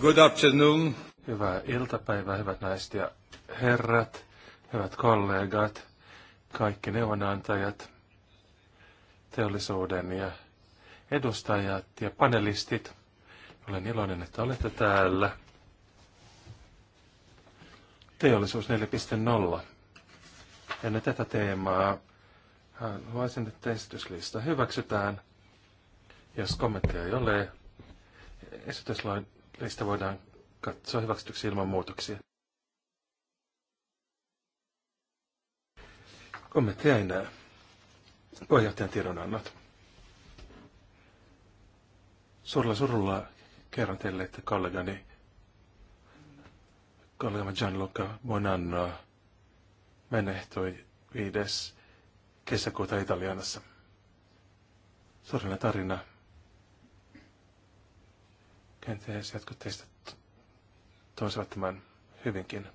Good afternoon. Hyvää iltapäivää, hyvät naiset ja herrat, hyvät kollegat, kaikki neuvonantajat, teollisuuden ja edustajat ja panelistit. Olen iloinen, että olette täällä. Teollisuus 4.0. Ennen tätä teemaa haluaisin, että esityslista hyväksytään. Jos kommentteja ei ole, esityslain Niistä voidaan katsoa hyväksytyksi ilman muutoksia. Kommentteja ei näe. Puheenjohtajan tiedonannot. Suurella surulla kerron teille, että kollegani, kollegamme Gianluca Bonanno menehtyi 5. kesäkuuta Italianassa. Surina tarina Kenties jotkut teistä tunsivat tämän hyvinkin.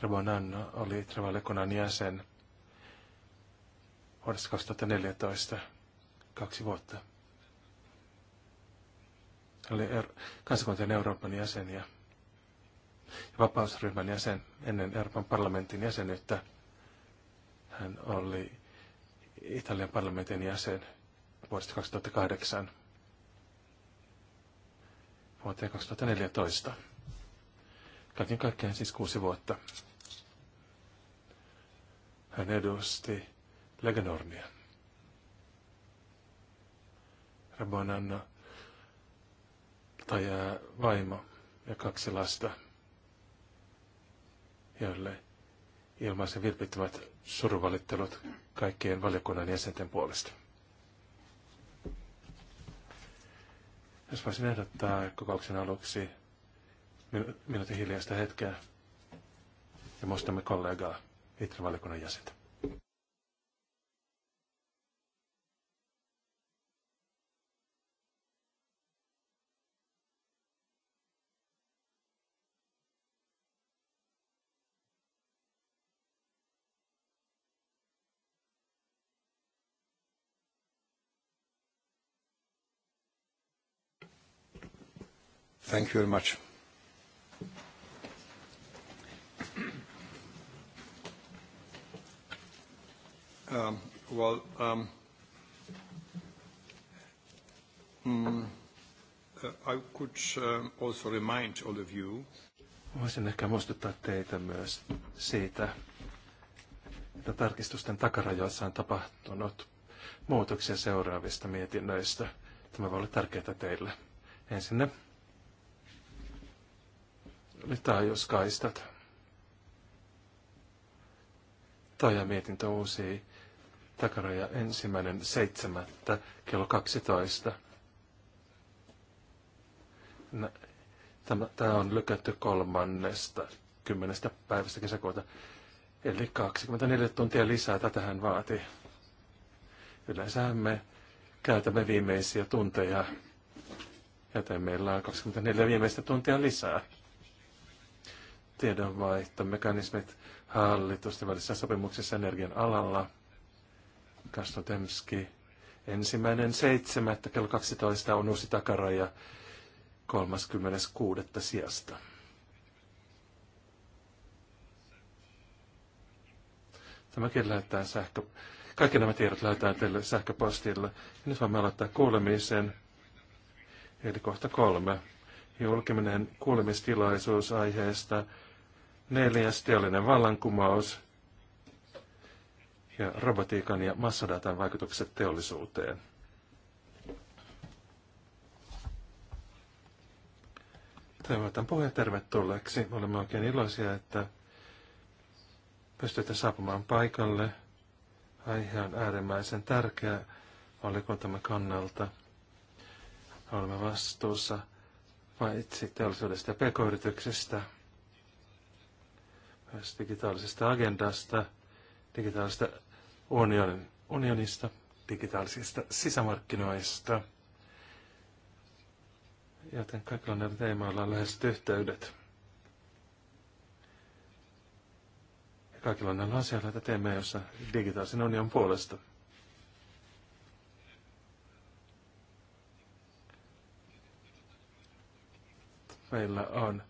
Rabonanno oli Travalekonan jäsen vuodesta 2014, kaksi vuotta. Hän oli er- kansakuntien Euroopan jäsen ja, ja vapausryhmän jäsen ennen Euroopan parlamentin jäsenyyttä. Hän oli Italian parlamentin jäsen vuodesta 2008 vuoteen 2014. Kaiken kaikkiaan siis kuusi vuotta. Hän edusti Leganormia. Rabban Anna, tai vaimo ja kaksi lasta, joille ilmaisen vilpittömät suruvalittelut kaikkien valiokunnan jäsenten puolesta. Jos voisin ehdottaa kokouksen aluksi minuutin hiljaista hetkeä ja muistamme kollegaa, Itrivaliokunnan jäsentä. Thank you very much. Um, well, um, mm, uh, I could um, also remind all of you. Voisin ehkä muistuttaa teitä myös siitä, että tarkistusten takarajoissa on tapahtunut muutoksia seuraavista mietinnöistä. Tämä voi olla tärkeää teille. Ensinnä jos kaistat? Taja mietintö uusi takaraja ensimmäinen seitsemättä kello 12. Tämä, tämä on lykätty kolmannesta kymmenestä päivästä kesäkuuta. Eli 24 tuntia lisää hän vaatii. Yleensä me käytämme viimeisiä tunteja, joten meillä on 24 viimeistä tuntia lisää tiedonvaihtomekanismit hallitusten välisessä sopimuksessa energian alalla. Kastotemski. Ensimmäinen seitsemättä kello 12 on uusi takaraja 36. sijasta. Tämäkin lähetetään sähkö... Kaikki nämä tiedot lähetetään teille sähköpostilla. Ja nyt voimme aloittaa kuulemisen. Eli kohta kolme. Julkiminen kuulemistilaisuus aiheesta neljäs teollinen vallankumous ja robotiikan ja massadatan vaikutukset teollisuuteen. Toivotan puheen tervetulleeksi. olemme oikein iloisia, että pystytte saapumaan paikalle. Aihe on äärimmäisen tärkeä valikuntamme kannalta. Olemme vastuussa paitsi teollisuudesta ja pk-yrityksistä yrityksestä tästä digitaalisesta agendasta, digitaalisesta unionista, digitaalisista sisämarkkinoista. Joten kaikilla näillä teemoilla on lähes yhteydet. Ja kaikilla näillä asioilla että teemme, jossa digitaalisen union puolesta. Meillä on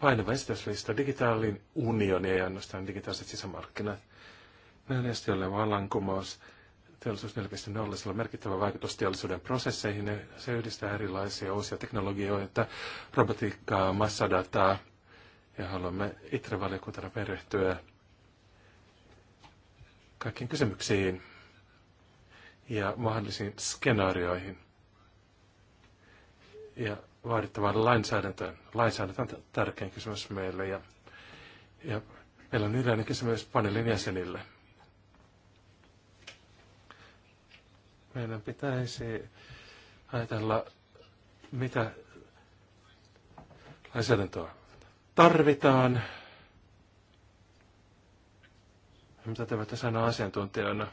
painava esityslista, digitaalin unioni ei ainoastaan digitaaliset sisämarkkinat. Näin oli vallankumous, teollisuus 4.0, sillä on merkittävä vaikutus teollisuuden prosesseihin. se yhdistää erilaisia uusia teknologioita, robotiikkaa, massadataa. Ja haluamme itse valiokuntana perehtyä kaikkiin kysymyksiin ja mahdollisiin skenaarioihin. Ja vaadittavaan lainsäädäntöön. Lainsäädäntö on tärkein kysymys meille ja, ja meillä on yleinen kysymys paneelin jäsenille. Meidän pitäisi ajatella, mitä lainsäädäntöä tarvitaan, mitä te voitte sanoa asiantuntijana.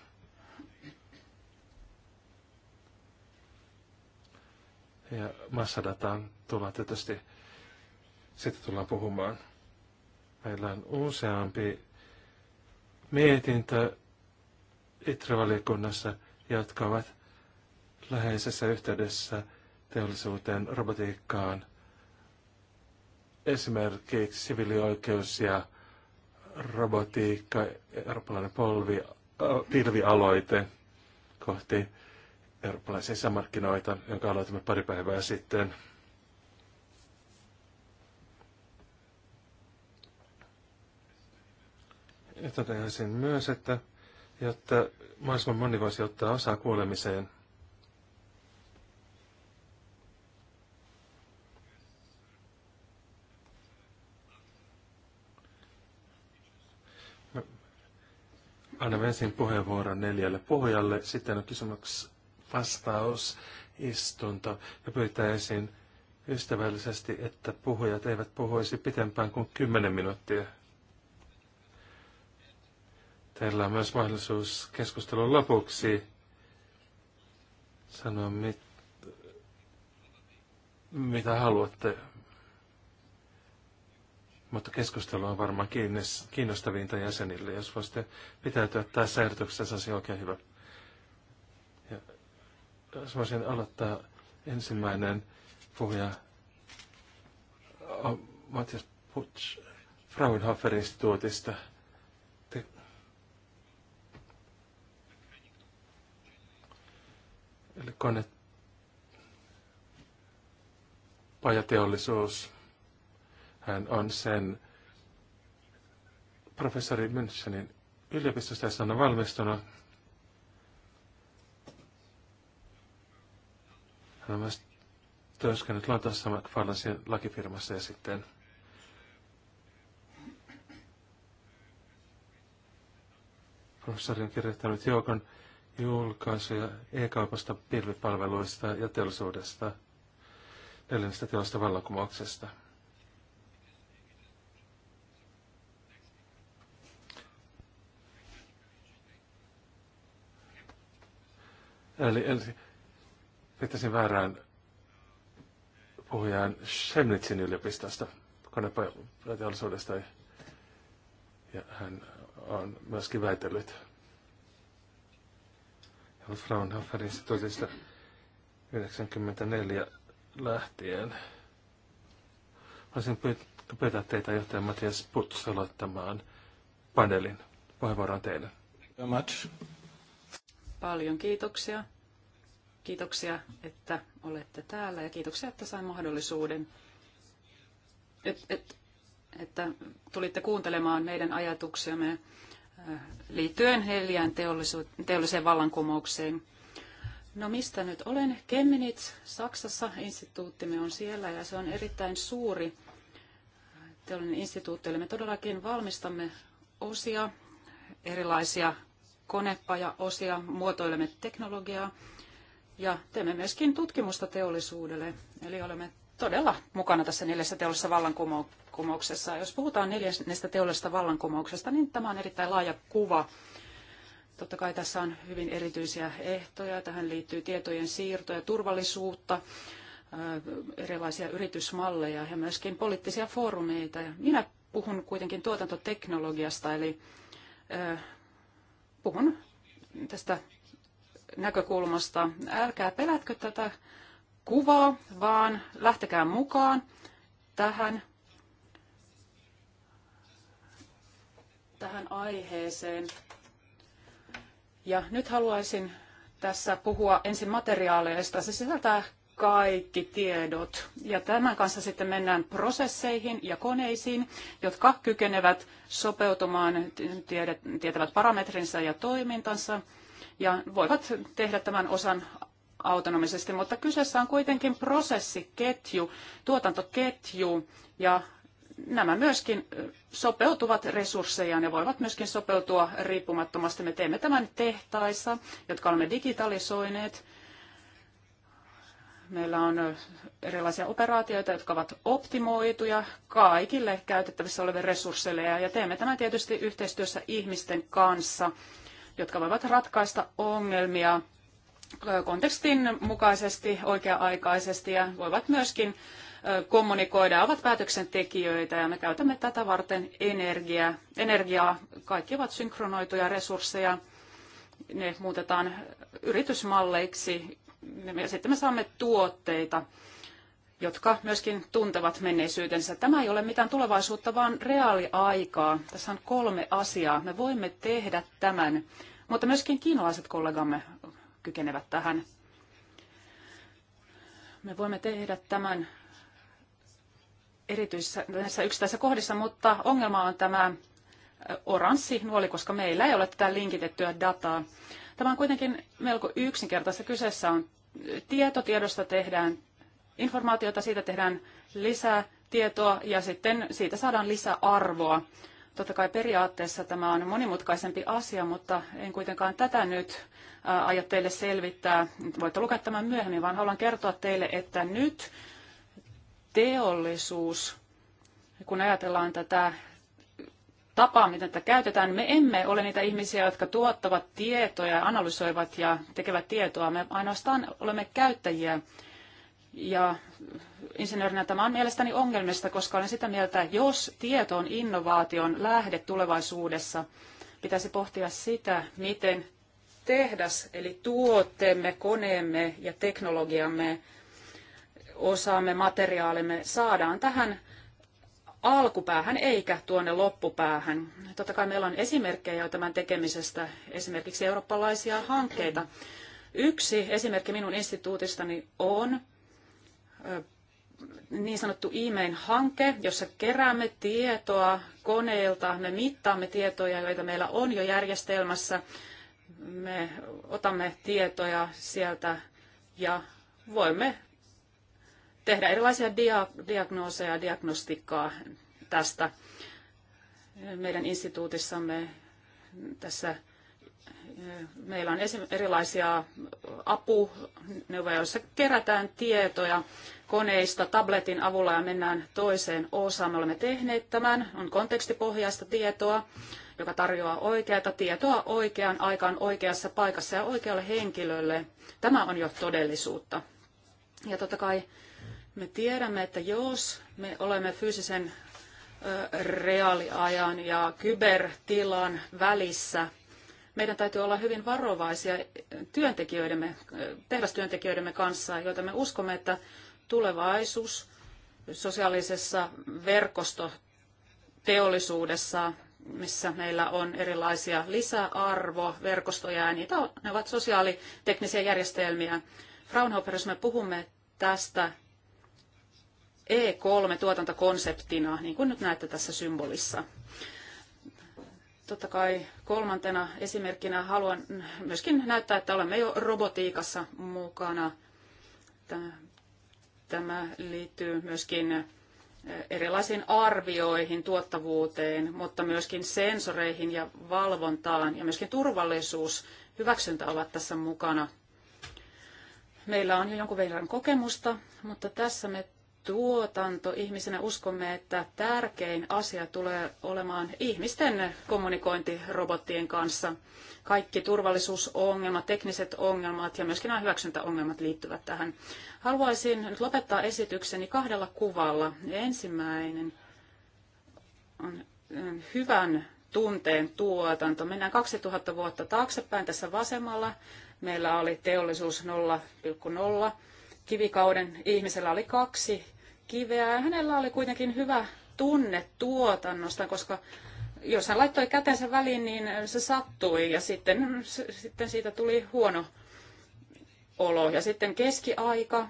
Ja massadataan tullaan tietysti, sitten tullaan puhumaan. Meillä on useampi mietintö ITRA-valiokunnassa, jotka ovat läheisessä yhteydessä teollisuuteen, robotiikkaan, esimerkiksi sivilioikeus ja robotiikka, eurooppalainen polvi, pilvialoite kohti eurooppalaisia sisämarkkinoita, jonka aloitimme pari päivää sitten. Ja toteaisin myös, että jotta mahdollisimman moni voisi ottaa osaa kuolemiseen. Annan ensin puheenvuoron neljälle puhujalle, sitten on kysymys vastausistunto ja pyytäisin ystävällisesti, että puhujat eivät puhuisi pitempään kuin 10 minuuttia. Teillä on myös mahdollisuus keskustelun lopuksi sanoa, mit, mitä haluatte. Mutta keskustelu on varmaan kiinnostavinta jäsenille. Jos voisitte pitäytyä tässä ehdotuksessa, se olisi oikein hyvä jos voisin aloittaa ensimmäinen puhuja oh, Matthias Putsch Fraunhofer-instituutista. Te... Eli kone pajateollisuus. Hän on sen professori Münchenin yliopistosta, jossa on valmistunut Hän on myös työskennellyt Lontoossa McFarlansin lakifirmassa ja sitten professori on kirjoittanut joukon julkaisuja e-kaupasta, pilvipalveluista ja teollisuudesta, neljännestä teollisesta vallankumouksesta. Eli, eli viittasin väärään puhujaan Schemnitzin yliopistosta, konepajateollisuudesta, ja hän on myöskin väitellyt Fraunhofer instituutista 94 lähtien. Voisin pyytää teitä johtaja Matias Putz aloittamaan paneelin. on teille. Much. Paljon kiitoksia. Kiitoksia, että olette täällä ja kiitoksia, että sain mahdollisuuden, et, et, että tulitte kuuntelemaan meidän ajatuksiamme äh, liittyen neljään teolliseen vallankumoukseen. No mistä nyt olen? Kemminit Saksassa, instituuttimme on siellä ja se on erittäin suuri äh, teollinen instituutti. Eli me todellakin valmistamme osia, erilaisia konepajaosia, muotoilemme teknologiaa ja teemme myöskin tutkimusta teollisuudelle. Eli olemme todella mukana tässä neljässä teollisessa vallankumouksessa. Jos puhutaan neljännestä teollisesta vallankumouksesta, niin tämä on erittäin laaja kuva. Totta kai tässä on hyvin erityisiä ehtoja. Tähän liittyy tietojen siirtoja, turvallisuutta, erilaisia yritysmalleja ja myöskin poliittisia foorumeita. Minä puhun kuitenkin tuotantoteknologiasta, eli puhun tästä näkökulmasta. Älkää pelätkö tätä kuvaa, vaan lähtekää mukaan tähän, tähän aiheeseen. Ja nyt haluaisin tässä puhua ensin materiaaleista. Se sisältää kaikki tiedot. Ja tämän kanssa sitten mennään prosesseihin ja koneisiin, jotka kykenevät sopeutumaan, tietävät parametrinsa ja toimintansa – ja voivat tehdä tämän osan autonomisesti, mutta kyseessä on kuitenkin prosessiketju, tuotantoketju ja nämä myöskin sopeutuvat resurssejaan ja voivat myöskin sopeutua riippumattomasti. Me teemme tämän tehtaissa, jotka olemme digitalisoineet. Meillä on erilaisia operaatioita, jotka ovat optimoituja kaikille käytettävissä oleville resursseille ja teemme tämän tietysti yhteistyössä ihmisten kanssa jotka voivat ratkaista ongelmia kontekstin mukaisesti, oikea-aikaisesti ja voivat myöskin kommunikoida, ovat päätöksentekijöitä ja me käytämme tätä varten energiaa. energiaa. Kaikki ovat synkronoituja resursseja, ne muutetaan yritysmalleiksi ja sitten me saamme tuotteita jotka myöskin tuntevat menneisyytensä. Tämä ei ole mitään tulevaisuutta, vaan reaaliaikaa. Tässä on kolme asiaa. Me voimme tehdä tämän, mutta myöskin kiinalaiset kollegamme kykenevät tähän. Me voimme tehdä tämän erityisissä näissä yksittäisissä kohdissa, mutta ongelma on tämä oranssi nuoli, koska meillä ei ole tätä linkitettyä dataa. Tämä on kuitenkin melko yksinkertaista. Kyseessä on tietotiedosta tehdään informaatiota, siitä tehdään lisää tietoa ja sitten siitä saadaan lisäarvoa. Totta kai periaatteessa tämä on monimutkaisempi asia, mutta en kuitenkaan tätä nyt aio teille selvittää. Voitte lukea tämän myöhemmin, vaan haluan kertoa teille, että nyt teollisuus, kun ajatellaan tätä tapaa, miten tätä käytetään, me emme ole niitä ihmisiä, jotka tuottavat tietoja, analysoivat ja tekevät tietoa. Me ainoastaan olemme käyttäjiä ja insinöörinä tämä on mielestäni ongelmista, koska olen sitä mieltä, että jos tieto on innovaation lähde tulevaisuudessa, pitäisi pohtia sitä, miten tehdas, eli tuotteemme, koneemme ja teknologiamme, osaamme, materiaalimme saadaan tähän alkupäähän eikä tuonne loppupäähän. Totta kai meillä on esimerkkejä jo tämän tekemisestä, esimerkiksi eurooppalaisia hankkeita. Yksi esimerkki minun instituutistani on niin sanottu e-mail-hanke, jossa keräämme tietoa koneilta, me mittaamme tietoja, joita meillä on jo järjestelmässä, me otamme tietoja sieltä ja voimme tehdä erilaisia dia- diagnooseja ja diagnostiikkaa tästä. Meidän instituutissamme tässä Meillä on erilaisia apuneuvoja, joissa kerätään tietoja koneista tabletin avulla ja mennään toiseen osaan. Me olemme tehneet tämän, on kontekstipohjaista tietoa, joka tarjoaa oikeata tietoa oikeaan aikaan oikeassa paikassa ja oikealle henkilölle. Tämä on jo todellisuutta. Ja totta kai me tiedämme, että jos me olemme fyysisen reaaliajan ja kybertilan välissä – meidän täytyy olla hyvin varovaisia työntekijöidemme, tehdastyöntekijöidemme kanssa, joita me uskomme, että tulevaisuus sosiaalisessa verkostoteollisuudessa, missä meillä on erilaisia lisäarvoverkostoja, ja niitä ne ovat sosiaaliteknisiä järjestelmiä. Fraunhofer, jos me puhumme tästä E3-tuotantokonseptina, niin kuin nyt näette tässä symbolissa. Totta kai kolmantena esimerkkinä haluan myöskin näyttää, että olemme jo robotiikassa mukana. Tämä liittyy myöskin eh, erilaisiin arvioihin, tuottavuuteen, mutta myöskin sensoreihin ja valvontaan ja myöskin turvallisuus, hyväksyntä ovat tässä mukana. Meillä on jo jonkun verran kokemusta, mutta tässä me tuotanto ihmisenä uskomme, että tärkein asia tulee olemaan ihmisten kommunikointi robottien kanssa. Kaikki turvallisuusongelmat, tekniset ongelmat ja myöskin nämä hyväksyntäongelmat liittyvät tähän. Haluaisin nyt lopettaa esitykseni kahdella kuvalla. Ensimmäinen on mm, hyvän tunteen tuotanto. Mennään 2000 vuotta taaksepäin tässä vasemmalla. Meillä oli teollisuus 0,0 kivikauden ihmisellä oli kaksi kiveä. Ja hänellä oli kuitenkin hyvä tunne tuotannosta, koska jos hän laittoi kätensä väliin, niin se sattui ja sitten, sitten siitä tuli huono olo. Ja sitten keskiaika,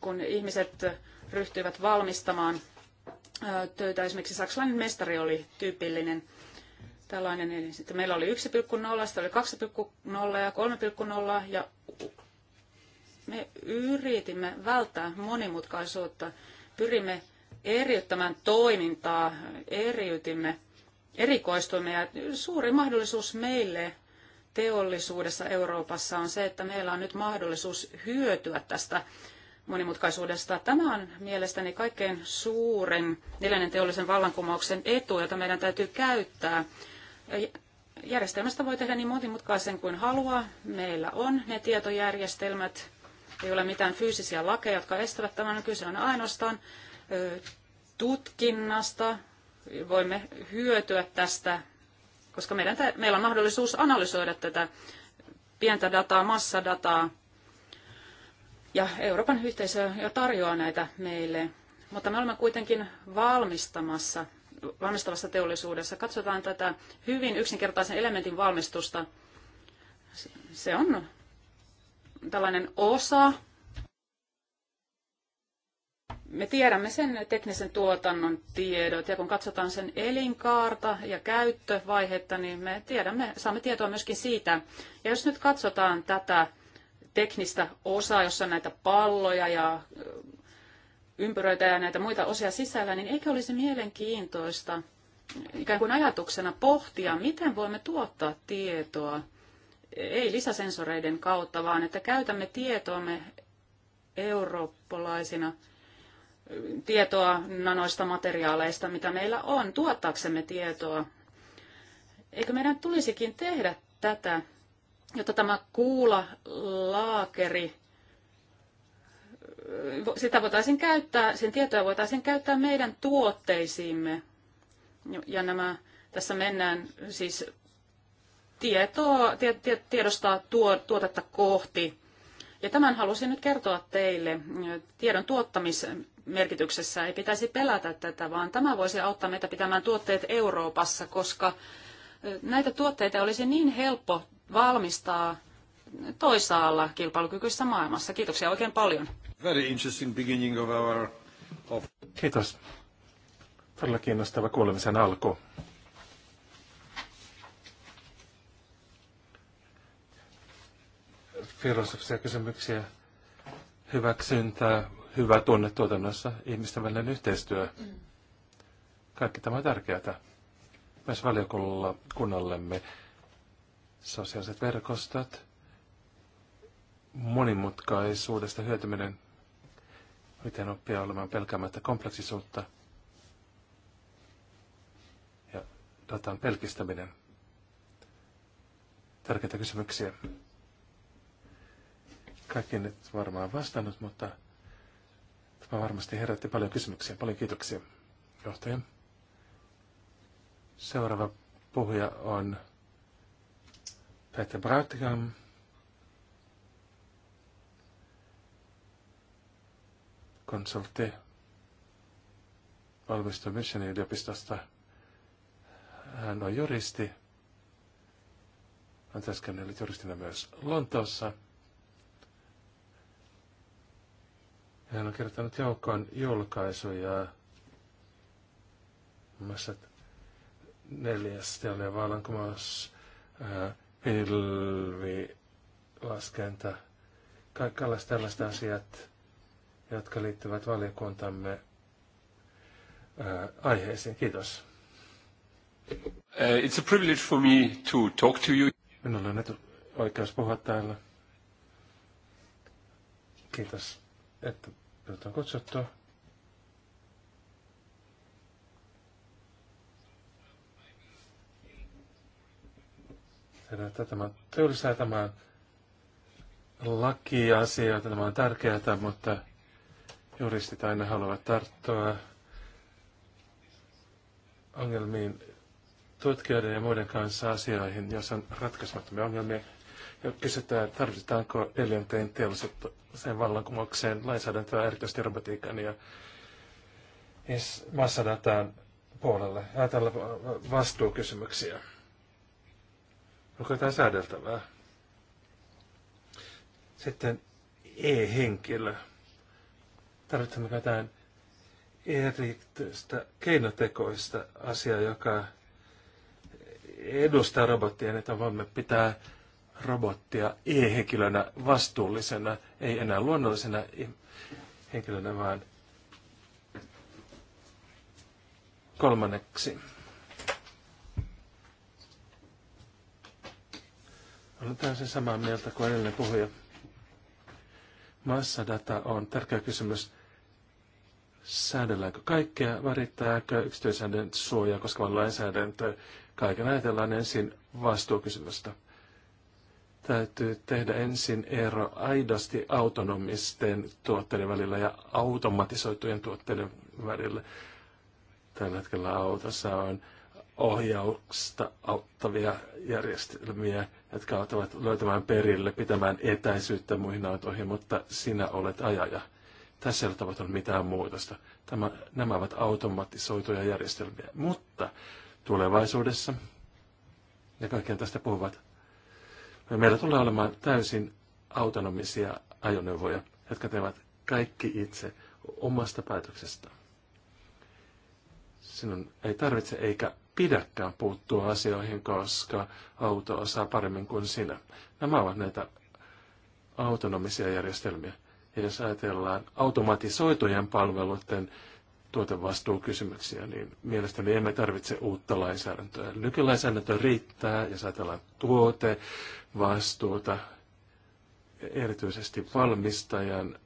kun ihmiset ryhtyivät valmistamaan töitä. Esimerkiksi saksalainen mestari oli tyypillinen tällainen. Eli sitten meillä oli 1,0, sitten oli 2,0 ja 3,0 ja me yritimme välttää monimutkaisuutta pyrimme eriyttämään toimintaa, eriytimme, erikoistuimme ja suuri mahdollisuus meille teollisuudessa Euroopassa on se, että meillä on nyt mahdollisuus hyötyä tästä monimutkaisuudesta. Tämä on mielestäni kaikkein suurin neljännen teollisen vallankumouksen etu, jota meidän täytyy käyttää. Järjestelmästä voi tehdä niin monimutkaisen kuin haluaa. Meillä on ne tietojärjestelmät, ei ole mitään fyysisiä lakeja, jotka estävät tämän. No, kyse on ainoastaan tutkinnasta. Voimme hyötyä tästä, koska meidän, meillä on mahdollisuus analysoida tätä pientä dataa, massadataa. Ja Euroopan yhteisö jo tarjoaa näitä meille. Mutta me olemme kuitenkin valmistamassa valmistavassa teollisuudessa. Katsotaan tätä hyvin yksinkertaisen elementin valmistusta. Se on tällainen osa. Me tiedämme sen teknisen tuotannon tiedot ja kun katsotaan sen elinkaarta ja käyttövaihetta, niin me tiedämme, saamme tietoa myöskin siitä. Ja jos nyt katsotaan tätä teknistä osaa, jossa on näitä palloja ja ympyröitä ja näitä muita osia sisällä, niin eikö olisi mielenkiintoista ikään kuin ajatuksena pohtia, miten voimme tuottaa tietoa ei lisäsensoreiden kautta, vaan että käytämme tietoamme eurooppalaisina tietoa nanoista materiaaleista, mitä meillä on, tuottaaksemme tietoa. Eikö meidän tulisikin tehdä tätä, jotta tämä kuula laakeri, sitä voitaisiin käyttää, sen tietoa voitaisiin käyttää meidän tuotteisiimme. Ja nämä, tässä mennään siis tietoa, tie, tie, tiedostaa tuo, tuotetta kohti. Ja tämän halusin nyt kertoa teille. Tiedon tuottamismerkityksessä ei pitäisi pelätä tätä, vaan tämä voisi auttaa meitä pitämään tuotteet Euroopassa, koska näitä tuotteita olisi niin helppo valmistaa toisaalla kilpailukykyisessä maailmassa. Kiitoksia oikein paljon. Very interesting beginning of our... Of... Kiitos. Todella kiinnostava kuulemisen alku. filosofisia kysymyksiä, hyväksyntää, hyvä tunne tuotannossa, ihmisten välinen yhteistyö. Kaikki tämä on tärkeää myös valiokunnallemme. Sosiaaliset verkostot, monimutkaisuudesta hyötyminen, miten oppia olemaan pelkäämättä kompleksisuutta ja datan pelkistäminen. Tärkeitä kysymyksiä kaikki nyt varmaan vastannut, mutta tämä varmasti herätti paljon kysymyksiä. Paljon kiitoksia, johtaja. Seuraava puhuja on Peter Brautigam. konsultti valmistui Michiganin yliopistosta. Hän on juristi. Hän työskennellyt juristina myös Lontoossa – Ja hän on kertonut joukkoon julkaisuja, muun muassa neljäs teollinen vallankumous, pilvilaskenta, kaikenlaiset tällaiset asiat, jotka liittyvät valiokuntamme ää, aiheisiin. Kiitos. Uh, it's a privilege for me to talk to you. Minulla on oikeus puhua täällä. Kiitos että minut on kutsuttu. että tämä on tylsää, tämä on lakiasioita, tämä on tärkeää, mutta juristit aina haluavat tarttua ongelmiin tutkijoiden ja muiden kanssa asioihin, jos on ratkaisemattomia ongelmia ja kysytään, tarvitaanko neljänteen teolliseen vallankumoukseen lainsäädäntöä erityisesti robotiikan ja massadataan puolelle. Ajatellaan vastuukysymyksiä. Onko jotain säädeltävää? Sitten e-henkilö. Tarvitsemmeko jotain erityistä keinotekoista asiaa, joka edustaa robottia, niin että voimme pitää robottia e-henkilönä vastuullisena, ei enää luonnollisena henkilönä, vaan kolmanneksi. Olen täysin samaa mieltä kuin edellinen puhuja. Massadata on tärkeä kysymys. Säädelläänkö kaikkea, värittääkö yksityisäännön suojaa koskeva lainsäädäntö? Kaiken ajatellaan ensin vastuukysymystä täytyy tehdä ensin ero aidosti autonomisten tuotteiden välillä ja automatisoitujen tuotteiden välillä. Tällä hetkellä autossa on ohjausta auttavia järjestelmiä, jotka auttavat löytämään perille, pitämään etäisyyttä muihin autoihin, mutta sinä olet ajaja. Tässä ei ole tapahtunut mitään muutosta. Tämä, nämä ovat automatisoituja järjestelmiä. Mutta tulevaisuudessa, ja kaikkien tästä puhuvat, Meillä tulee olemaan täysin autonomisia ajoneuvoja, jotka tekevät kaikki itse omasta päätöksestä. Sinun ei tarvitse eikä pidäkään puuttua asioihin, koska auto osaa paremmin kuin sinä. Nämä ovat näitä autonomisia järjestelmiä. Ja jos ajatellaan automatisoitujen palveluiden tuotevastuukysymyksiä, niin mielestäni emme tarvitse uutta lainsäädäntöä. Nykylainsäädäntö riittää, ja ajatellaan tuote, vastuuta, erityisesti valmistajan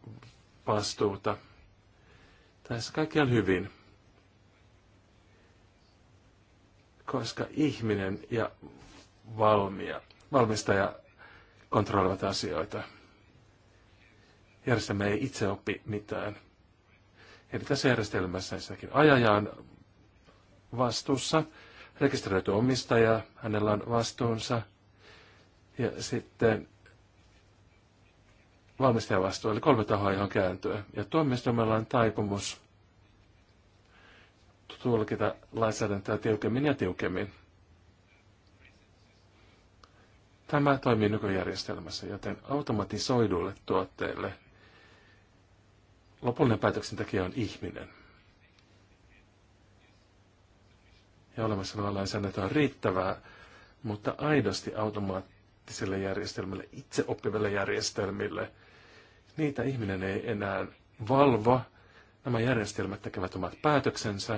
vastuuta. Tässä kaikki on hyvin, koska ihminen ja valmia, valmistaja kontrolloivat asioita. Järjestelmä ei itse oppi mitään Eli tässä järjestelmässä ensinnäkin ajaja on vastuussa, rekisteröity omistaja, hänellä on vastuunsa ja sitten valmistajan vastuu, eli kolme tahoa ihan kääntyä. Ja tuomioistuimella on taipumus tulkita lainsäädäntöä tiukemmin ja tiukemmin. Tämä toimii nykyjärjestelmässä, joten automatisoidulle tuotteille – lopullinen tekijä on ihminen. Ja olemassa oleva lainsäädäntö on riittävää, mutta aidosti automaattisille järjestelmälle, itse oppiville järjestelmille, niitä ihminen ei enää valvo. Nämä järjestelmät tekevät omat päätöksensä.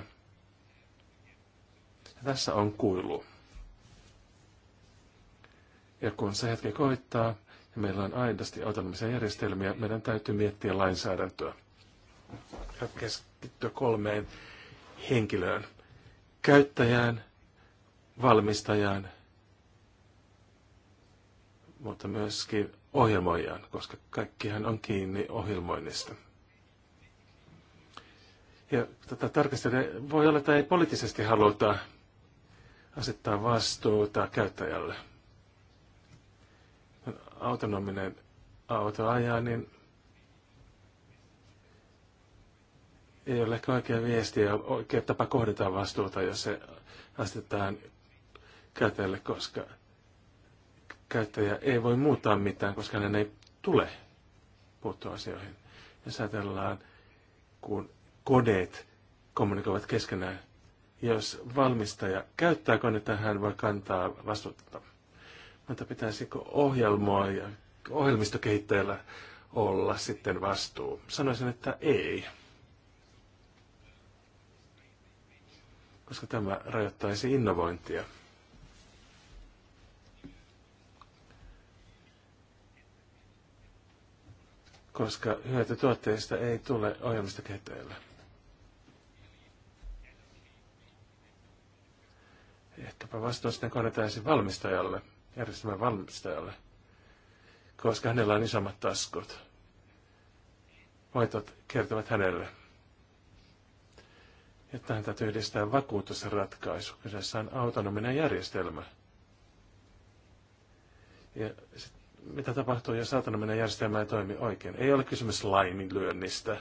Ja tässä on kuilu. Ja kun se hetki koittaa, ja meillä on aidosti autonomisia järjestelmiä, meidän täytyy miettiä lainsäädäntöä voidaan keskittyä kolmeen henkilöön. Käyttäjään, valmistajaan, mutta myöskin ohjelmoijaan, koska kaikkihan on kiinni ohjelmoinnista. Ja tätä tarkastella voi olla, että ei poliittisesti haluta asettaa vastuuta käyttäjälle. Autonominen auto ajaa, niin ei ole ehkä oikea viesti ja oikea tapa kohdata vastuuta, jos se astetaan käyttäjälle, koska käyttäjä ei voi muuttaa mitään, koska hän ei tule puuttua asioihin. Ja ajatellaan, kun kodeet kommunikoivat keskenään, jos valmistaja käyttää konetta, hän voi kantaa vastuuta. Mutta pitäisikö ohjelmoa ja ohjelmistokehittäjällä olla sitten vastuu? Sanoisin, että ei. koska tämä rajoittaisi innovointia. koska hyöty tuotteista ei tule ohjelmista käteellä. Ehkäpä vastuu sitten kohdataisi valmistajalle, järjestelmän valmistajalle, koska hänellä on isommat taskut. Voitot kertovat hänelle että häntä täytyy yhdistää vakuutusratkaisu. Kyseessä on autonominen järjestelmä. Ja sit, mitä tapahtuu, jos autonominen järjestelmä ei toimi oikein? Ei ole kysymys laiminlyönnistä.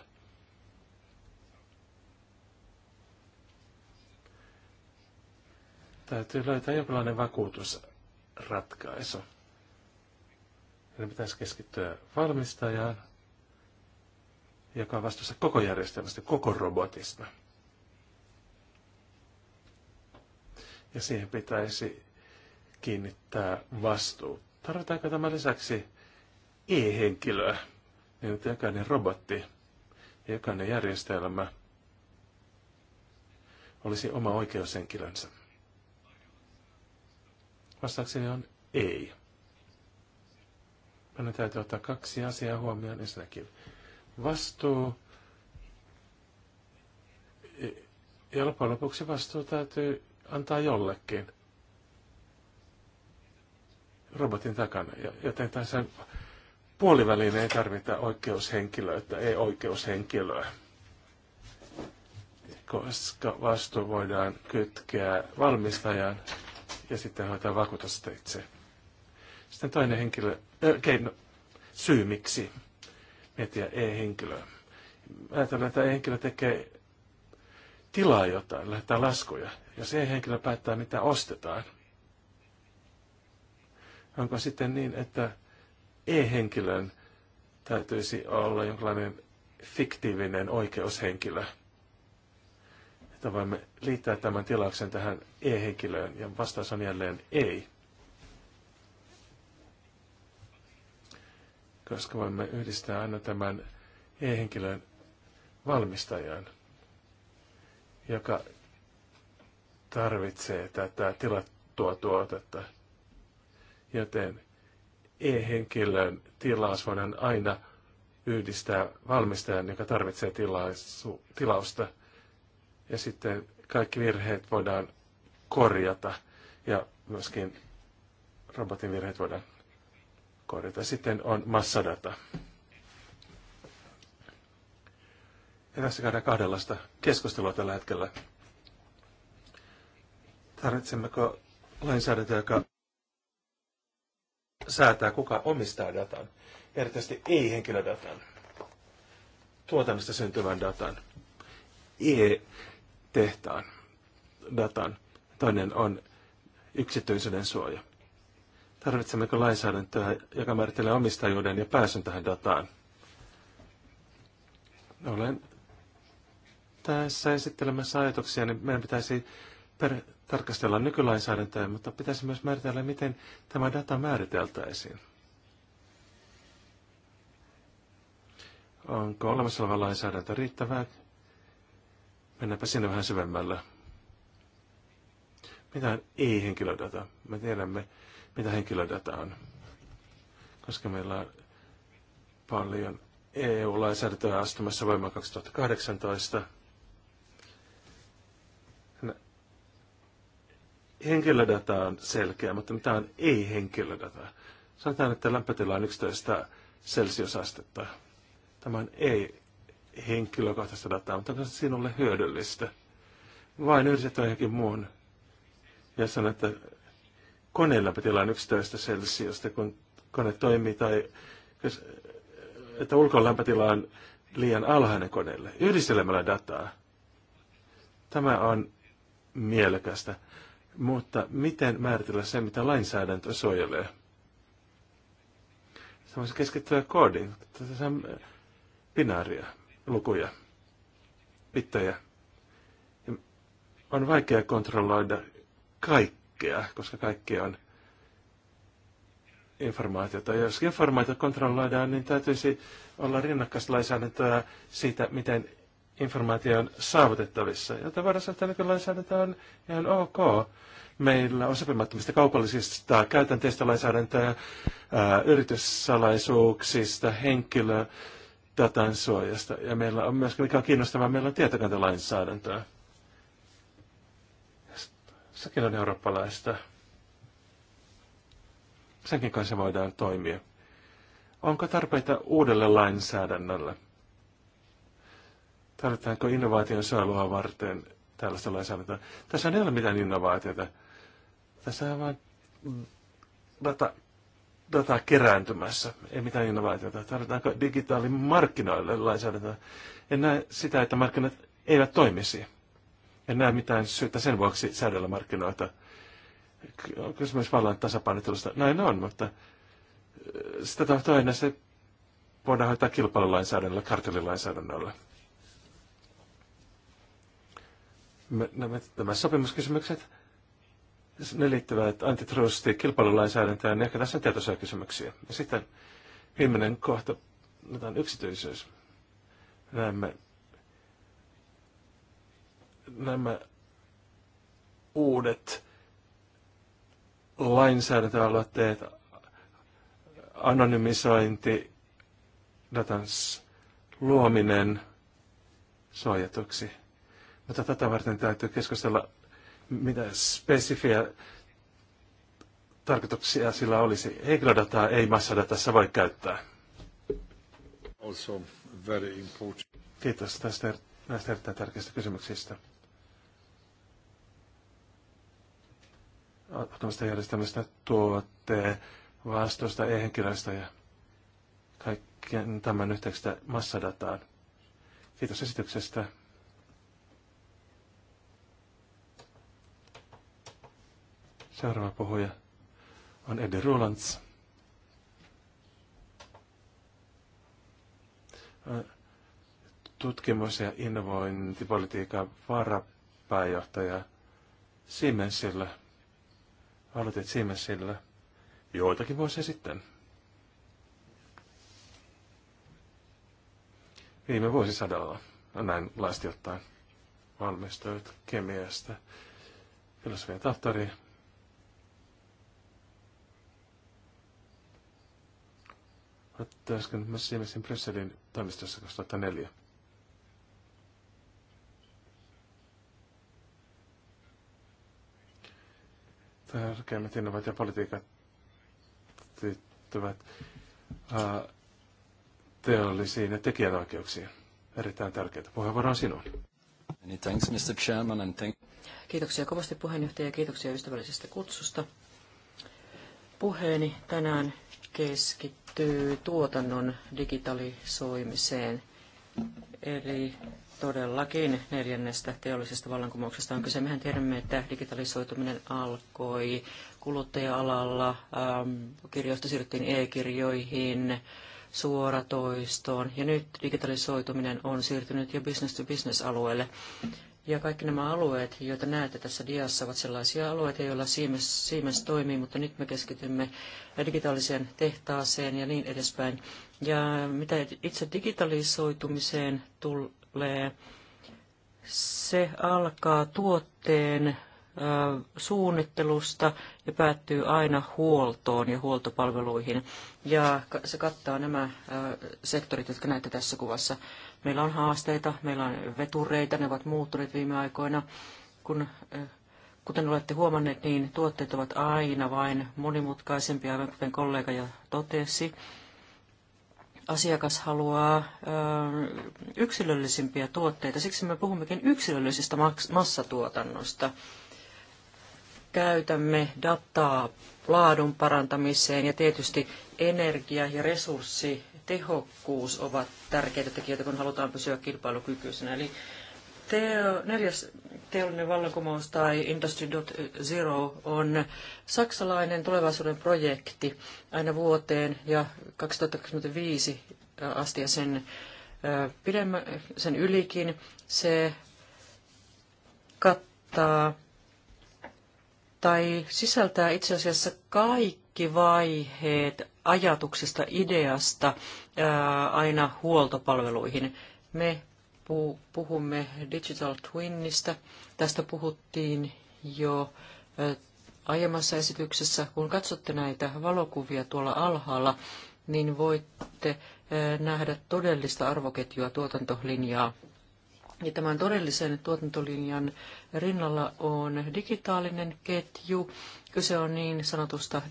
Täytyy löytää jonkinlainen vakuutusratkaisu. Eli pitäisi keskittyä valmistajaan, joka on vastuussa koko järjestelmästä, koko robotista. ja siihen pitäisi kiinnittää vastuu. Tarvitaanko tämän lisäksi e-henkilöä, niin että jokainen robotti ja jokainen järjestelmä olisi oma oikeushenkilönsä? Vastaukseni on ei. Meidän täytyy ottaa kaksi asiaa huomioon. Ensinnäkin vastuu. Ja loppujen lopuksi vastuu täytyy antaa jollekin robotin takana, joten tässä puoliväliin ei tarvita oikeushenkilöitä, ei oikeushenkilöä, koska vastuu voidaan kytkeä valmistajan ja sitten hoitaa vakuutusta itse. Sitten toinen henkilö, äh, keino, syy miksi miettiä e-henkilöä. Ajatellaan, että e-henkilö tekee tilaa jotain, lähettää laskuja, ja se henkilö päättää, mitä ostetaan. Onko sitten niin, että e-henkilön täytyisi olla jonkinlainen fiktiivinen oikeushenkilö? Että voimme liittää tämän tilauksen tähän e-henkilöön, ja vastaus on jälleen ei. Koska voimme yhdistää aina tämän e-henkilön valmistajan joka tarvitsee tätä tilattua tuotetta. Joten e-henkilön tilaus voidaan aina yhdistää valmistajan, joka tarvitsee tilaisu, tilausta. Ja sitten kaikki virheet voidaan korjata ja myöskin robotin virheet voidaan korjata. Sitten on massadata. Ja käydään kahdenlaista keskustelua tällä hetkellä. Tarvitsemmeko lainsäädäntöä, joka säätää, kuka omistaa datan, erityisesti ei-henkilödatan, tuotannosta syntyvän datan, e-tehtaan datan. Toinen on yksityisyyden suoja. Tarvitsemmeko lainsäädäntöä, joka määrittelee omistajuuden ja pääsyn tähän dataan? Olen tässä esittelemässä ajatuksia, niin meidän pitäisi per- tarkastella nykylainsäädäntöä, mutta pitäisi myös määritellä, miten tämä data määriteltäisiin. Onko olemassa oleva lainsäädäntö riittävää? Mennäänpä sinne vähän syvemmälle. Mitä on ei-henkilödata? Me tiedämme, mitä henkilödata on. Koska meillä on paljon EU-lainsäädäntöä astumassa voimaan 2018, henkilödata on selkeä, mutta mitä on ei-henkilödata? Sanotaan, että lämpötila on 11 celsiusastetta. Tämä on ei-henkilökohtaista dataa, mutta on sinulle hyödyllistä? Vain yhdistetty johonkin muun. Ja sanon, että koneen lämpötila on 11 celsiusta, kun kone toimii, tai että ulkon lämpötila on liian alhainen koneelle. Yhdistelemällä dataa. Tämä on mielekästä. Mutta miten määritellä se, mitä lainsäädäntö suojelee? Se voisi keskittyä koodin. tässä on eh, binaaria, lukuja, pittoja. On vaikea kontrolloida kaikkea, koska kaikki on informaatiota. Jos informaatiota kontrolloidaan, niin täytyisi olla rinnakkaislainsäädäntöä siitä, miten informaatio on saavutettavissa. tämä voidaan sanoa, että nykylainsäädäntö on ihan ok. Meillä on sopimattomista kaupallisista käytänteistä lainsäädäntöä, yrityssalaisuuksista, henkilö, datan suojasta. Ja meillä on myös, mikä on kiinnostavaa, meillä on tietokantalainsäädäntöä. Sekin on eurooppalaista. Senkin kanssa voidaan toimia. Onko tarpeita uudelle lainsäädännölle? Tarvitaanko innovaation sailua varten tällaista lainsäädäntöä? Tässä ei ole mitään innovaatiota. Tässä on vain data, data kerääntymässä, ei mitään innovaatiota. Tarvitaanko digitaalimarkkinoille lainsäädäntöä? En näe sitä, että markkinat eivät toimisi. En näe mitään syytä sen vuoksi säädellä markkinoita. On kysymys vallan tasapainottelusta. Näin on, mutta sitä tahtoo aina se voidaan hoitaa kilpailulainsäädännöllä, kartellilainsäädännöllä. nämä, no, nämä sopimuskysymykset, ne liittyvät antitrusti kilpailulainsäädäntöön, ja ehkä tässä on tietoisia kysymyksiä. Ja sitten viimeinen kohta, tämä on yksityisyys. Näemme nämä uudet lainsäädäntöaloitteet, anonymisointi, datan luominen suojatuksi – mutta tätä varten täytyy keskustella, mitä spesifiä tarkoituksia sillä olisi. Henkilödataa ei massadatassa voi käyttää. Also very important. Kiitos tästä, näistä erittäin tärkeistä kysymyksistä. Autonomista järjestelmästä tuotteen vastuusta e-henkilöistä ja kaikkien tämän yhteyksistä massadataan. Kiitos esityksestä. Seuraava puhuja on Eddie Rulands. Tutkimus- ja innovointipolitiikan varapääjohtaja Siemensillä. Aloitit Siemensillä joitakin vuosia sitten. Viime vuosisadalla, no näin laisti ottaen, valmistuit kemiasta filosofian tahtori Olet työskennellyt myös Siemensin Brysselin toimistossa 2004. Tärkeimmät politiikat liittyvät teollisiin ja tekijänoikeuksiin. Erittäin tärkeää. Puheenvuoro on sinun. Many thanks, Mr. Chairman, and thank... Kiitoksia kovasti puheenjohtaja ja kiitoksia ystävällisestä kutsusta. Puheeni tänään keskittyy tuotannon digitalisoimiseen. Eli todellakin neljännestä teollisesta vallankumouksesta on kyse. Mehän tiedämme, että digitalisoituminen alkoi kuluttaja-alalla, ähm, kirjoista siirryttiin e-kirjoihin, suoratoistoon ja nyt digitalisoituminen on siirtynyt jo business-to-business-alueelle. Ja kaikki nämä alueet, joita näette tässä diassa, ovat sellaisia alueita, joilla Siemens, Siemens toimii, mutta nyt me keskitymme digitaaliseen tehtaaseen ja niin edespäin. Ja mitä itse digitalisoitumiseen tulee, se alkaa tuotteen suunnittelusta ja päättyy aina huoltoon ja huoltopalveluihin. Ja se kattaa nämä sektorit, jotka näette tässä kuvassa. Meillä on haasteita, meillä on vetureita, ne ovat muuttuneet viime aikoina. Kun, kuten olette huomanneet, niin tuotteet ovat aina vain monimutkaisempia, aivan kuten kollega jo totesi. Asiakas haluaa ö, yksilöllisimpiä tuotteita, siksi me puhummekin yksilöllisestä massatuotannosta käytämme dataa laadun parantamiseen ja tietysti energia- ja resurssi tehokkuus ovat tärkeitä tekijöitä, kun halutaan pysyä kilpailukykyisenä. Eli teo, neljäs teollinen vallankumous tai Industry.0 Zero on saksalainen tulevaisuuden projekti aina vuoteen ja 2025 asti ja sen, pidemmä, sen ylikin. Se kattaa tai sisältää itse asiassa kaikki vaiheet ajatuksesta, ideasta aina huoltopalveluihin. Me puhumme Digital Twinistä. Tästä puhuttiin jo aiemmassa esityksessä. Kun katsotte näitä valokuvia tuolla alhaalla, niin voitte nähdä todellista arvoketjua tuotantolinjaa ja tämän todellisen tuotantolinjan rinnalla on digitaalinen ketju. Kyse on niin sanotusta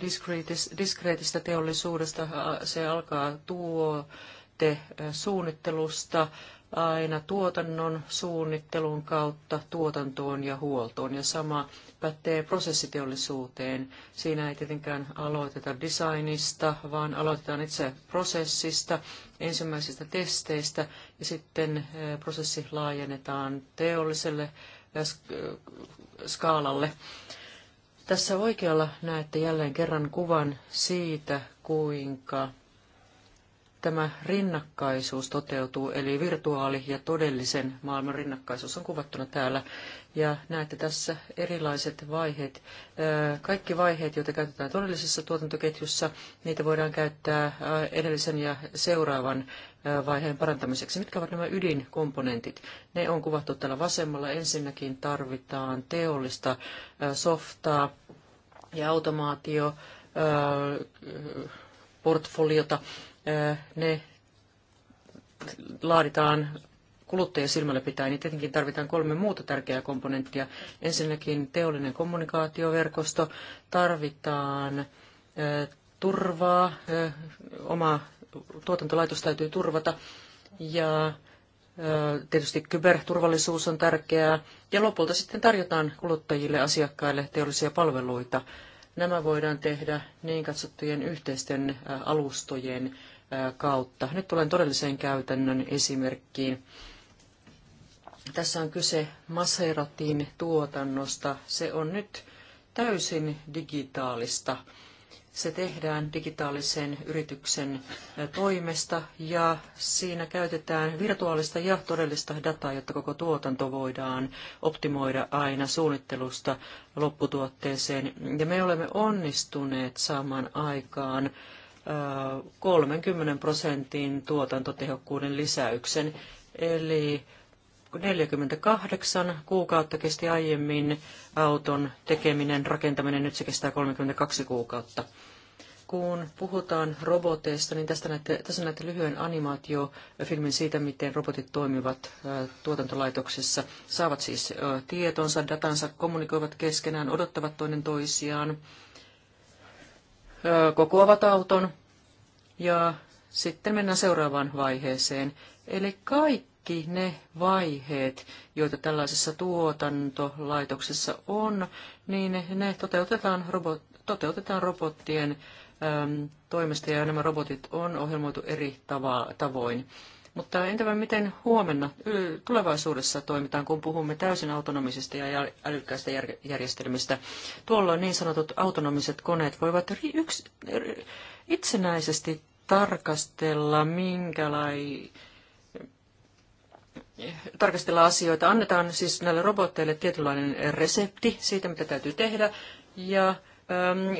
diskreetistä teollisuudesta. Se alkaa tuotesuunnittelusta aina tuotannon suunnittelun kautta tuotantoon ja huoltoon. Ja sama pätee prosessiteollisuuteen. Siinä ei tietenkään aloiteta designista, vaan aloitetaan itse prosessista, ensimmäisistä testeistä ja sitten eh, prosessi laajennetaan teolliselle eh, eh, skaalalle. Tässä oikealla näette jälleen kerran kuvan siitä, kuinka tämä rinnakkaisuus toteutuu, eli virtuaali- ja todellisen maailman rinnakkaisuus on kuvattuna täällä. Ja näette tässä erilaiset vaiheet. Kaikki vaiheet, joita käytetään todellisessa tuotantoketjussa, niitä voidaan käyttää edellisen ja seuraavan vaiheen parantamiseksi. Mitkä ovat nämä ydinkomponentit? Ne on kuvattu täällä vasemmalla. Ensinnäkin tarvitaan teollista softaa ja automaatio portfoliota ne laaditaan kuluttajien silmällä pitää, niin tietenkin tarvitaan kolme muuta tärkeää komponenttia. Ensinnäkin teollinen kommunikaatioverkosto, tarvitaan turvaa, oma tuotantolaitos täytyy turvata ja tietysti kyberturvallisuus on tärkeää ja lopulta sitten tarjotaan kuluttajille, asiakkaille teollisia palveluita. Nämä voidaan tehdä niin katsottujen yhteisten alustojen kautta. Nyt tulen todelliseen käytännön esimerkkiin. Tässä on kyse Maseratin tuotannosta. Se on nyt täysin digitaalista. Se tehdään digitaalisen yrityksen toimesta ja siinä käytetään virtuaalista ja todellista dataa, jotta koko tuotanto voidaan optimoida aina suunnittelusta lopputuotteeseen. Ja me olemme onnistuneet saamaan aikaan 30 prosentin tuotantotehokkuuden lisäyksen. Eli 48 kuukautta kesti aiemmin auton tekeminen, rakentaminen, nyt se kestää 32 kuukautta. Kun puhutaan roboteista, niin tästä näette, tässä näette lyhyen animaatiofilmin siitä, miten robotit toimivat tuotantolaitoksessa. Saavat siis tietonsa, datansa, kommunikoivat keskenään, odottavat toinen toisiaan kokoavat auton ja sitten mennään seuraavaan vaiheeseen. Eli kaikki ne vaiheet, joita tällaisessa tuotantolaitoksessa on, niin ne toteutetaan, robo- toteutetaan robottien äm, toimesta ja nämä robotit on ohjelmoitu eri tava, tavoin. Mutta entä miten huomenna tulevaisuudessa toimitaan, kun puhumme täysin autonomisista ja älykkäistä järjestelmistä? Tuolloin niin sanotut autonomiset koneet voivat yks, itsenäisesti tarkastella, minkälai, tarkastella asioita. Annetaan siis näille robotteille tietynlainen resepti siitä, mitä täytyy tehdä, ja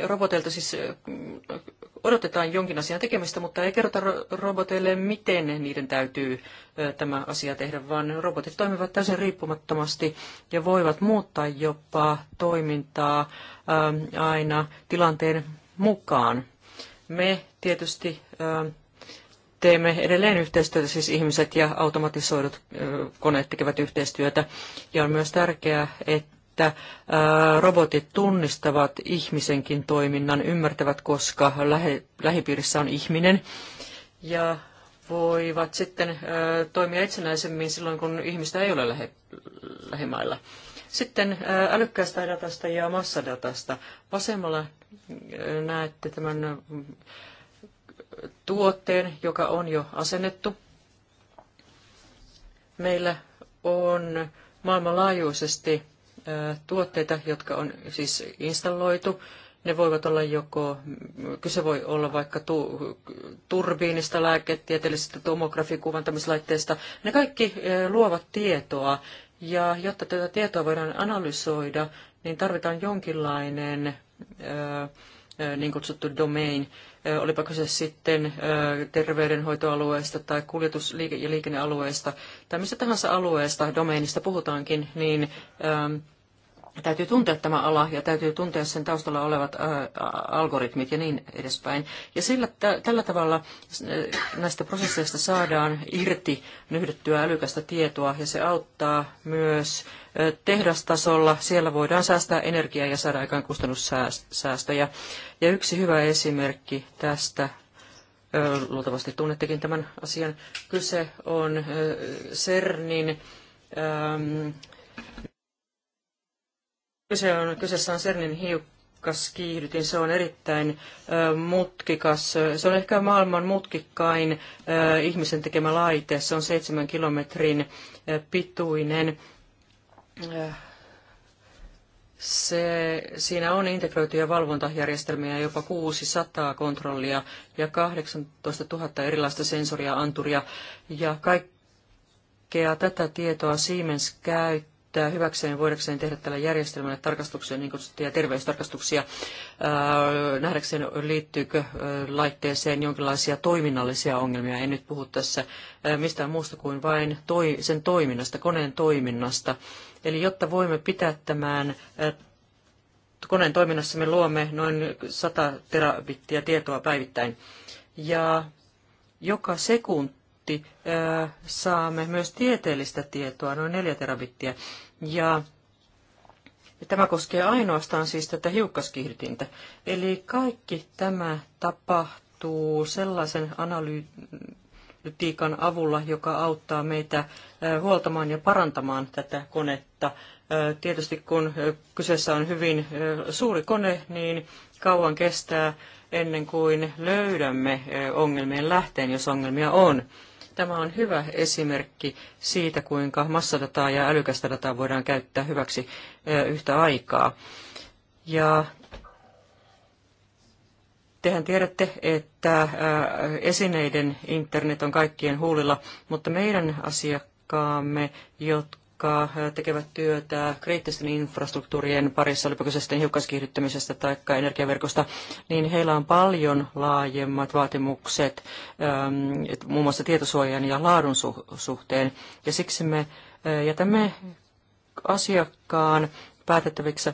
roboteilta siis odotetaan jonkin asian tekemistä, mutta ei kerrota roboteille, miten niiden täytyy tämä asia tehdä, vaan robotit toimivat täysin riippumattomasti ja voivat muuttaa jopa toimintaa aina tilanteen mukaan. Me tietysti teemme edelleen yhteistyötä, siis ihmiset ja automatisoidut koneet tekevät yhteistyötä. Ja on myös tärkeää, että että äh, robotit tunnistavat ihmisenkin toiminnan, ymmärtävät, koska lähipiirissä on ihminen. Ja voivat sitten äh, toimia itsenäisemmin silloin, kun ihmistä ei ole lähe, lähimailla. Sitten äh, älykkäästä datasta ja massadatasta. Vasemmalla näette tämän tuotteen, joka on jo asennettu. Meillä on maailmanlaajuisesti tuotteita, jotka on siis installoitu. Ne voivat olla joko, kyse voi olla vaikka tu, turbiinista, lääketieteellisestä tomografikuvantamislaitteesta. Ne kaikki luovat tietoa, ja jotta tätä tietoa voidaan analysoida, niin tarvitaan jonkinlainen niin kutsuttu domain, olipa kyse sitten terveydenhoitoalueesta tai kuljetus- ja liikennealueesta tai mistä tahansa alueesta, domeenista puhutaankin, niin täytyy tuntea tämä ala ja täytyy tuntea sen taustalla olevat algoritmit ja niin edespäin. Ja sillä, tällä tavalla näistä prosesseista saadaan irti nyhdettyä älykästä tietoa ja se auttaa myös tehdastasolla. Siellä voidaan säästää energiaa ja saada aikaan kustannussäästöjä. Ja yksi hyvä esimerkki tästä, luultavasti tunnettekin tämän asian, kyse on CERNin Kyse on, kyseessä on CERNin hiukkaskiihdytin. Se on erittäin ö, mutkikas. Se on ehkä maailman mutkikkain ö, ihmisen tekemä laite. Se on seitsemän kilometrin ö, pituinen. Se, siinä on integroituja valvontajärjestelmiä, jopa 600 kontrollia ja 18 000 erilaista sensoria, anturia. Ja kaikkea tätä tietoa Siemens käyttää hyväkseen voidakseen tehdä tällä järjestelmällä tarkastuksia, niin kutsuttuja terveystarkastuksia, nähdäkseen liittyykö laitteeseen jonkinlaisia toiminnallisia ongelmia. En nyt puhu tässä mistään muusta kuin vain toi, sen toiminnasta, koneen toiminnasta. Eli jotta voimme pitää tämän koneen toiminnassa, me luomme noin 100 terabittia tietoa päivittäin. Ja joka sekunti saamme myös tieteellistä tietoa, noin 4 terabittia. Ja tämä koskee ainoastaan siis tätä hiukkaskiihdytintä. Eli kaikki tämä tapahtuu sellaisen analyysin robotiikan avulla, joka auttaa meitä huoltamaan ja parantamaan tätä konetta. Tietysti kun kyseessä on hyvin suuri kone, niin kauan kestää ennen kuin löydämme ongelmien lähteen, jos ongelmia on. Tämä on hyvä esimerkki siitä, kuinka massadataa ja älykästä dataa voidaan käyttää hyväksi yhtä aikaa. Ja Tehän tiedätte, että esineiden internet on kaikkien huulilla, mutta meidän asiakkaamme, jotka tekevät työtä kriittisten infrastruktuurien parissa, olipa kyse sitten hiukkaskiihdyttämisestä tai energiaverkosta, niin heillä on paljon laajemmat vaatimukset muun muassa tietosuojan ja laadun suhteen. Ja siksi me jätämme asiakkaan päätettäviksi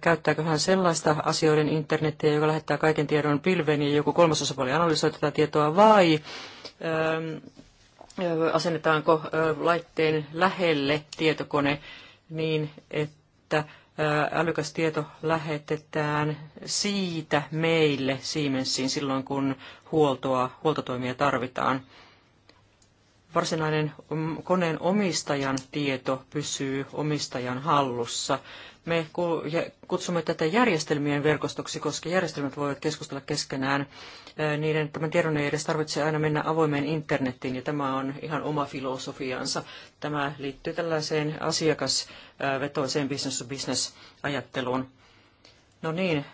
käyttääkö hän sellaista asioiden internettiä, joka lähettää kaiken tiedon pilveen ja joku kolmas osapuoli analysoi tätä tietoa, vai asennetaanko laitteen lähelle tietokone niin, että älykäs tieto lähetetään siitä meille Siemensiin silloin, kun huoltoa, huoltotoimia tarvitaan varsinainen mm, koneen omistajan tieto pysyy omistajan hallussa. Me kutsumme tätä järjestelmien verkostoksi, koska järjestelmät voivat keskustella keskenään. Niiden tämän tiedon ei edes tarvitse aina mennä avoimeen internettiin, ja tämä on ihan oma filosofiansa. Tämä liittyy tällaiseen asiakasvetoiseen business-to-business-ajatteluun. No niin,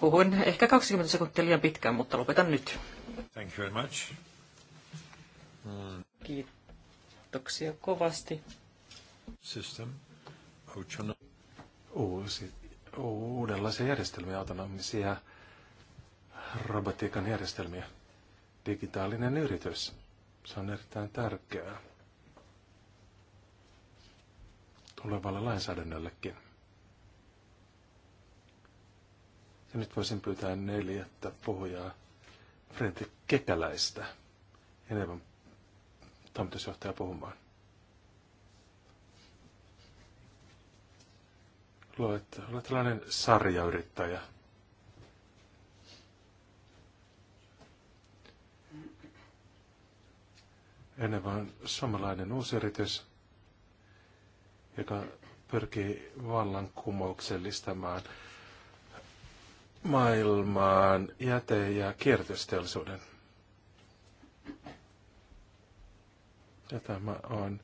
puhuin ehkä 20 sekuntia liian pitkään, mutta lopetan nyt. Thank you very much. Kiitoksia kovasti. System. Uusi, uudenlaisia järjestelmiä, autonomisia robotiikan järjestelmiä. Digitaalinen yritys. Se on erittäin tärkeää tulevalle lainsäädännöllekin. Ja nyt voisin pyytää neljättä puhujaa Fredrik Kekäläistä Enemmän toimitusjohtaja puhumaan. Olet, olet tällainen sarjayrittäjä. Ennen vaan suomalainen uusi yritys, joka pyrkii vallankumouksellistamaan maailmaan jäte- ja kierrätysteollisuuden. Tätä tämä on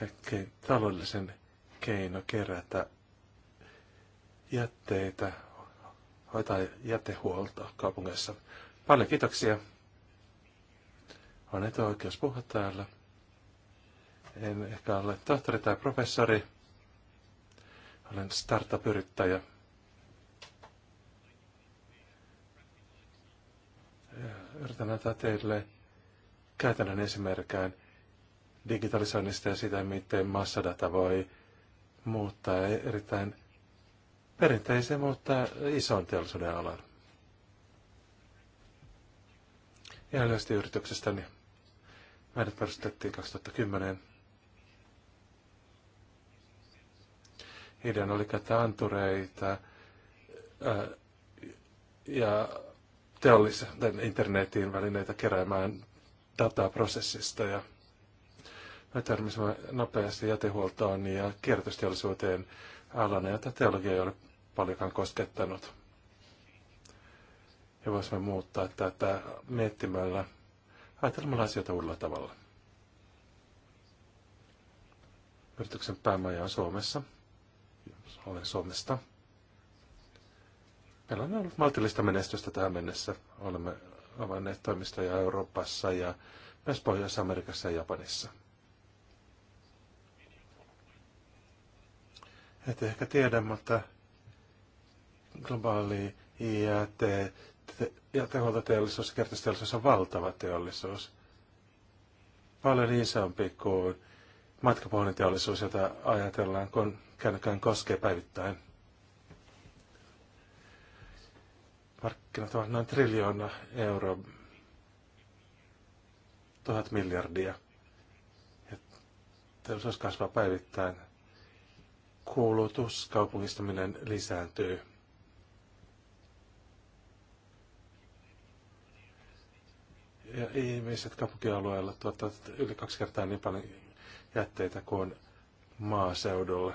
kaikkein taloudellisen keino kerätä jätteitä, hoitaa jätehuolta kaupungissa. Paljon kiitoksia. On etuoikeus puhua täällä. En ehkä ole tohtori tai professori. Olen startup-yrittäjä. Yritän antaa teille käytännön esimerkkejä digitalisoinnista ja sitä, miten massadata voi muuttaa erittäin perinteisen, mutta ison teollisuuden alan. Ihan lyhyesti yrityksestäni. Niin meidät perustettiin 2010. Idean oli käyttää antureita ää, ja teollisen internetin välineitä keräämään dataprosessista ja me tarvitsemme nopeasti jätehuoltoon ja kierrätysteollisuuteen alana, jota teologia ei ole paljonkaan koskettanut. Ja voisimme muuttaa tätä miettimällä, ajatelmalla asioita uudella tavalla. Yrityksen päämaja on Suomessa. Olen Suomesta. Meillä on ollut maltillista menestystä tähän mennessä. Olemme avanneet toimistoja Euroopassa ja myös Pohjois-Amerikassa ja Japanissa. et ehkä tiedä, mutta globaali IAT ja tehototeollisuus ja kertosteollisuus on valtava teollisuus. Paljon isompi kuin matkapuhelinteollisuus, jota ajatellaan, kun kännykään koskee päivittäin. Markkinat ovat noin triljoona euroa, tuhat miljardia. Ja teollisuus kasvaa päivittäin kulutus, kaupungistaminen lisääntyy. Ja ihmiset kaupunkialueella tuottavat yli kaksi kertaa niin paljon jätteitä kuin maaseudulla,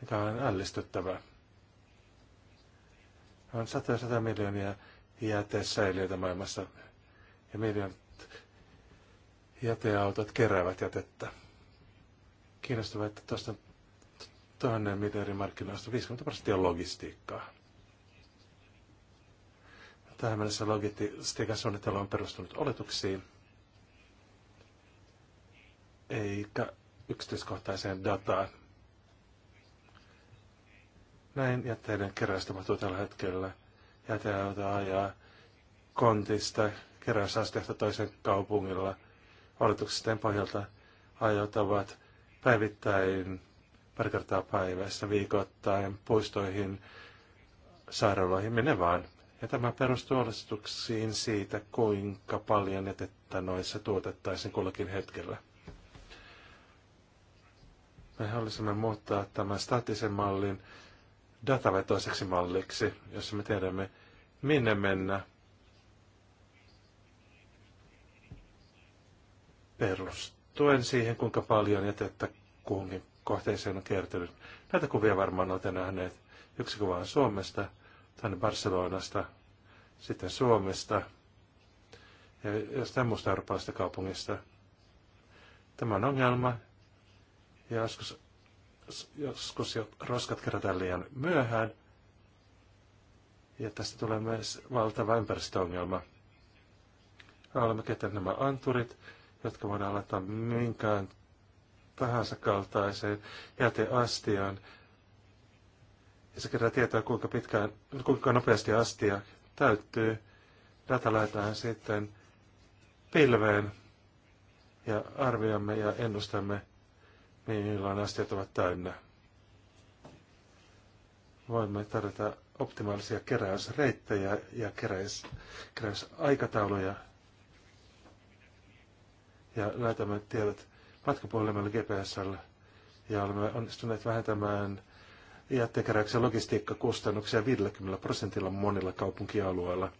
mikä on ällistyttävää. On satoja sata miljoonia jätesäiliöitä maailmassa ja miljoonat jäteautot keräävät jätettä kiinnostavaa, että tuosta tuhannen eri markkinoista 50 prosenttia on logistiikkaa. Tähän mennessä logistiikan suunnittelu on perustunut oletuksiin, eikä yksityiskohtaiseen dataan. Näin jätteiden keräys tapahtuu tällä hetkellä. Jäteauto ajaa kontista keräysasteesta toisen kaupungilla. Oletuksisten pohjalta ajoitavat päivittäin, pari kertaa päivässä, viikoittain, puistoihin, sairaaloihin, minne vaan. Ja tämä perustuu oletuksiin siitä, kuinka paljon jätettä noissa tuotettaisiin kullakin hetkellä. Me haluaisimme muuttaa tämän staattisen mallin datavetoiseksi malliksi, jossa me tiedämme, minne mennä perustuu Tuen siihen, kuinka paljon jätettä kuhunkin kohteeseen on kertynyt. Näitä kuvia varmaan olette nähneet. Yksi kuva on Suomesta, tänne Barcelonasta, sitten Suomesta ja jostain muusta eurooppalaisesta kaupungista. Tämä on ongelma. Ja joskus, joskus jo roskat kerätään liian myöhään. Ja tästä tulee myös valtava ympäristöongelma. Olemme kehittäneet nämä anturit, jotka voidaan laittaa minkään tahansa kaltaiseen jäteastiaan. Ja se kerää tietoa, kuinka, pitkään, kuinka nopeasti astia täyttyy. Data laitetaan sitten pilveen ja arvioimme ja ennustamme, milloin astiat ovat täynnä. Voimme tarjota optimaalisia keräysreittejä ja keräys, keräysaikatauluja ja laitamme tiedot matkapuhelimella GPSllä ja olemme onnistuneet vähentämään jättekeräyksen logistiikkakustannuksia 50 prosentilla monilla kaupunkialueilla.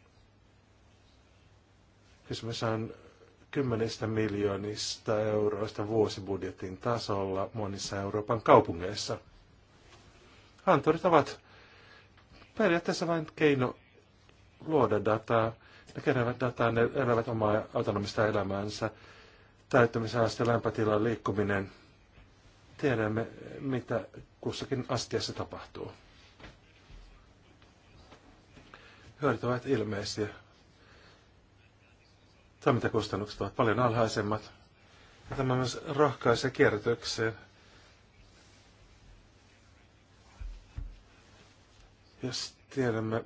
Kysymys on kymmenistä miljoonista euroista vuosibudjetin tasolla monissa Euroopan kaupungeissa. Anturit ovat periaatteessa vain keino luoda dataa. Ne keräävät dataa, ne elävät omaa autonomista elämäänsä täyttämisaste, lämpötilan liikkuminen. Tiedämme, mitä kussakin astiassa tapahtuu. Hyödyt ovat ilmeisiä. Toimintakustannukset ovat paljon alhaisemmat. Ja tämä myös rohkaisee kierrätykseen. Jos tiedämme,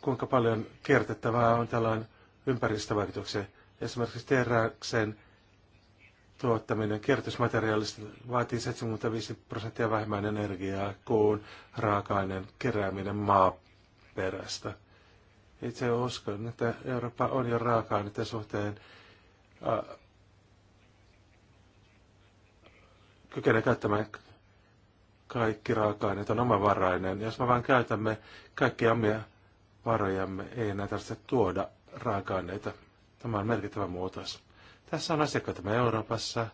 kuinka paljon kiertettävää on tällainen ympäristövaikutuksen Esimerkiksi teräksen tuottaminen kierrätysmateriaalista vaatii 75 prosenttia vähemmän energiaa kuin raaka-aineen kerääminen maaperästä. Itse uskon, että Eurooppa on jo raaka-aineiden suhteen äh, käyttämään kaikki raaka-aineet on omavarainen. Jos me vain käytämme kaikki omia varojamme, ei enää tarvitse tuoda raaka-aineita. Tämä on merkittävä muutos. Tässä on asiakkaita me Euroopassa,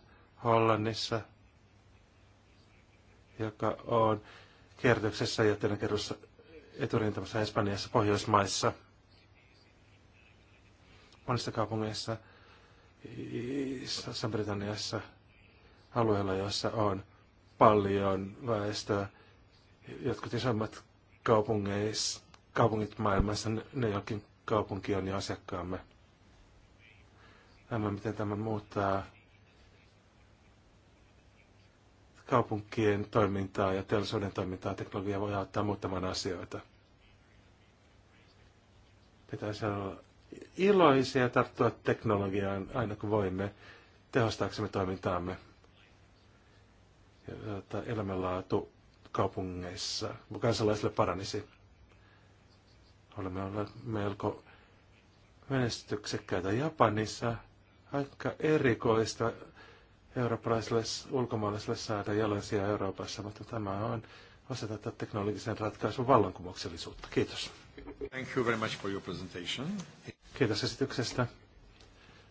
Hollannissa, joka on kierrätyksessä ja kerrossa eturintamassa Espanjassa, Pohjoismaissa, monissa kaupungeissa, Isossa Britanniassa, alueella, jossa on paljon väestöä. Jotkut isommat kaupungit maailmassa, ne jokin kaupunki on jo asiakkaamme tämä, miten tämä muuttaa kaupunkien toimintaa ja teollisuuden toimintaa. Teknologia voi auttaa muuttamaan asioita. Pitäisi olla iloisia tarttua teknologiaan aina kun voimme tehostaaksemme toimintaamme. Ja elämänlaatu kaupungeissa kansalaisille paranisi. Olemme olleet melko menestyksekkäitä Japanissa aika erikoista eurooppalaiselle ulkomaalaiselle saada jalansia Euroopassa, mutta tämä on osa tätä teknologisen ratkaisun vallankumouksellisuutta. Kiitos. Thank you very much for your presentation. Kiitos esityksestä.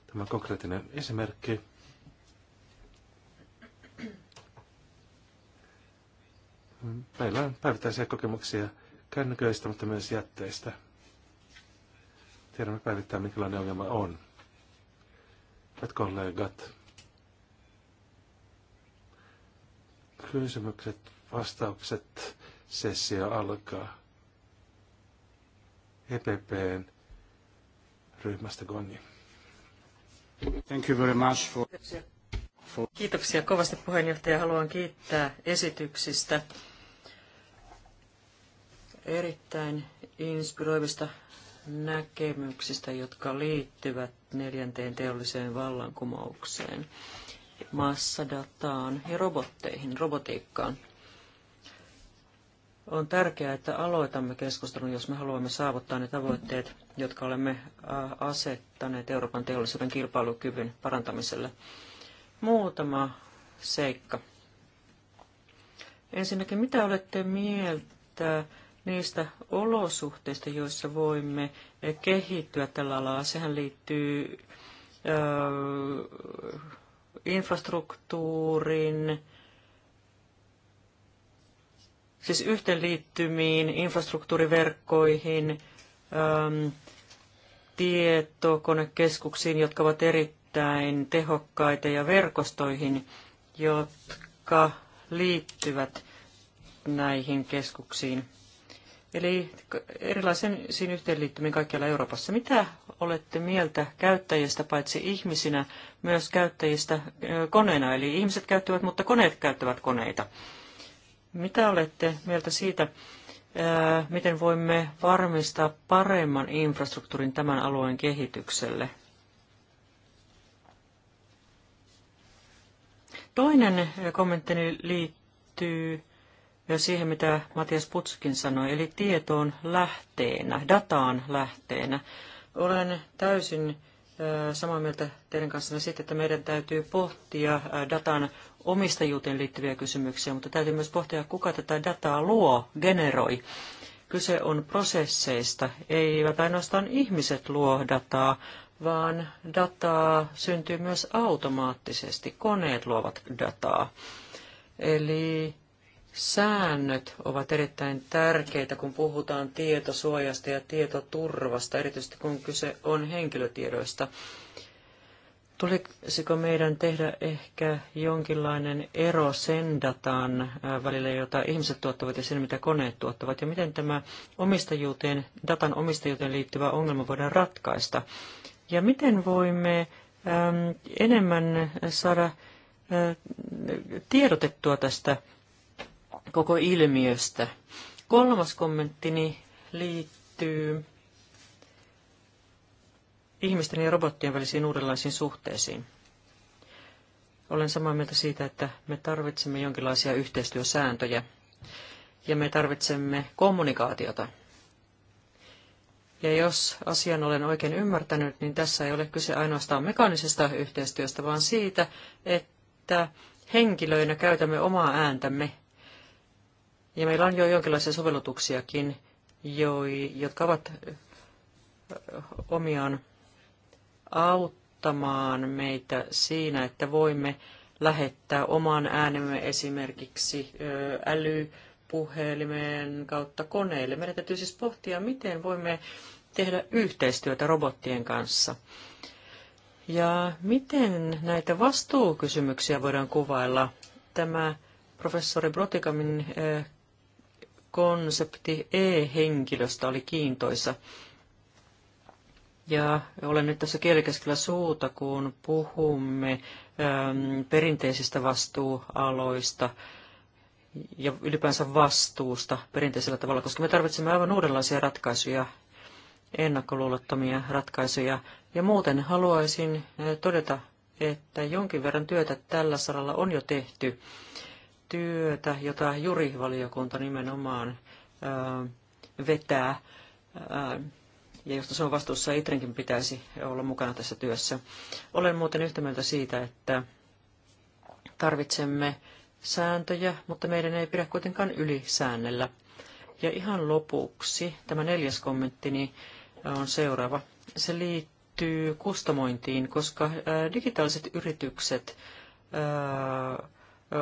Tämä on konkreettinen esimerkki. Meillä on päivittäisiä kokemuksia kännyköistä, mutta myös jätteistä. Tiedämme päivittäin, minkälainen ongelma on. Hyvät kollegat, kysymykset, vastaukset, sessio alkaa. EPPn ryhmästä Gonni. Thank you very much for... Kiitoksia kovasti puheenjohtaja. Haluan kiittää esityksistä. Erittäin inspiroivista näkemyksistä, jotka liittyvät neljänteen teolliseen vallankumoukseen, massadataan ja robotteihin, robotiikkaan. On tärkeää, että aloitamme keskustelun, jos me haluamme saavuttaa ne tavoitteet, jotka olemme asettaneet Euroopan teollisuuden kilpailukyvyn parantamiselle. Muutama seikka. Ensinnäkin, mitä olette mieltä niistä olosuhteista, joissa voimme kehittyä tällä alalla. Sehän liittyy ö, infrastruktuurin, siis yhteenliittymiin, infrastruktuuriverkkoihin, ö, tietokonekeskuksiin, jotka ovat erittäin tehokkaita, ja verkostoihin, jotka liittyvät näihin keskuksiin eli erilaisiin yhteenliittymiin kaikkialla Euroopassa. Mitä olette mieltä käyttäjistä paitsi ihmisinä, myös käyttäjistä koneina? Eli ihmiset käyttävät, mutta koneet käyttävät koneita. Mitä olette mieltä siitä, miten voimme varmistaa paremman infrastruktuurin tämän alueen kehitykselle? Toinen kommenttini liittyy siihen, mitä Matias Putskin sanoi, eli tietoon lähteenä, dataan lähteenä. Olen täysin samaa mieltä teidän kanssanne siitä, että meidän täytyy pohtia datan omistajuuteen liittyviä kysymyksiä, mutta täytyy myös pohtia, kuka tätä dataa luo, generoi. Kyse on prosesseista. Eivät ainoastaan ihmiset luo dataa, vaan dataa syntyy myös automaattisesti. Koneet luovat dataa. Eli Säännöt ovat erittäin tärkeitä, kun puhutaan tietosuojasta ja tietoturvasta, erityisesti kun kyse on henkilötiedoista. Tulisiko meidän tehdä ehkä jonkinlainen ero sen datan välillä, jota ihmiset tuottavat ja sen, mitä koneet tuottavat, ja miten tämä omistajuuteen, datan omistajuuteen liittyvä ongelma voidaan ratkaista? Ja miten voimme enemmän saada tiedotettua tästä koko ilmiöstä. Kolmas kommenttini liittyy ihmisten ja robottien välisiin uudenlaisiin suhteisiin. Olen samaa mieltä siitä, että me tarvitsemme jonkinlaisia yhteistyösääntöjä ja me tarvitsemme kommunikaatiota. Ja jos asian olen oikein ymmärtänyt, niin tässä ei ole kyse ainoastaan mekaanisesta yhteistyöstä, vaan siitä, että henkilöinä käytämme omaa ääntämme ja meillä on jo jonkinlaisia sovellutuksiakin, jotka ovat omiaan auttamaan meitä siinä, että voimme lähettää oman äänemme esimerkiksi älypuhelimen kautta koneille. Meidän täytyy siis pohtia, miten voimme tehdä yhteistyötä robottien kanssa. Ja miten näitä vastuukysymyksiä voidaan kuvailla? Tämä professori Brotikamin konsepti e-henkilöstä oli kiintoisa. Ja olen nyt tässä kielikeskellä suuta, kun puhumme äm, perinteisistä vastuualoista ja ylipäänsä vastuusta perinteisellä tavalla, koska me tarvitsemme aivan uudenlaisia ratkaisuja, ennakkoluulottomia ratkaisuja. Ja muuten haluaisin todeta, että jonkin verran työtä tällä saralla on jo tehty työtä, jota jurivaliokunta nimenomaan vetää, ja josta se on vastuussa, Itrenkin pitäisi olla mukana tässä työssä. Olen muuten yhtä mieltä siitä, että tarvitsemme sääntöjä, mutta meidän ei pidä kuitenkaan ylisäännellä. Ja ihan lopuksi tämä neljäs kommenttini niin on seuraava. Se liittyy kustamointiin, koska digitaaliset yritykset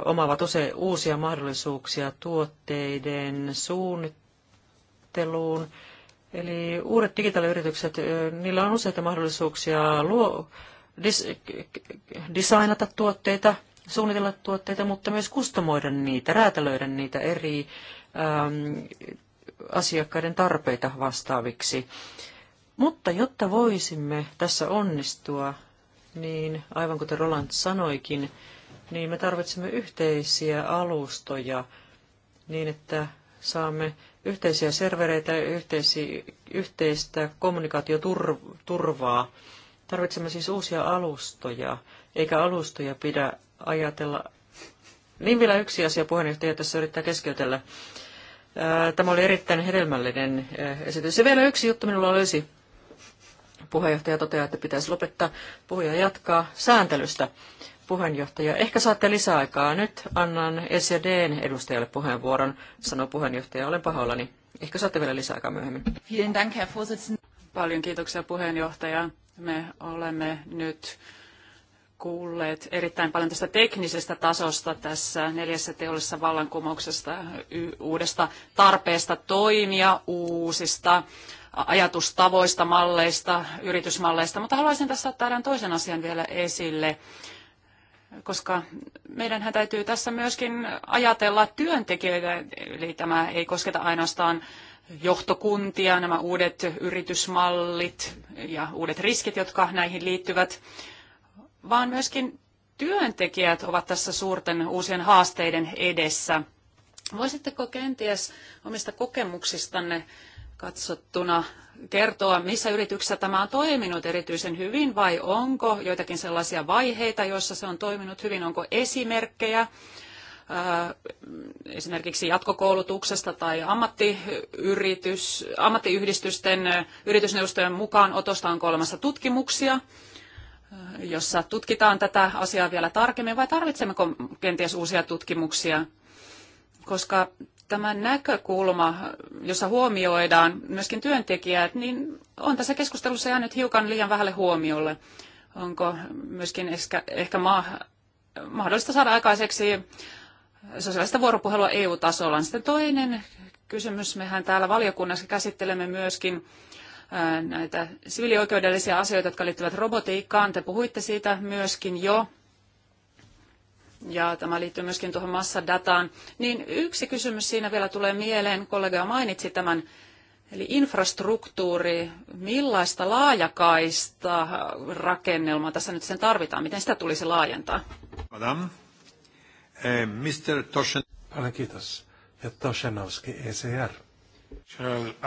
omaavat usein uusia mahdollisuuksia tuotteiden suunnitteluun. Eli uudet digitaaliyritykset, niillä on useita mahdollisuuksia luo, dis, designata tuotteita, suunnitella tuotteita, mutta myös kustomoida niitä, räätälöidä niitä eri äm, asiakkaiden tarpeita vastaaviksi. Mutta jotta voisimme tässä onnistua, niin aivan kuten Roland sanoikin, niin me tarvitsemme yhteisiä alustoja niin, että saamme yhteisiä servereitä, ja yhteistä kommunikaatioturvaa. Tarvitsemme siis uusia alustoja, eikä alustoja pidä ajatella. Niin vielä yksi asia puheenjohtaja tässä yrittää keskeytellä. Tämä oli erittäin hedelmällinen esitys. Ja vielä yksi juttu minulla olisi. Puheenjohtaja toteaa, että pitäisi lopettaa. Puhuja jatkaa sääntelystä puheenjohtaja. Ehkä saatte lisäaikaa. Nyt annan SDn edustajalle puheenvuoron, Sano puheenjohtaja. Olen pahoillani. Ehkä saatte vielä lisäaikaa myöhemmin. dank, Herr Paljon kiitoksia puheenjohtaja. Me olemme nyt kuulleet erittäin paljon tästä teknisestä tasosta tässä neljässä teollisessa vallankumouksesta, uudesta tarpeesta toimia, uusista ajatustavoista, malleista, yritysmalleista, mutta haluaisin tässä ottaa erään toisen asian vielä esille koska meidän täytyy tässä myöskin ajatella työntekijöitä, eli tämä ei kosketa ainoastaan johtokuntia, nämä uudet yritysmallit ja uudet riskit, jotka näihin liittyvät, vaan myöskin työntekijät ovat tässä suurten uusien haasteiden edessä. Voisitteko kenties omista kokemuksistanne katsottuna kertoa, missä yrityksessä tämä on toiminut erityisen hyvin vai onko joitakin sellaisia vaiheita, joissa se on toiminut hyvin, onko esimerkkejä äh, esimerkiksi jatkokoulutuksesta tai ammattiyritys, ammattiyhdistysten äh, yritysneuvostojen mukaan otosta on olemassa tutkimuksia, äh, jossa tutkitaan tätä asiaa vielä tarkemmin vai tarvitsemmeko kenties uusia tutkimuksia, koska tämä näkökulma, jossa huomioidaan myöskin työntekijät, niin on tässä keskustelussa jäänyt hiukan liian vähälle huomiolle. Onko myöskin ehkä, ehkä ma- mahdollista saada aikaiseksi sosiaalista vuoropuhelua EU-tasolla? Sitten toinen kysymys. Mehän täällä valiokunnassa käsittelemme myöskin näitä siviilioikeudellisia asioita, jotka liittyvät robotiikkaan. Te puhuitte siitä myöskin jo ja tämä liittyy myöskin tuohon massadataan, niin yksi kysymys siinä vielä tulee mieleen, kollega mainitsi tämän, eli infrastruktuuri, millaista laajakaista rakennelmaa tässä nyt sen tarvitaan, miten sitä tulisi laajentaa? Madame, eh, Mr. Toshen. Paljon kiitos. Ja Toshenowski, ECR.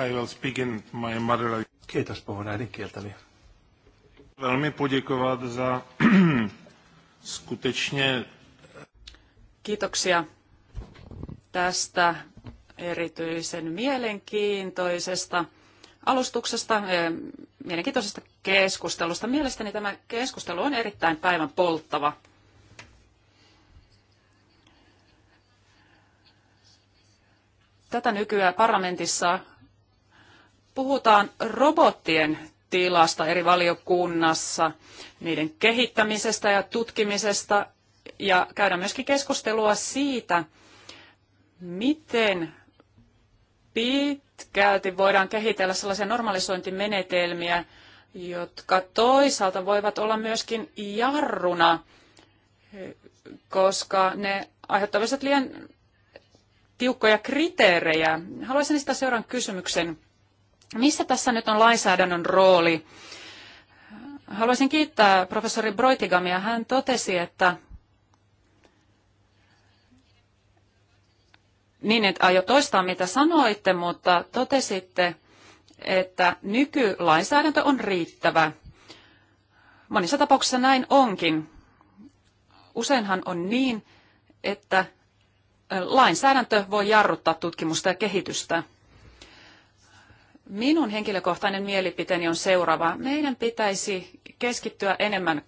I will speak in my mother Kiitos, puhun äidinkieltäni. Velmi poděkovat za skutečně Kiitoksia tästä erityisen mielenkiintoisesta alustuksesta, eh, mielenkiintoisesta keskustelusta. Mielestäni tämä keskustelu on erittäin päivän polttava. Tätä nykyään parlamentissa puhutaan robottien tilasta eri valiokunnassa, niiden kehittämisestä ja tutkimisesta ja käydä myöskin keskustelua siitä, miten pitkälti voidaan kehitellä sellaisia normalisointimenetelmiä, jotka toisaalta voivat olla myöskin jarruna, koska ne aiheuttavat liian tiukkoja kriteerejä. Haluaisin sitä seuraan kysymyksen. Missä tässä nyt on lainsäädännön rooli? Haluaisin kiittää professori Broitigamia. Hän totesi, että niin, että aio toistaa mitä sanoitte, mutta totesitte, että nykylainsäädäntö on riittävä. Monissa tapauksissa näin onkin. Useinhan on niin, että lainsäädäntö voi jarruttaa tutkimusta ja kehitystä. Minun henkilökohtainen mielipiteeni on seuraava. Meidän pitäisi keskittyä enemmän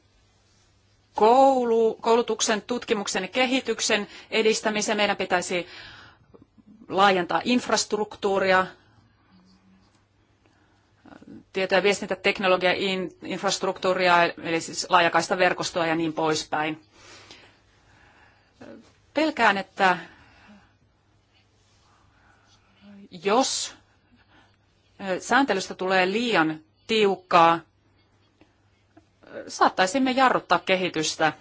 koulu, koulutuksen, tutkimuksen ja kehityksen edistämiseen. Meidän pitäisi laajentaa infrastruktuuria, tieto- ja viestintäteknologia, infrastruktuuria, eli siis laajakaista verkostoa ja niin poispäin. Pelkään, että jos sääntelystä tulee liian tiukkaa, saattaisimme jarruttaa kehitystä.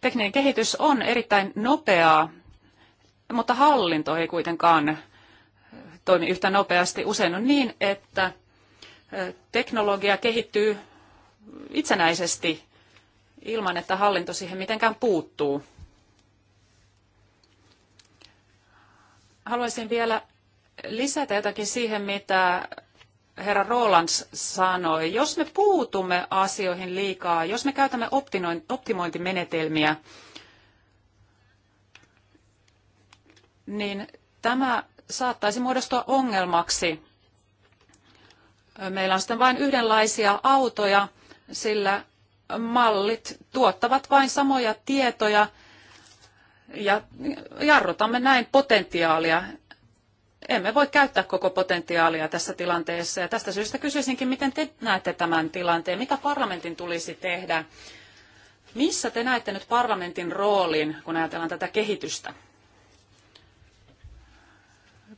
Tekninen kehitys on erittäin nopeaa mutta hallinto ei kuitenkaan eh, toimi yhtä nopeasti. Usein on niin, että eh, teknologia kehittyy itsenäisesti ilman, että hallinto siihen mitenkään puuttuu. Haluaisin vielä lisätä jotakin siihen, mitä herra Rolands sanoi. Jos me puutumme asioihin liikaa, jos me käytämme optimointimenetelmiä, niin tämä saattaisi muodostua ongelmaksi. Meillä on sitten vain yhdenlaisia autoja, sillä mallit tuottavat vain samoja tietoja ja jarrutamme näin potentiaalia. Emme voi käyttää koko potentiaalia tässä tilanteessa ja tästä syystä kysyisinkin, miten te näette tämän tilanteen, mitä parlamentin tulisi tehdä, missä te näette nyt parlamentin roolin, kun ajatellaan tätä kehitystä?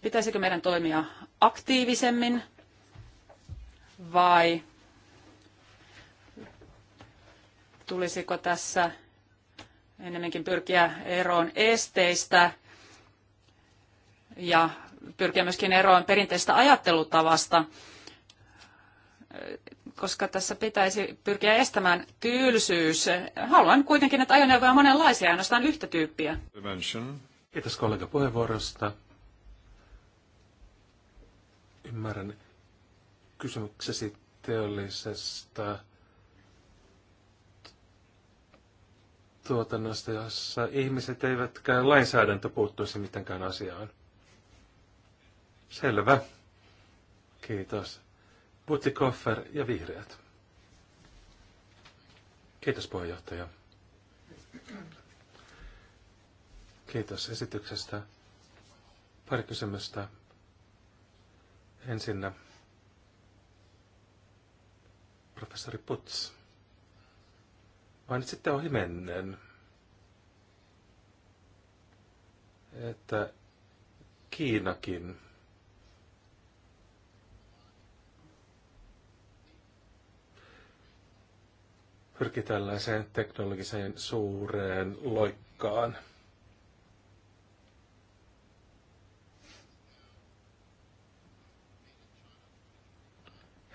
pitäisikö meidän toimia aktiivisemmin vai tulisiko tässä enemmänkin pyrkiä eroon esteistä ja pyrkiä myöskin eroon perinteistä ajattelutavasta, koska tässä pitäisi pyrkiä estämään tyylsyys. Haluan kuitenkin, että ajoneuvoja on monenlaisia, ainoastaan yhtä tyyppiä. Kiitos kollega puheenvuorosta. Ymmärrän kysymyksesi teollisesta tuotannosta, jossa ihmiset eivätkään lainsäädäntö puuttuisi mitenkään asiaan. Selvä. Kiitos. Butikoffer Koffer ja Vihreät. Kiitos puheenjohtaja. Kiitos esityksestä. Pari kysymystä. Ensinnä professori Putz. Mainitsitte ohimennen, että Kiinakin pyrkii tällaiseen teknologiseen suureen loikkaan –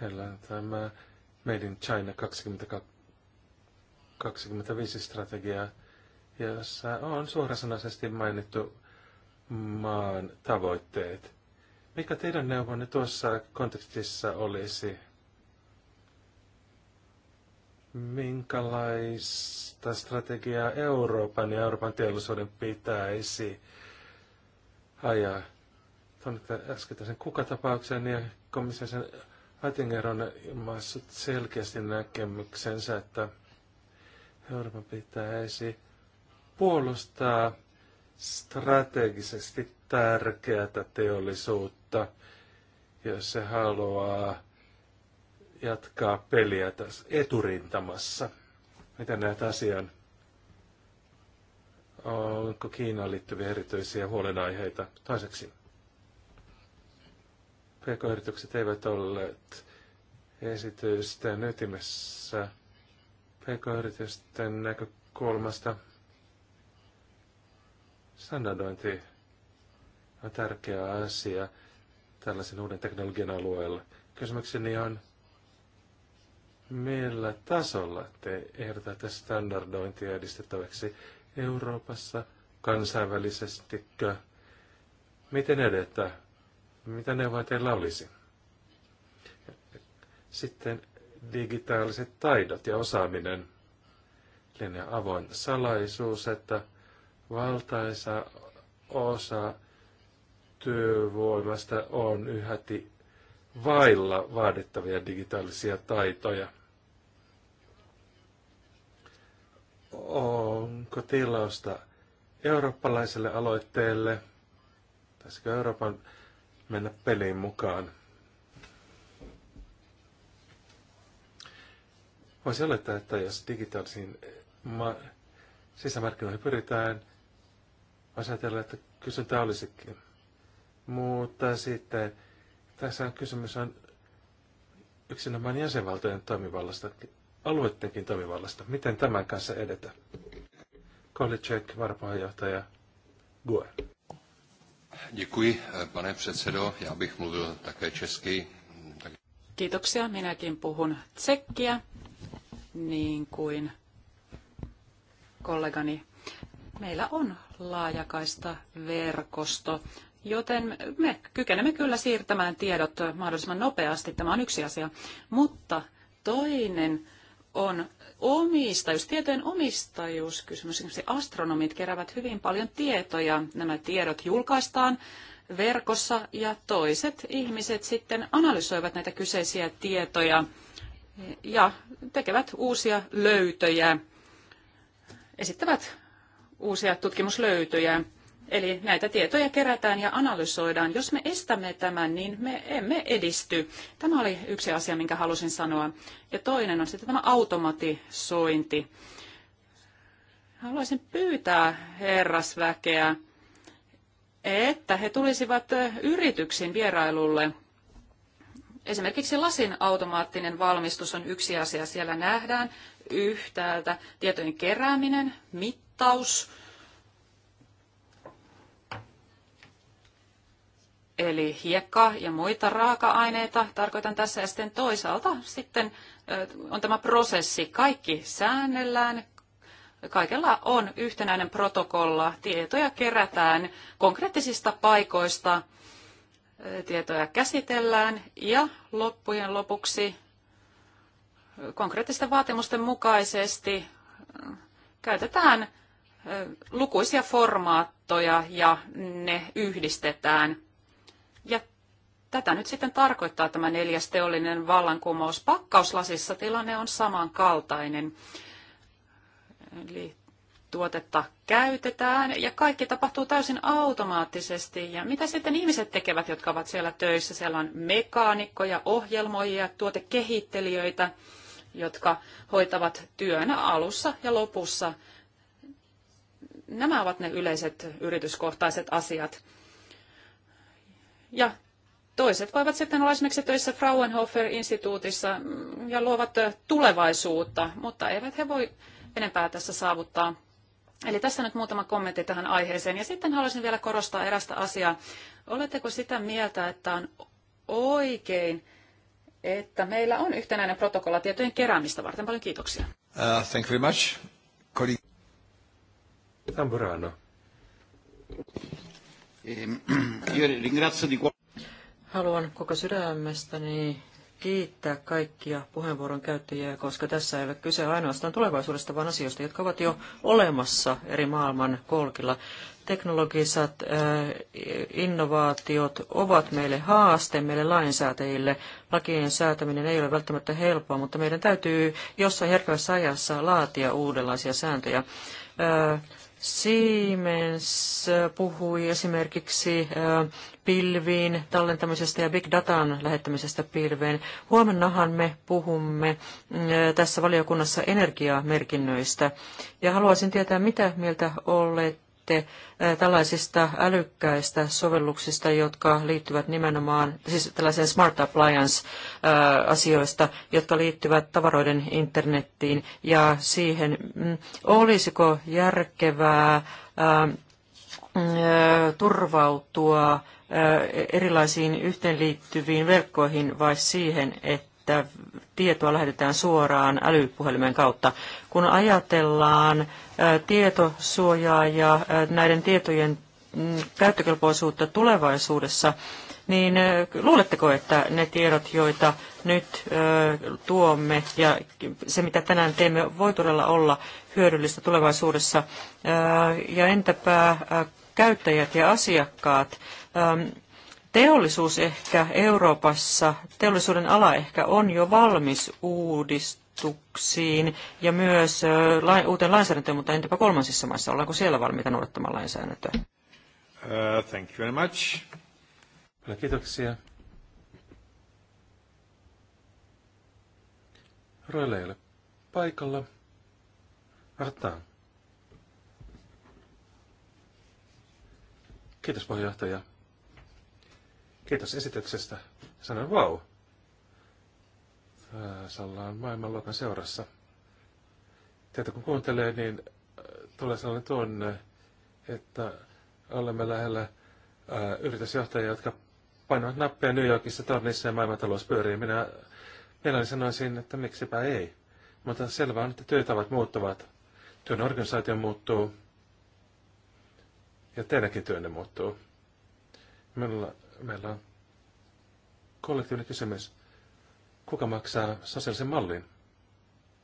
Heillä tämä Made in China 2025 strategia, jossa on suorasanaisesti mainittu maan tavoitteet. Mikä teidän neuvonne tuossa kontekstissa olisi? Minkälaista strategiaa Euroopan ja Euroopan teollisuuden pitäisi ajaa? Tuonne äsken sen kuka-tapauksen ja komission Oettinger on ilmaissut selkeästi näkemyksensä, että Euroopan pitäisi puolustaa strategisesti tärkeätä teollisuutta, jos se haluaa jatkaa peliä tässä eturintamassa. Miten näet asian? Onko Kiinaan liittyviä erityisiä huolenaiheita? Toiseksi. PK-yritykset eivät olleet esitysten ytimessä PK-yritysten näkökulmasta. Standardointi on tärkeä asia tällaisen uuden teknologian alueella. Kysymykseni on, millä tasolla te ehdotatte standardointia edistettäväksi Euroopassa, kansainvälisestikö? Miten edetään? Mitä neuvoja teillä olisi? Sitten digitaaliset taidot ja osaaminen. Linja avoin salaisuus, että valtaisa osa työvoimasta on yhä vailla vaadittavia digitaalisia taitoja. Onko tilausta eurooppalaiselle aloitteelle? Tässä Euroopan mennä peliin mukaan. Voisi olettaa, että jos digitaalisiin ma- sisämarkkinoihin pyritään, voisi ajatella, että kysyntä olisikin. Mutta sitten tässä on kysymys on yksinomaan jäsenvaltojen toimivallasta, alueidenkin toimivallasta. Miten tämän kanssa edetä? Kolicek, varapuheenjohtaja Gue. Děkuji, eh, pane předsedo. Já bych mluvil také česky. Kiitoksia. Minäkin puhun tsekkiä, niin kuin kollegani. Meillä on laajakaista verkosto, joten me kykenemme kyllä siirtämään tiedot mahdollisimman nopeasti. Tämä on yksi asia. Mutta toinen on omistajuus, tietojen omistajuuskysymys. Esimerkiksi astronomit keräävät hyvin paljon tietoja. Nämä tiedot julkaistaan verkossa ja toiset ihmiset sitten analysoivat näitä kyseisiä tietoja ja tekevät uusia löytöjä, esittävät uusia tutkimuslöytöjä. Eli näitä tietoja kerätään ja analysoidaan. Jos me estämme tämän, niin me emme edisty. Tämä oli yksi asia, minkä halusin sanoa. Ja toinen on sitten tämä automatisointi. Haluaisin pyytää herrasväkeä, että he tulisivat yrityksiin vierailulle Esimerkiksi lasin automaattinen valmistus on yksi asia. Siellä nähdään yhtäältä tietojen kerääminen, mittaus, eli hiekka ja muita raaka-aineita, tarkoitan tässä, ja sitten toisaalta sitten on tämä prosessi. Kaikki säännellään, kaikella on yhtenäinen protokolla, tietoja kerätään konkreettisista paikoista, tietoja käsitellään ja loppujen lopuksi konkreettisten vaatimusten mukaisesti käytetään lukuisia formaattoja ja ne yhdistetään – Tätä nyt sitten tarkoittaa tämä neljäs teollinen vallankumous. Pakkauslasissa tilanne on samankaltainen. Eli tuotetta käytetään ja kaikki tapahtuu täysin automaattisesti. Ja mitä sitten ihmiset tekevät, jotka ovat siellä töissä? Siellä on mekaanikkoja, ohjelmoijia, tuotekehittelijöitä, jotka hoitavat työnä alussa ja lopussa. Nämä ovat ne yleiset yrityskohtaiset asiat. Ja Toiset voivat sitten olla esimerkiksi töissä fraunhofer instituutissa mm, ja luovat tulevaisuutta, mutta eivät he voi enempää tässä saavuttaa. Eli tässä nyt muutama kommentti tähän aiheeseen. Ja sitten haluaisin vielä korostaa erästä asiaa. Oletteko sitä mieltä, että on oikein, että meillä on yhtenäinen protokolla tietojen keräämistä varten? Paljon kiitoksia. Uh, thank you very much. Colleague. Tamburano. Ehm, io ringrazio di cuore. Haluan koko sydämestäni kiittää kaikkia puheenvuoron käyttäjiä, koska tässä ei ole kyse ainoastaan tulevaisuudesta, vaan asioista, jotka ovat jo olemassa eri maailman kolkilla. Teknologiset äh, innovaatiot ovat meille haaste, meille lainsäätäjille. Lakien säätäminen ei ole välttämättä helppoa, mutta meidän täytyy jossain järkevässä ajassa laatia uudenlaisia sääntöjä äh, Siemens äh, puhui esimerkiksi äh, pilviin tallentamisesta ja big datan lähettämisestä pilveen. Huomennahan me puhumme äh, tässä valiokunnassa energiamerkinnöistä. Ja haluaisin tietää, mitä mieltä olette puhuitte tällaisista älykkäistä sovelluksista, jotka liittyvät nimenomaan, siis tällaisen smart appliance-asioista, jotka liittyvät tavaroiden internettiin ja siihen, mm, olisiko järkevää mm, turvautua erilaisiin yhteenliittyviin verkkoihin vai siihen, että että tietoa lähetetään suoraan älypuhelimen kautta. Kun ajatellaan tietosuojaa ja näiden tietojen mm, käyttökelpoisuutta tulevaisuudessa, niin luuletteko, että ne tiedot, joita nyt tuomme ja se, mitä tänään teemme, voi todella olla hyödyllistä tulevaisuudessa? Ja entäpä käyttäjät ja asiakkaat? Teollisuus ehkä Euroopassa, teollisuuden ala ehkä on jo valmis uudistuksiin ja myös uuteen lainsäädäntöön, mutta entäpä kolmansissa maissa? Ollaanko siellä valmiita noudattamaan lainsäädäntöä? Uh, thank you very much. kiitoksia. Roille paikalla. Rattaan. Kiitos puheenjohtaja. Kiitos esityksestä. Sanoin vau. Wow. Salla on maailmanluokan seurassa. Tietä kun kuuntelee, niin äh, tulee sellainen tunne, että olemme lähellä ää, äh, yritysjohtajia, jotka painavat nappeja New Yorkissa tornissa ja maailmantalous pyörii. Minä mielelläni sanoisin, että miksipä ei. Mutta selvää on, että työtavat muuttuvat. Työn organisaatio muuttuu. Ja teidänkin työnne muuttuu. Minulla meillä on kollektiivinen kysymys. Kuka maksaa sosiaalisen mallin?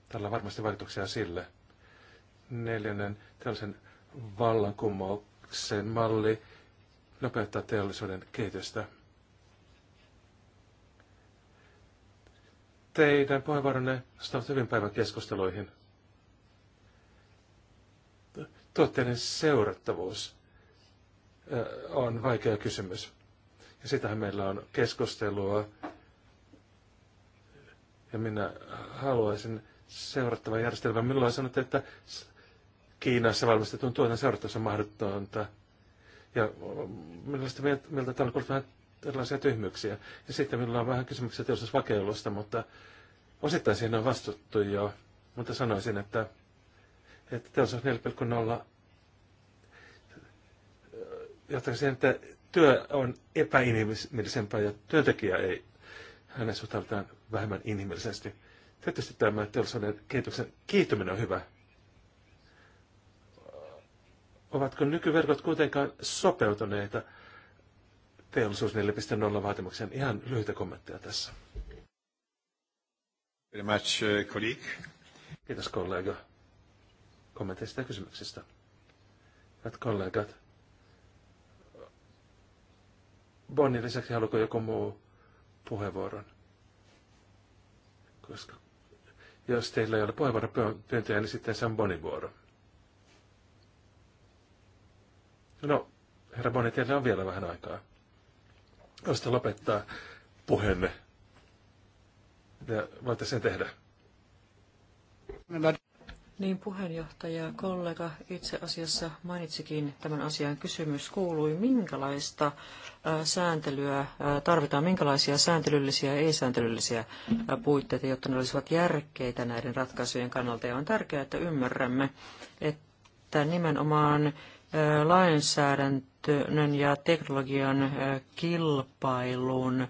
Tällä on varmasti vaikutuksia sille. Neljännen tällaisen vallankumouksen malli nopeuttaa teollisuuden kehitystä. Teidän puheenvuoronne vastaavat hyvin päivän keskusteluihin. Tuotteiden seurattavuus on vaikea kysymys. Ja sitähän meillä on keskustelua. Ja minä haluaisin seurattavan järjestelmän. Milloin sanotte, että Kiinassa valmistetun tuotan seurattavassa on mahdotonta. Ja millaista mieltä täällä on vähän erilaisia tyhmyyksiä. Ja sitten minulla on vähän kysymyksiä teollisuusvakeilusta, mutta osittain siinä on vastuttu jo. Mutta sanoisin, että, että teollisuus 4.0 jotta siihen, että työ on epäinhimillisempää ja työntekijä ei, hänen suhtaudutaan vähemmän inhimillisesti. Tietysti tämä teollisuuden kehityksen kiihtyminen on hyvä. Ovatko nykyverkot kuitenkaan sopeutuneita teollisuus 4.0 vaatimukseen? Ihan lyhyitä kommentteja tässä. Very much, uh, colleague. Kiitos kollega kommenteista ja kysymyksistä. Hyvät kollegat, Bonnin lisäksi haluatko joku muu puheenvuoron? Koska jos teillä ei ole puheenvuoropyyntöjä, niin sitten se on Bonnin vuoro. No, herra Boni, teillä on vielä vähän aikaa. Voisitte lopettaa puheenne. Ja voitte sen tehdä. Niin puheenjohtaja kollega itse asiassa mainitsikin tämän asian. Kysymys kuului, minkälaista sääntelyä tarvitaan, minkälaisia sääntelyllisiä ja ei-sääntelyllisiä puitteita, jotta ne olisivat järkeitä näiden ratkaisujen kannalta. Ja on tärkeää, että ymmärrämme, että nimenomaan lainsäädäntö käytännön ja teknologian kilpailun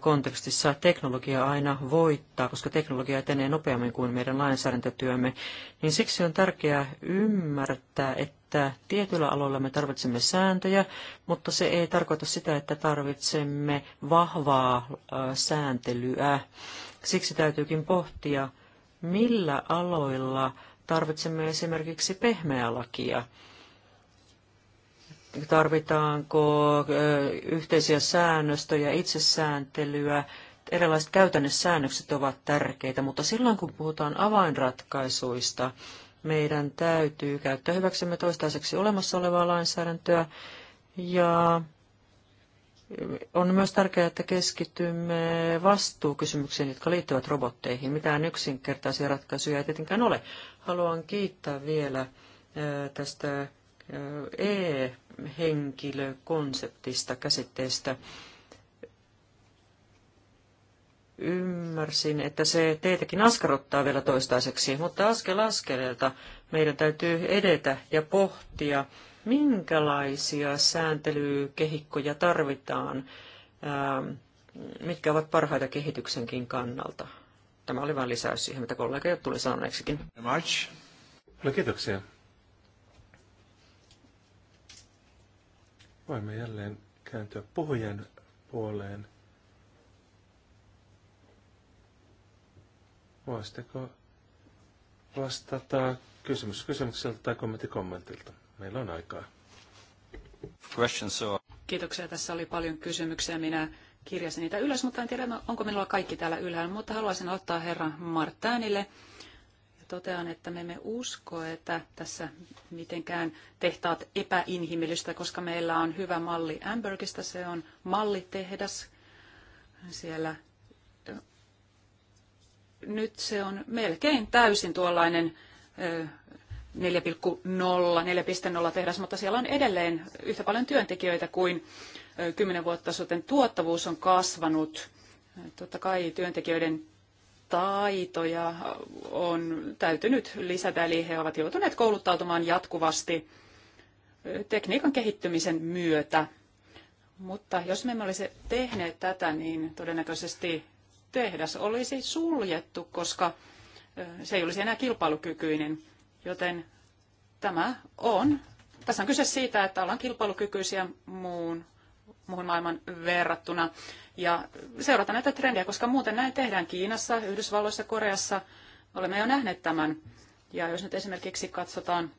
kontekstissa teknologia aina voittaa, koska teknologia etenee nopeammin kuin meidän lainsäädäntötyömme, niin siksi on tärkeää ymmärtää, että tietyillä aloilla me tarvitsemme sääntöjä, mutta se ei tarkoita sitä, että tarvitsemme vahvaa sääntelyä. Siksi täytyykin pohtia, millä aloilla tarvitsemme esimerkiksi pehmeää lakia tarvitaanko yhteisiä säännöstöjä, itsesääntelyä, erilaiset käytännössäännökset ovat tärkeitä, mutta silloin kun puhutaan avainratkaisuista, meidän täytyy käyttää hyväksemme toistaiseksi olemassa olevaa lainsäädäntöä ja on myös tärkeää, että keskitymme vastuukysymyksiin, jotka liittyvät robotteihin. Mitään yksinkertaisia ratkaisuja ei tietenkään ole. Haluan kiittää vielä tästä e-henkilökonseptista, käsitteestä. Ymmärsin, että se teitäkin askarottaa vielä toistaiseksi, mutta askel askeleelta meidän täytyy edetä ja pohtia, minkälaisia sääntelykehikkoja tarvitaan, mitkä ovat parhaita kehityksenkin kannalta. Tämä oli vain lisäys siihen, mitä kollega jo tuli sanoneeksikin. Much. No, kiitoksia. Voimme jälleen kääntyä puhujen puoleen. Voisitteko vastata kysymys kysymykseltä tai kommentti kommentilta? Meillä on aikaa. Kiitoksia. Tässä oli paljon kysymyksiä. Minä kirjasin niitä ylös, mutta en tiedä, onko minulla kaikki täällä ylhäällä. Mutta haluaisin ottaa herra Martänille totean, että me emme usko, että tässä mitenkään tehtaat epäinhimillistä, koska meillä on hyvä malli Ambergistä. Se on mallitehdas. Siellä nyt se on melkein täysin tuollainen 4,0, 4,0 tehdas, mutta siellä on edelleen yhtä paljon työntekijöitä kuin 10 vuotta sitten. Tuottavuus on kasvanut. Totta kai työntekijöiden taitoja on täytynyt lisätä, eli he ovat joutuneet kouluttautumaan jatkuvasti tekniikan kehittymisen myötä. Mutta jos me emme olisi tehneet tätä, niin todennäköisesti tehdas olisi suljettu, koska se ei olisi enää kilpailukykyinen. Joten tämä on, tässä on kyse siitä, että ollaan kilpailukykyisiä muun muuhun maailman verrattuna ja seurata näitä trendejä, koska muuten näin tehdään Kiinassa, Yhdysvalloissa, Koreassa. Olemme jo nähneet tämän. Ja jos nyt esimerkiksi katsotaan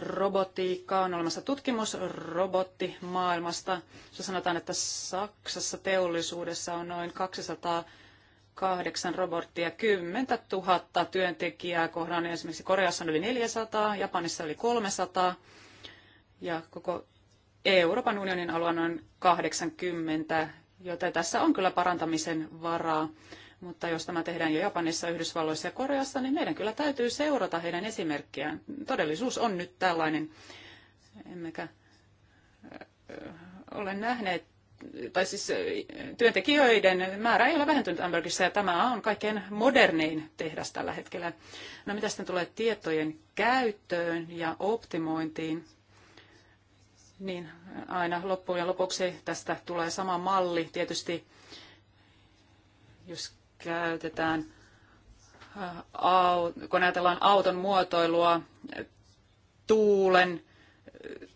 robotiikkaa, on olemassa tutkimus robottimaailmasta. Se sanotaan, että Saksassa teollisuudessa on noin 208 robottia, 10 000 työntekijää kohdan. Esimerkiksi Koreassa on yli 400, Japanissa yli 300 ja koko Euroopan unionin on noin 80, joten tässä on kyllä parantamisen varaa. Mutta jos tämä tehdään jo Japanissa, Yhdysvalloissa ja Koreassa, niin meidän kyllä täytyy seurata heidän esimerkkiään. Todellisuus on nyt tällainen. Emmekä ole nähneet, tai siis työntekijöiden määrä ei ole vähentynyt Hamburgissa, ja tämä on kaikkein modernein tehdas tällä hetkellä. No mitä sitten tulee tietojen käyttöön ja optimointiin? niin aina loppujen lopuksi tästä tulee sama malli. Tietysti jos käytetään, äh, kun ajatellaan auton muotoilua, tuulen äh,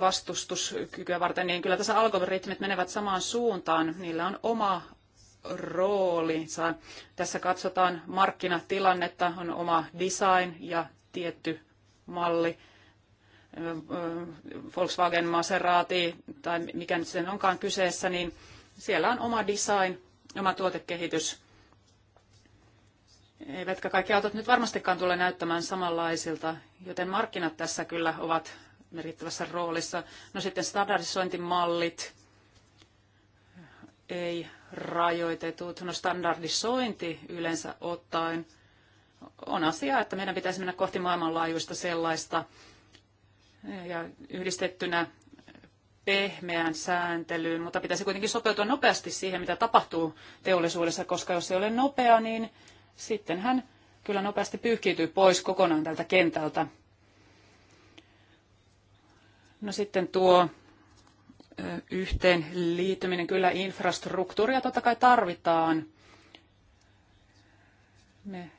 vastustuskykyä varten, niin kyllä tässä algoritmit menevät samaan suuntaan. Niillä on oma roolinsa. Tässä katsotaan markkinatilannetta, on oma design ja tietty malli – Volkswagen Maserati tai mikä nyt sen onkaan kyseessä, niin siellä on oma design, oma tuotekehitys. Eivätkä kaikki autot nyt varmastikaan tule näyttämään samanlaisilta, joten markkinat tässä kyllä ovat merkittävässä roolissa. No sitten standardisointimallit, ei rajoitetut. No standardisointi yleensä ottaen on asia, että meidän pitäisi mennä kohti maailmanlaajuista sellaista, ja yhdistettynä pehmeään sääntelyyn, mutta pitäisi kuitenkin sopeutua nopeasti siihen, mitä tapahtuu teollisuudessa, koska jos ei ole nopea, niin sitten hän kyllä nopeasti pyyhkiytyy pois kokonaan tältä kentältä. No sitten tuo yhteen liittyminen, kyllä infrastruktuuria totta kai tarvitaan. Me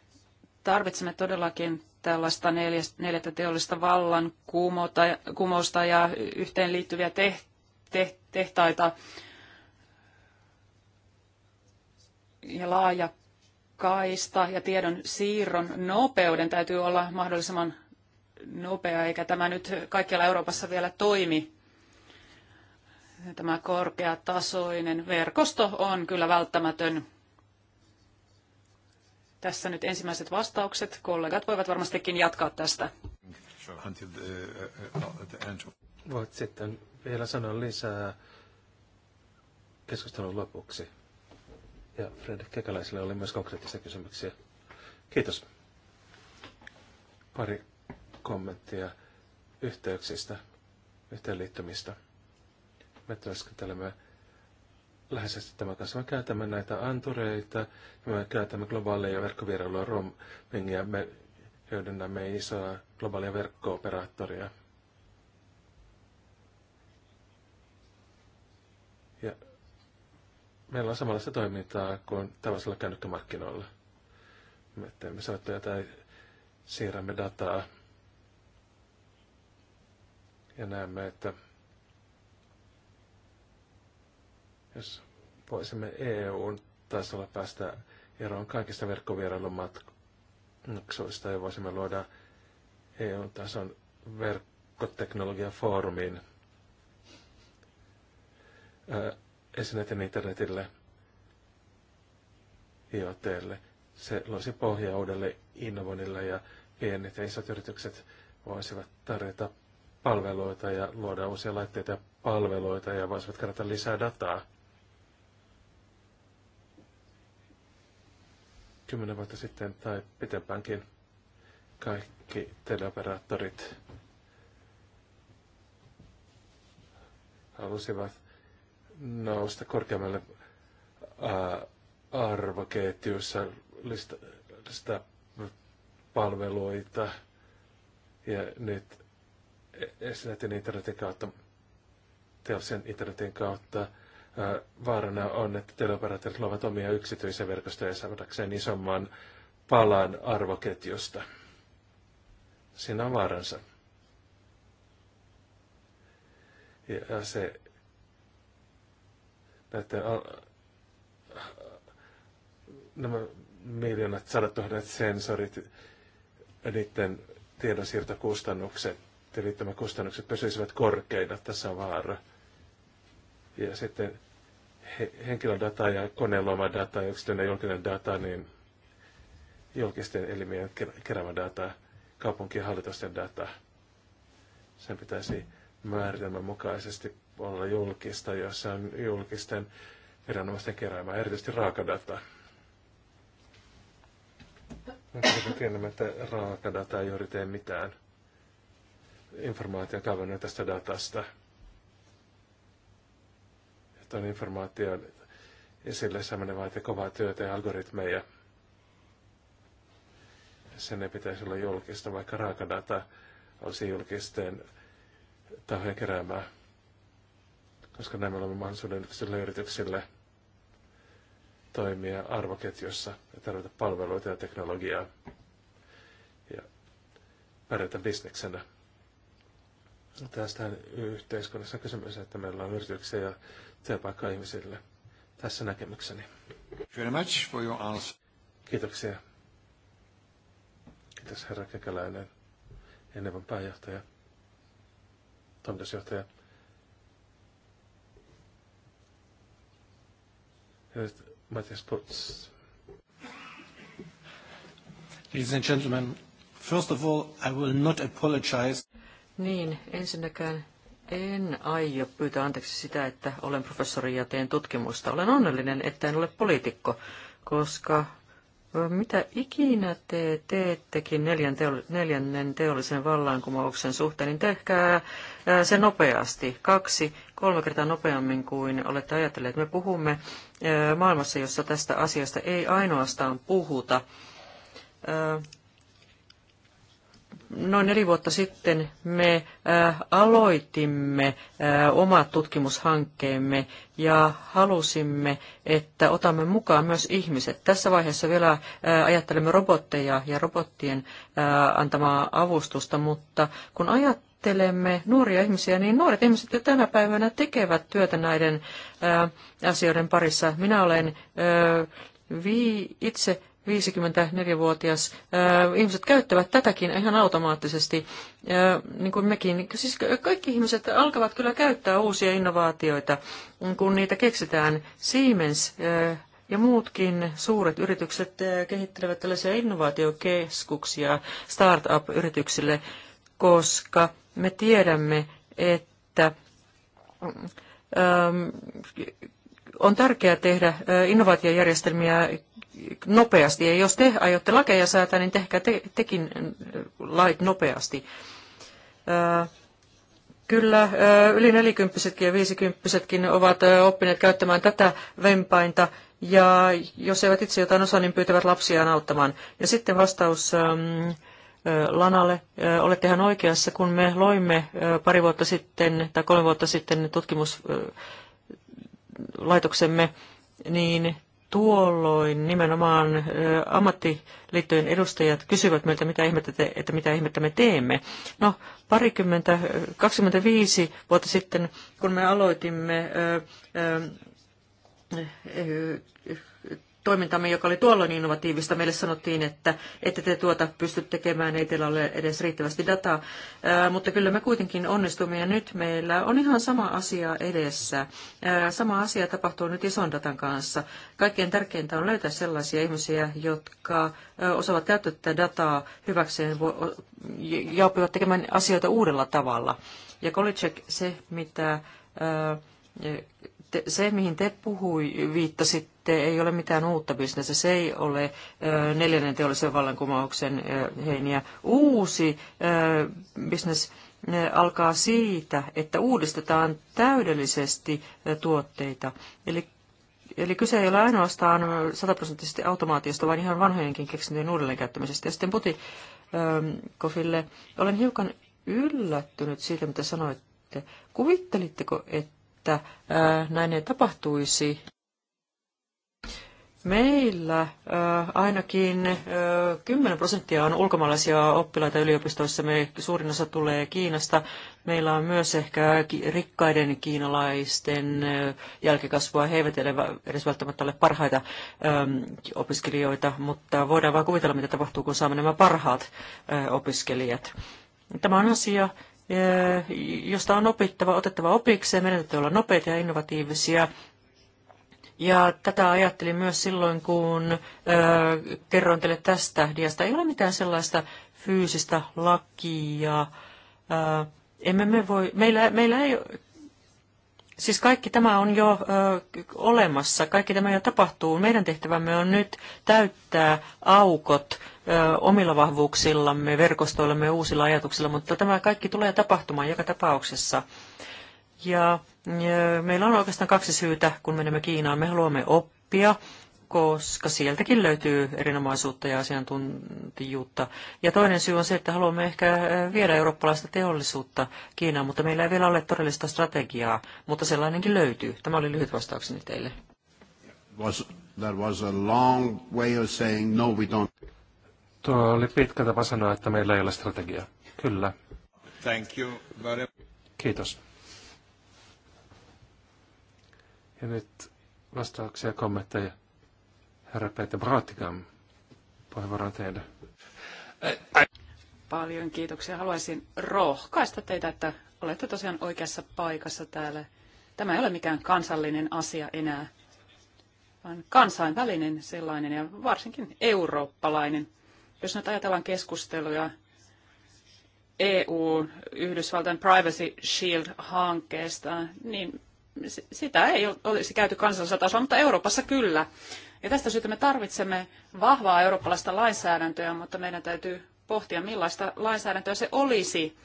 tarvitsemme todellakin tällaista neljättä teollista vallankumousta ja yhteen liittyviä tehtaita ja laaja kaista ja tiedon siirron nopeuden täytyy olla mahdollisimman nopea, eikä tämä nyt kaikkialla Euroopassa vielä toimi. Tämä korkeatasoinen verkosto on kyllä välttämätön tässä nyt ensimmäiset vastaukset. Kollegat voivat varmastikin jatkaa tästä. Voit sitten vielä sanoa lisää keskustelun lopuksi. Ja Fred Kekäläiselle oli myös konkreettisia kysymyksiä. Kiitos. Pari kommenttia yhteyksistä, yhteenliittymistä. Me työskentelemme läheisesti tämän kanssa. Me käytämme näitä antureita me käytämme globaaleja verkkovierailuja roamingia. Me hyödynnämme isoa globaalia verkko-operaattoria. Ja meillä on samanlaista toimintaa kuin tavallisella kännykkämarkkinoilla. Me teemme soittoja tai siirrämme dataa ja näemme, että jos voisimme EUn tasolla päästä eroon kaikista verkkovierailumaksuista ja voisimme luoda EUn tason verkkoteknologiafoorumiin esineiden internetille, IoTlle. Se loisi pohjaa uudelle innovoinnille ja pienet ja isot yritykset voisivat tarjota palveluita ja luoda uusia laitteita ja palveluita ja voisivat kerätä lisää dataa. kymmenen vuotta sitten tai pitempäänkin kaikki teleoperaattorit halusivat nousta korkeammalle ää, arvoketjussa lista, lista palveluita ja nyt e- esineiden internetin kautta, teollisen internetin kautta vaarana on, että teleoperaattorit luovat omia yksityisiä verkostoja saadakseen isomman palan arvoketjusta. Siinä on vaaransa. Ja se näiden nämä miljoonat, sadat tuhannet sensorit, niiden tiedonsiirtokustannukset tämä kustannukset pysyisivät korkeina. Tässä on vaara ja sitten he, henkilödata ja koneelloma data ja yksityinen julkinen data, niin julkisten elimien keräämä data, kaupunkien hallitusten data, sen pitäisi määritelmän mukaisesti olla julkista, jossa on julkisten viranomaisten keräämää, erityisesti raakadataa. Me tiedämme, että raakadata ei juuri tee mitään informaatiokavennaa tästä datasta tuon informaation esille. Sellainen vaatii kovaa työtä ja algoritmeja. Sen ei pitäisi olla julkista, vaikka raakadata olisi julkisten tahojen keräämää. Koska näin me olemme mahdollisuuden yrityksille, yrityksille toimia arvoketjussa ja tarjota palveluita ja teknologiaa ja pärjätä bisneksenä. Tästä yhteiskunnassa on kysymys, että meillä on yrityksiä ja työpaikka ihmisille. Tässä näkemykseni. Very much for your answer. Kiitoksia. Kiitos herra Kekäläinen, Enevän pääjohtaja, toimitusjohtaja. Matthias Putz. Ladies and gentlemen, first of all, I will not apologize. Niin, ensinnäkään en aio pyytää anteeksi sitä, että olen professori ja teen tutkimusta. Olen onnellinen, että en ole poliitikko, koska mitä ikinä te teettekin neljän teo, neljännen teollisen vallankumouksen suhteen, niin tehkää se nopeasti, kaksi, kolme kertaa nopeammin kuin olette ajatelleet. Me puhumme maailmassa, jossa tästä asiasta ei ainoastaan puhuta noin neljä vuotta sitten me äh, aloitimme äh, omat tutkimushankkeemme ja halusimme, että otamme mukaan myös ihmiset. Tässä vaiheessa vielä äh, ajattelemme robotteja ja robottien antamaa avustusta, mutta kun ajattelemme nuoria ihmisiä, niin nuoret ihmiset jo tänä päivänä tekevät työtä näiden asioiden parissa. Minä olen itse 54-vuotias. Ihmiset käyttävät tätäkin ihan automaattisesti, niin kuin mekin. Niin siis kaikki ihmiset alkavat kyllä käyttää uusia innovaatioita, kun niitä keksitään. Siemens ja muutkin suuret yritykset kehittelevät tällaisia innovaatiokeskuksia startup-yrityksille, koska me tiedämme, että on tärkeää tehdä innovaatiojärjestelmiä nopeasti. Ja jos te aiotte lakeja säätää, niin tehkää te, tekin lait nopeasti. Kyllä, yli nelikymppisetkin ja viisikymppisetkin ovat oppineet käyttämään tätä vempainta, ja jos eivät itse jotain osaa, niin pyytävät lapsiaan auttamaan. Ja sitten vastaus Lanalle. Olette ihan oikeassa, kun me loimme pari vuotta sitten tai kolme vuotta sitten tutkimus laitoksemme, niin tuolloin nimenomaan ammattiliittojen edustajat kysyvät meiltä, mitä ihmettä te, että mitä ihmettä me teemme. No, parikymmentä, 25 vuotta sitten, kun me aloitimme toimintamme, joka oli tuolloin innovatiivista, meille sanottiin, että ette te tuota pysty tekemään, ei teillä ole edes riittävästi dataa, mutta kyllä me kuitenkin onnistumme ja nyt meillä on ihan sama asia edessä. Sama asia tapahtuu nyt ison datan kanssa. Kaikkein tärkeintä on löytää sellaisia ihmisiä, jotka osaavat käyttää tätä dataa hyväkseen ja oppivat tekemään asioita uudella tavalla. Ja Kolicek, se mitä te, se, mihin te puhui, viittasitte, ei ole mitään uutta bisnestä. Se ei ole ö, neljännen teollisen vallankumouksen ö, heiniä. Uusi bisnes alkaa siitä, että uudistetaan täydellisesti tuotteita. Eli, eli kyse ei ole ainoastaan sataprosenttisesti automaatiosta, vaan ihan vanhojenkin keksintöjen uudelleenkäyttämisestä. Ja sitten Puti Kofille, olen hiukan yllättynyt siitä, mitä sanoitte. Kuvittelitteko, että että näin ei tapahtuisi. Meillä ainakin 10 prosenttia on ulkomaalaisia oppilaita yliopistoissa. Me, suurin osa tulee Kiinasta. Meillä on myös ehkä rikkaiden kiinalaisten jälkikasvua. He eivät edes välttämättä ole parhaita opiskelijoita, mutta voidaan vain kuvitella, mitä tapahtuu, kun saamme nämä parhaat opiskelijat. Tämä on asia, josta on opittava, otettava opiksi ja meidän täytyy olla nopeita ja innovatiivisia. Ja tätä ajattelin myös silloin, kun ö, kerroin teille tästä diasta. Ei ole mitään sellaista fyysistä lakia. emme me voi, meillä, meillä ei, siis kaikki tämä on jo ö, olemassa, kaikki tämä jo tapahtuu. Meidän tehtävämme on nyt täyttää aukot omilla vahvuuksillamme, verkostoillamme, uusilla ajatuksilla, mutta tämä kaikki tulee tapahtumaan joka tapauksessa. Ja meillä on oikeastaan kaksi syytä, kun menemme Kiinaan. Me haluamme oppia, koska sieltäkin löytyy erinomaisuutta ja asiantuntijuutta. Ja toinen syy on se, että haluamme ehkä viedä eurooppalaista teollisuutta Kiinaan, mutta meillä ei vielä ole todellista strategiaa, mutta sellainenkin löytyy. Tämä oli lyhyt vastaukseni teille. Was, that was a long way of saying, no, we don't. Tuo oli pitkä tapa sanoa, että meillä ei ole strategiaa. Kyllä. Thank you very... Kiitos. Ja nyt vastauksia ja kommentteja. Herra Peter Braatikam, puheenvuoron teille. Paljon kiitoksia. Haluaisin rohkaista teitä, että olette tosiaan oikeassa paikassa täällä. Tämä ei ole mikään kansallinen asia enää, vaan kansainvälinen sellainen ja varsinkin eurooppalainen. Jos nyt ajatellaan keskusteluja EU-Yhdysvaltain Privacy Shield-hankkeesta, niin sitä ei olisi käyty kansallisella tasolla, mutta Euroopassa kyllä. Ja tästä syystä me tarvitsemme vahvaa eurooppalaista lainsäädäntöä, mutta meidän täytyy pohtia, millaista lainsäädäntöä se olisi,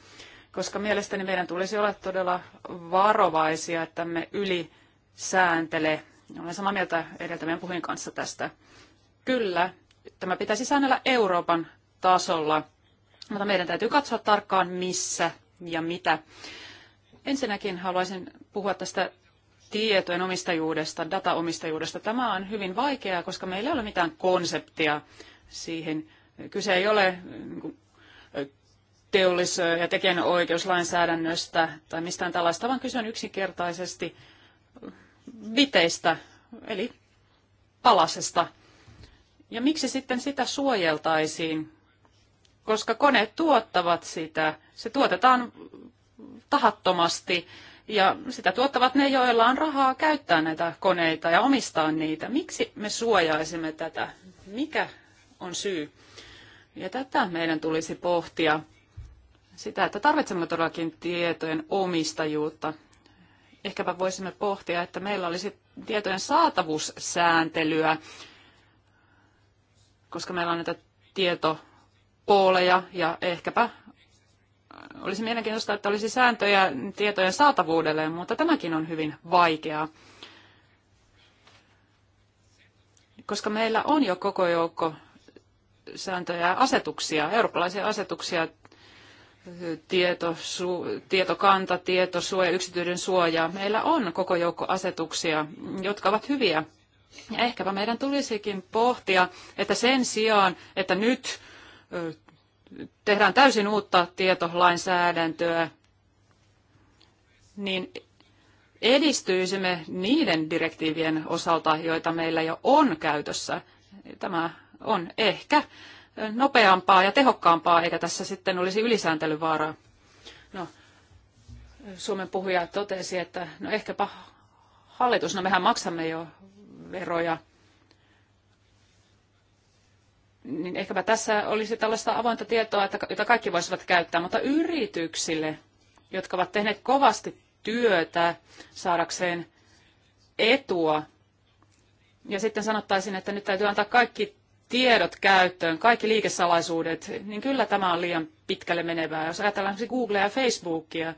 koska mielestäni meidän tulisi olla todella varovaisia, että me yli sääntele. Olen samaa mieltä edeltävien puhujien kanssa tästä. Kyllä, tämä pitäisi säännellä Euroopan tasolla, mutta meidän täytyy katsoa tarkkaan missä ja mitä. Ensinnäkin haluaisin puhua tästä tietojen omistajuudesta, dataomistajuudesta. Tämä on hyvin vaikeaa, koska meillä ei ole mitään konseptia siihen. Kyse ei ole niin teollis- ja tekijänoikeuslainsäädännöstä tai mistään tällaista, vaan kyse on yksinkertaisesti viteistä, eli palasesta ja miksi sitten sitä suojeltaisiin? Koska koneet tuottavat sitä. Se tuotetaan tahattomasti ja sitä tuottavat ne, joilla on rahaa käyttää näitä koneita ja omistaa niitä. Miksi me suojaisimme tätä? Mikä on syy? Ja tätä meidän tulisi pohtia. Sitä, että tarvitsemme todellakin tietojen omistajuutta. Ehkäpä voisimme pohtia, että meillä olisi tietojen saatavuussääntelyä, koska meillä on näitä tietopooleja ja ehkäpä äh, olisi mielenkiintoista, että olisi sääntöjä tietojen saatavuudelle, mutta tämäkin on hyvin vaikeaa. Koska meillä on jo koko joukko sääntöjä ja asetuksia, eurooppalaisia asetuksia, tieto, su, tietokanta, tietosuoja, yksityisyyden suoja. Meillä on koko joukko asetuksia, jotka ovat hyviä ja ehkäpä meidän tulisikin pohtia, että sen sijaan, että nyt tehdään täysin uutta tietolainsäädäntöä, niin edistyisimme niiden direktiivien osalta, joita meillä jo on käytössä. Tämä on ehkä nopeampaa ja tehokkaampaa, eikä tässä sitten olisi ylisääntelyvaaraa. No, Suomen puhuja totesi, että no ehkäpä hallitus, no mehän maksamme jo veroja, niin ehkäpä tässä olisi tällaista avointa tietoa, jota kaikki voisivat käyttää, mutta yrityksille, jotka ovat tehneet kovasti työtä saadakseen etua, ja sitten sanottaisiin, että nyt täytyy antaa kaikki tiedot käyttöön, kaikki liikesalaisuudet, niin kyllä tämä on liian pitkälle menevää. Jos ajatellaan Googlea ja Facebookia,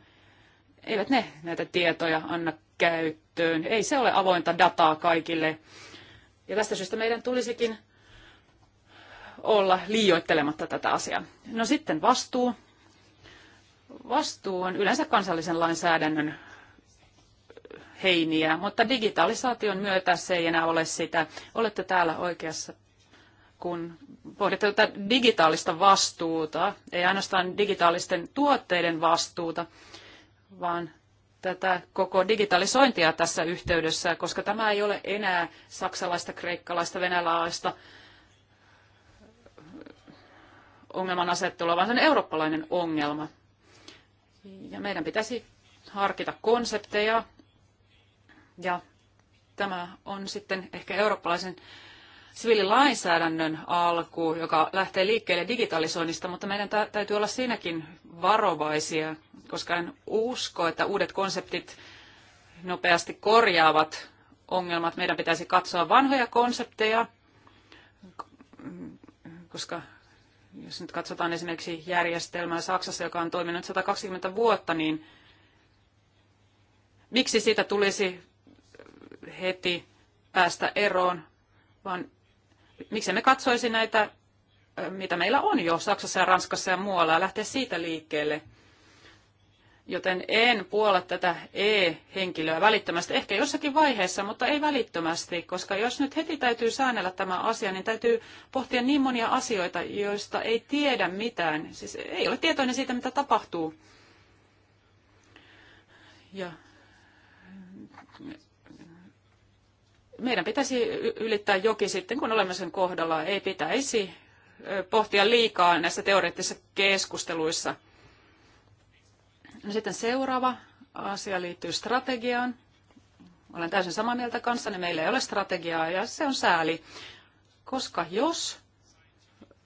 eivät ne näitä tietoja anna käyttöön käyttöön. Ei se ole avointa dataa kaikille. Ja tästä syystä meidän tulisikin olla liioittelematta tätä asiaa. No sitten vastuu. Vastuu on yleensä kansallisen lainsäädännön heiniä, mutta digitalisaation myötä se ei enää ole sitä. Olette täällä oikeassa, kun pohditte tätä digitaalista vastuuta, ei ainoastaan digitaalisten tuotteiden vastuuta, vaan tätä koko digitalisointia tässä yhteydessä, koska tämä ei ole enää saksalaista, kreikkalaista, venäläistä ongelman asettelua, vaan se on eurooppalainen ongelma. Ja meidän pitäisi harkita konsepteja, ja tämä on sitten ehkä eurooppalaisen siviililainsäädännön alku, joka lähtee liikkeelle digitalisoinnista, mutta meidän täytyy olla siinäkin varovaisia, koska en usko, että uudet konseptit nopeasti korjaavat ongelmat. Meidän pitäisi katsoa vanhoja konsepteja, koska jos nyt katsotaan esimerkiksi järjestelmää Saksassa, joka on toiminut 120 vuotta, niin miksi siitä tulisi heti päästä eroon, vaan miksi me katsoisi näitä, mitä meillä on jo Saksassa ja Ranskassa ja muualla, ja lähteä siitä liikkeelle. Joten en puolla tätä E-henkilöä välittömästi, ehkä jossakin vaiheessa, mutta ei välittömästi, koska jos nyt heti täytyy säännellä tämä asia, niin täytyy pohtia niin monia asioita, joista ei tiedä mitään. Siis ei ole tietoinen siitä, mitä tapahtuu. Ja meidän pitäisi ylittää joki sitten, kun olemme sen kohdalla. Ei pitäisi pohtia liikaa näissä teoreettisissa keskusteluissa. No sitten seuraava asia liittyy strategiaan. Olen täysin samaa mieltä niin Meillä ei ole strategiaa ja se on sääli, koska jos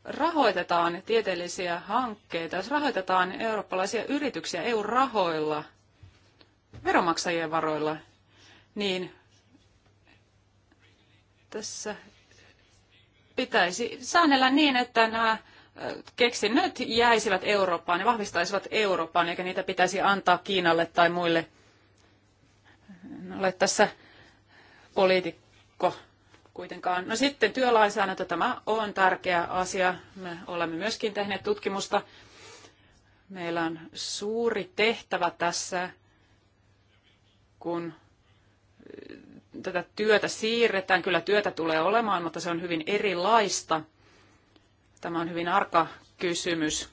rahoitetaan tieteellisiä hankkeita, jos rahoitetaan eurooppalaisia yrityksiä EU-rahoilla, veromaksajien varoilla, niin tässä pitäisi säännellä niin, että nämä keksinnöt jäisivät Eurooppaan ja vahvistaisivat Eurooppaan, eikä niitä pitäisi antaa Kiinalle tai muille. En ole tässä poliitikko kuitenkaan. No sitten työlainsäädäntö, tämä on tärkeä asia. Me olemme myöskin tehneet tutkimusta. Meillä on suuri tehtävä tässä, kun tätä työtä siirretään. Kyllä työtä tulee olemaan, mutta se on hyvin erilaista. Tämä on hyvin arka kysymys.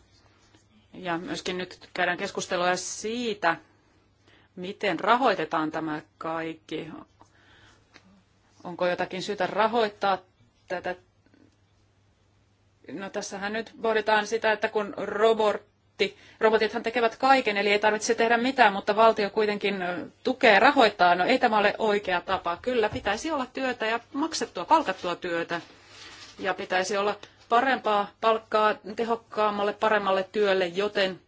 Ja myöskin nyt käydään keskustelua siitä, miten rahoitetaan tämä kaikki. Onko jotakin syytä rahoittaa tätä? No tässähän nyt pohditaan sitä, että kun robot, robotti. Robotithan tekevät kaiken, eli ei tarvitse tehdä mitään, mutta valtio kuitenkin tukee, rahoittaa. No ei tämä ole oikea tapa. Kyllä, pitäisi olla työtä ja maksettua, palkattua työtä. Ja pitäisi olla parempaa palkkaa tehokkaammalle, paremmalle työlle, joten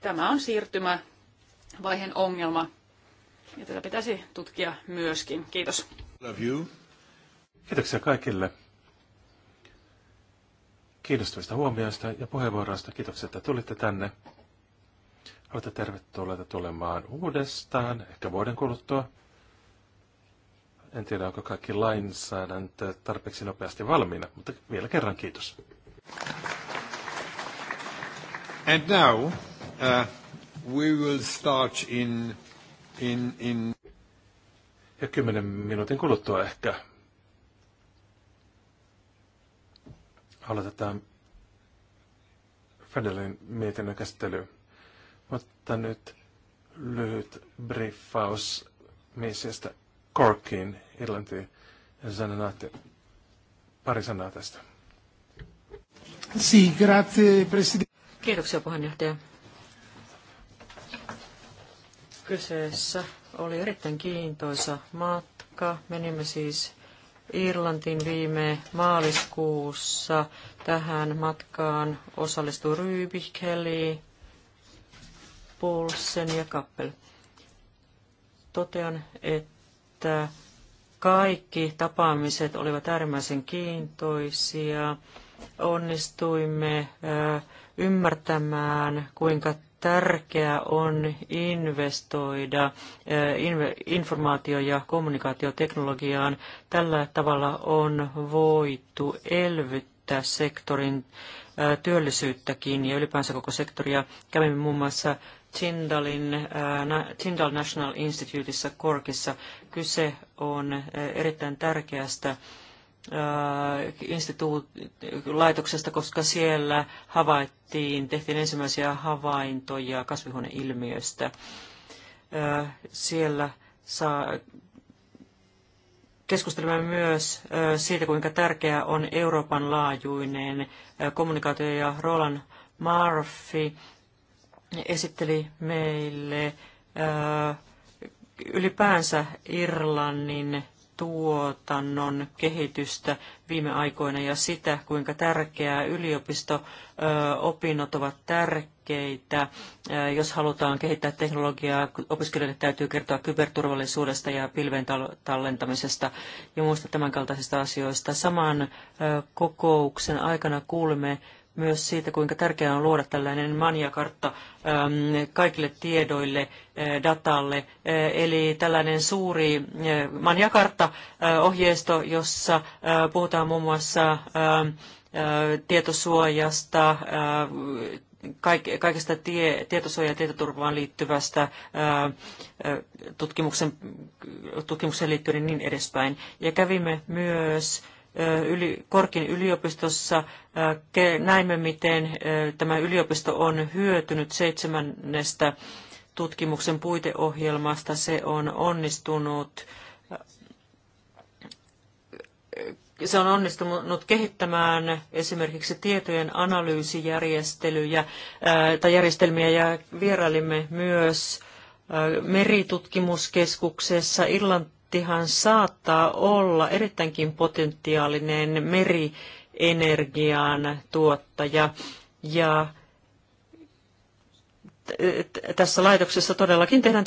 tämä on siirtymävaiheen ongelma. Ja tätä pitäisi tutkia myöskin. Kiitos. Love you. Kiitoksia kaikille kiinnostavista huomioista ja puheenvuoroista. Kiitoksia, että tulitte tänne. Olette tervetulleita tulemaan uudestaan, ehkä vuoden kuluttua. En tiedä, onko kaikki lainsäädäntö tarpeeksi nopeasti valmiina, mutta vielä kerran kiitos. And now uh, we will start in, in, in... Ja kymmenen minuutin kuluttua ehkä aloitetaan Fedelin mietinnön käsittely. Mutta nyt lyhyt briefaus missiosta Corkiin, Irlantiin. Ja Susanna Naatte, pari sanaa tästä. Si, grazie, presidente. Kiitoksia puheenjohtaja. Kyseessä oli erittäin kiintoisa matka. Menimme siis Irlantiin viime maaliskuussa. Tähän matkaan osallistui Ryby, Kelly, Paulsen ja Kappel. Totean, että kaikki tapaamiset olivat äärimmäisen kiintoisia. Onnistuimme ymmärtämään, kuinka tärkeää on investoida eh, informaatio- ja kommunikaatioteknologiaan. Tällä tavalla on voitu elvyttää sektorin eh, työllisyyttäkin ja ylipäänsä koko sektoria. Kävimme muun muassa Tyndallin, Tyndall eh, National Instituteissa Korkissa. Kyse on erittäin tärkeästä laitoksesta, äh, koska siellä havaittiin, tehtiin ensimmäisiä havaintoja kasvihuoneilmiöstä. Äh, siellä saa, keskustelemme myös äh, siitä, kuinka tärkeää on Euroopan laajuinen kommunikaatio ja Roland Murphy esitteli meille ylipäänsä Irlannin tuotannon kehitystä viime aikoina ja sitä, kuinka tärkeää yliopisto-opinnot ovat tärkeitä. Äh, jos halutaan kehittää teknologiaa, opiskelijoille täytyy kertoa kyberturvallisuudesta ja pilven tallentamisesta ja muista tämänkaltaisista asioista. Saman äh, kokouksen aikana kuulimme myös siitä, kuinka tärkeää on luoda tällainen maniakartta ähm, kaikille tiedoille, äh, datalle. Äh, eli tällainen suuri äh, maniakartta ohjeisto, jossa puhutaan muun muassa ähm, tietosuojasta, kaikesta tie, tietosuoja- ja tietoturvaan liittyvästä ää, tutkimuksen, tutkimukseen liittyen niin edespäin. Ja kävimme myös yli, Korkin yliopistossa näimme, miten tämä yliopisto on hyötynyt seitsemännestä tutkimuksen puiteohjelmasta. Se on onnistunut se on onnistunut kehittämään esimerkiksi tietojen analyysijärjestelyjä tai järjestelmiä ja vierailimme myös meritutkimuskeskuksessa Irlanti Brittihan saattaa olla erittäinkin potentiaalinen merienergian tuottaja ja tässä laitoksessa todellakin tehdään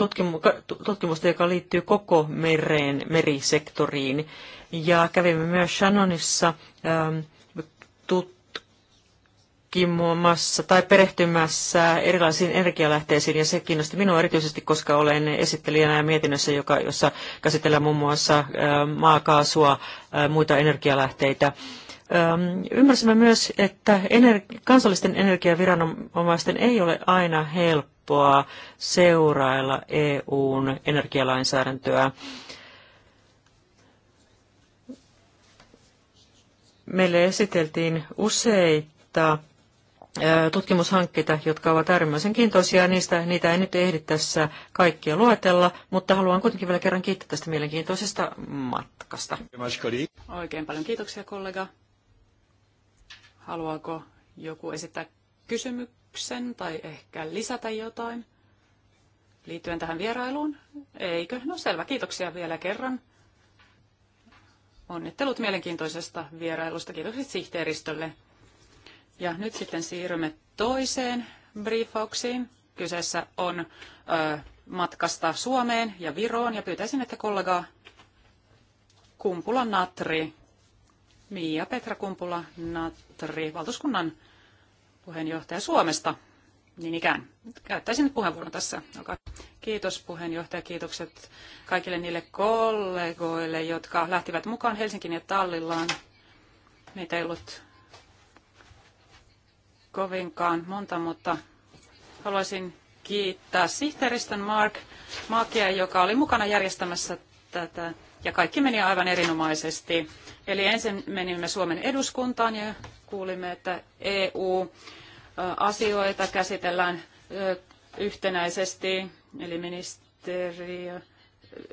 tutkimusta, joka liittyy koko mereen, merisektoriin. Ja kävimme myös Shannonissa ähm, tut- tutkimassa tai perehtymässä erilaisiin energialähteisiin, ja se kiinnosti minua erityisesti, koska olen esittelijänä ja mietinnössä, joka, jossa käsitellään muun muassa maakaasua, muita energialähteitä. Ymmärsimme myös, että kansallisten energiaviranomaisten ei ole aina helppoa seurailla EUn energialainsäädäntöä. Meille esiteltiin useita tutkimushankkeita, jotka ovat äärimmäisen kiintoisia. Niistä, niitä ei nyt ehdi tässä kaikkia luetella, mutta haluan kuitenkin vielä kerran kiittää tästä mielenkiintoisesta matkasta. Oikein paljon kiitoksia kollega. Haluaako joku esittää kysymyksen tai ehkä lisätä jotain liittyen tähän vierailuun? Eikö? No selvä, kiitoksia vielä kerran. Onnittelut mielenkiintoisesta vierailusta. Kiitokset sihteeristölle. Ja nyt sitten siirrymme toiseen briefauksiin. Kyseessä on ö, matkasta Suomeen ja Viroon ja pyytäisin, että kollega Kumpula Natri, Mia Petra Kumpula Natri, valtuuskunnan puheenjohtaja Suomesta, niin ikään. Käyttäisin nyt puheenvuoron tässä. Kiitos puheenjohtaja, kiitokset kaikille niille kollegoille, jotka lähtivät mukaan Helsingin ja Tallillaan. Meitä ei ollut kovinkaan monta, mutta haluaisin kiittää sihteeristön Mark Makia, joka oli mukana järjestämässä tätä. Ja kaikki meni aivan erinomaisesti. Eli ensin menimme Suomen eduskuntaan ja kuulimme, että EU-asioita käsitellään yhtenäisesti, eli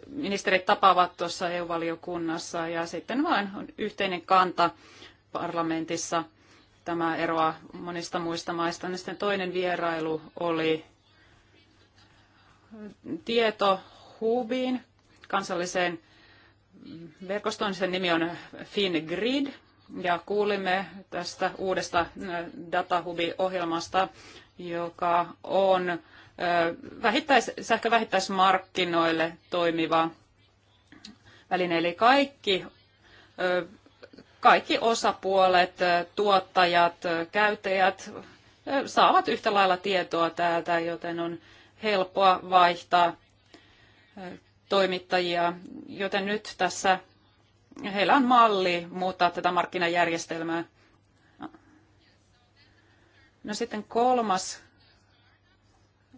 ministerit tapaavat tuossa EU-valiokunnassa ja sitten vain on yhteinen kanta parlamentissa. Tämä eroaa monista muista maista. Ja niin sitten toinen vierailu oli tieto Hubiin, kansalliseen verkostoon. Sen nimi on FinGrid, ja kuulimme tästä uudesta äh, datahubi-ohjelmasta, joka on äh, vähittäis, sähkövähittäismarkkinoille toimiva väline. Eli kaikki äh, kaikki osapuolet, tuottajat, käyttäjät saavat yhtä lailla tietoa täältä, joten on helppoa vaihtaa toimittajia. Joten nyt tässä heillä on malli muuttaa tätä markkinajärjestelmää. No sitten kolmas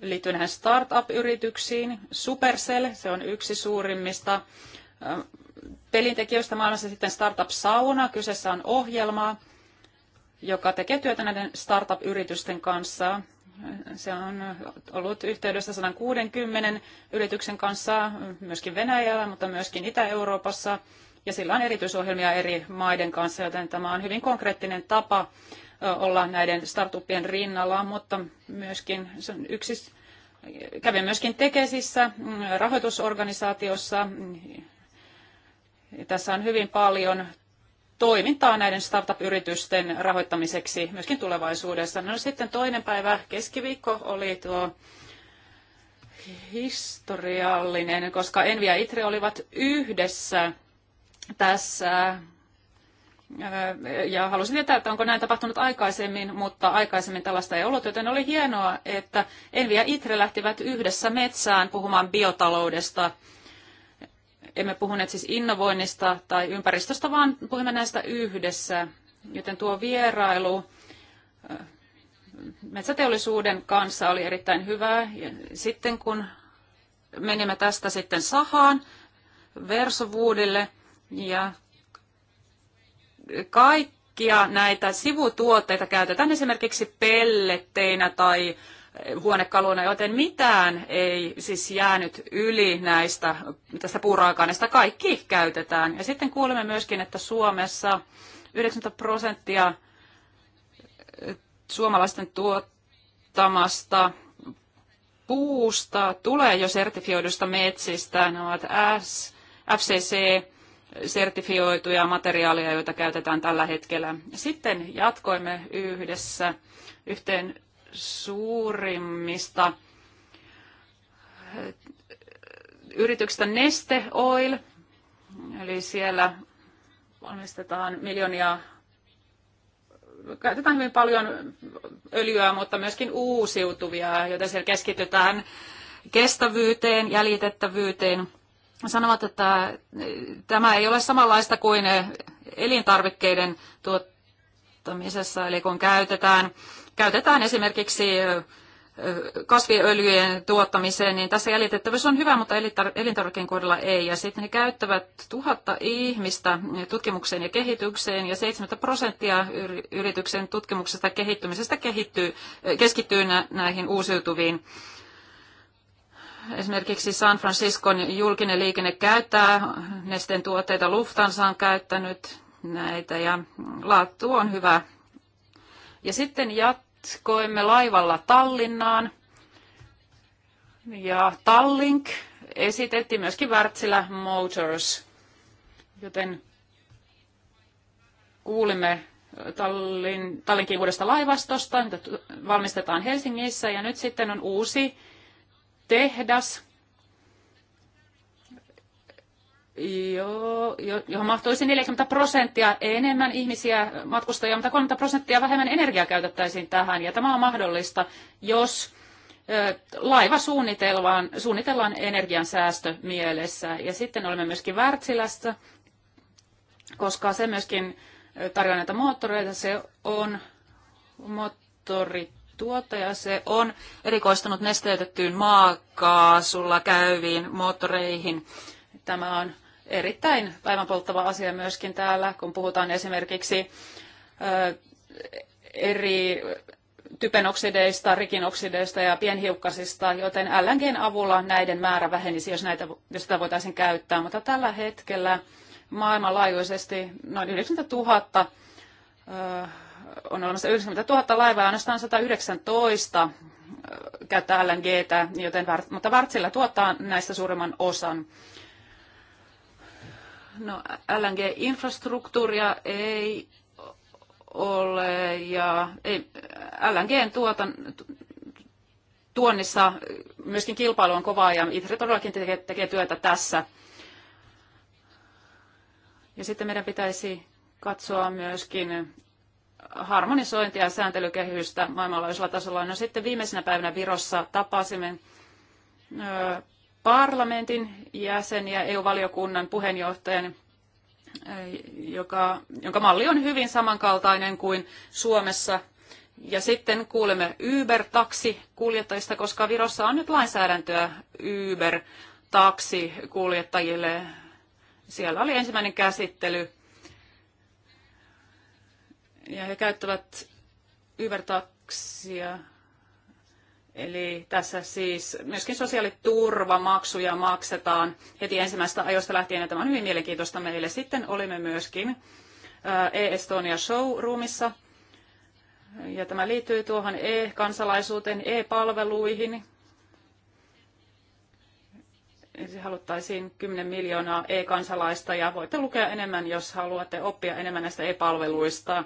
liittyy näihin startup-yrityksiin. Supercell, se on yksi suurimmista pelintekijöistä maailmassa sitten Startup Sauna. Kyseessä on ohjelma, joka tekee työtä näiden startup-yritysten kanssa. Se on ollut yhteydessä 160 yrityksen kanssa myöskin Venäjällä, mutta myöskin Itä-Euroopassa. Ja sillä on erityisohjelmia eri maiden kanssa, joten tämä on hyvin konkreettinen tapa olla näiden startupien rinnalla, mutta myöskin se on yksi Kävin myöskin tekesissä mm, rahoitusorganisaatiossa, tässä on hyvin paljon toimintaa näiden startup-yritysten rahoittamiseksi myöskin tulevaisuudessa. No sitten toinen päivä, keskiviikko, oli tuo historiallinen, koska Envi ja Itre olivat yhdessä tässä. Äh, ja halusin tietää, että onko näin tapahtunut aikaisemmin, mutta aikaisemmin tällaista ei ollut, joten oli hienoa, että Envi ja Itre lähtivät yhdessä metsään puhumaan biotaloudesta – emme puhuneet siis innovoinnista tai ympäristöstä, vaan puhumme näistä yhdessä. Joten tuo vierailu metsäteollisuuden kanssa oli erittäin hyvää. sitten kun menimme tästä sitten sahaan, Versovuudille ja kaikkia näitä sivutuotteita käytetään esimerkiksi pelletteinä tai huonekaluna, joten mitään ei siis jäänyt yli näistä, tästä puuraakaanista. Kaikki käytetään. Ja sitten kuulemme myöskin, että Suomessa 90 prosenttia eh, suomalaisten tuottamasta puusta tulee jo sertifioidusta metsistä. Ne ovat FCC, sertifioituja materiaaleja, joita käytetään tällä hetkellä. Sitten jatkoimme yhdessä yhteen suurimmista eh, yrityksistä Neste Oil, eli siellä valmistetaan miljoonia, käytetään hyvin paljon öljyä, mutta myöskin uusiutuvia, joten siellä keskitytään kestävyyteen, jäljitettävyyteen. Sanovat, että eh, tämä ei ole samanlaista kuin eh, elintarvikkeiden tuottamisessa, eli kun käytetään käytetään esimerkiksi kasviöljyjen tuottamiseen, niin tässä jäljitettävyys on hyvä, mutta elintarvikkeen kohdalla ei. Ja sitten ne käyttävät tuhatta ihmistä tutkimukseen ja kehitykseen, ja 70 prosenttia yrityksen tutkimuksesta kehittymisestä kehittyy, keskittyy näihin uusiutuviin esimerkiksi San Franciscon julkinen liikenne käyttää nesten tuotteita, Lufthansa on käyttänyt näitä ja laatu on hyvä. Ja sitten jat- matkoimme laivalla Tallinnaan ja Tallink esitettiin myöskin Wärtsilä Motors, joten kuulimme Tallin, Tallinkin uudesta laivastosta, mitä valmistetaan Helsingissä ja nyt sitten on uusi tehdas Joo, jo, johon mahtuisi 40 prosenttia enemmän ihmisiä matkustajia, mutta 30 prosenttia vähemmän energiaa käytettäisiin tähän. Ja tämä on mahdollista, jos laiva suunnitellaan, suunnitellaan energiansäästö mielessä. Ja sitten olemme myöskin Wärtsilässä, koska se myöskin tarjoaa näitä moottoreita. Se on moottorituottaja, se on erikoistunut nesteytettyyn maakaasulla käyviin moottoreihin. Tämä on erittäin päivänpolttava asia myöskin täällä, kun puhutaan esimerkiksi eri typenoksideista, rikinoksideista ja pienhiukkasista, joten LNGn avulla näiden määrä vähenisi, jos, näitä, jos sitä voitaisiin käyttää. Mutta tällä hetkellä maailmanlaajuisesti noin 90 000 on olemassa 90 000 laivaa ja ainoastaan 119 käyttää LNGtä, joten, mutta Wärtsilä tuottaa näistä suuremman osan. No LNG-infrastruktuuria ei ole ja ei, lng tuotan, tuonnissa myöskin kilpailu on kovaa ja itse todellakin tekee, tekee työtä tässä. Ja sitten meidän pitäisi katsoa myöskin harmonisointia ja sääntelykehystä maailmanlaajuisella tasolla. No sitten viimeisenä päivänä Virossa tapasimme parlamentin jäsen ja EU-valiokunnan puheenjohtajan, joka, jonka malli on hyvin samankaltainen kuin Suomessa. Ja sitten kuulemme Uber-taksikuljettajista, koska Virossa on nyt lainsäädäntöä Uber-taksikuljettajille. Siellä oli ensimmäinen käsittely. Ja he käyttävät Uber-taksia Eli tässä siis myöskin sosiaaliturvamaksuja maksetaan heti ensimmäistä ajoista lähtien, ja tämä on hyvin mielenkiintoista meille. Sitten olimme myöskin äh, E-Estonia showroomissa, ja tämä liittyy tuohon e-kansalaisuuteen, e-palveluihin. Se haluttaisiin 10 miljoonaa e-kansalaista ja voitte lukea enemmän, jos haluatte oppia enemmän näistä e-palveluista.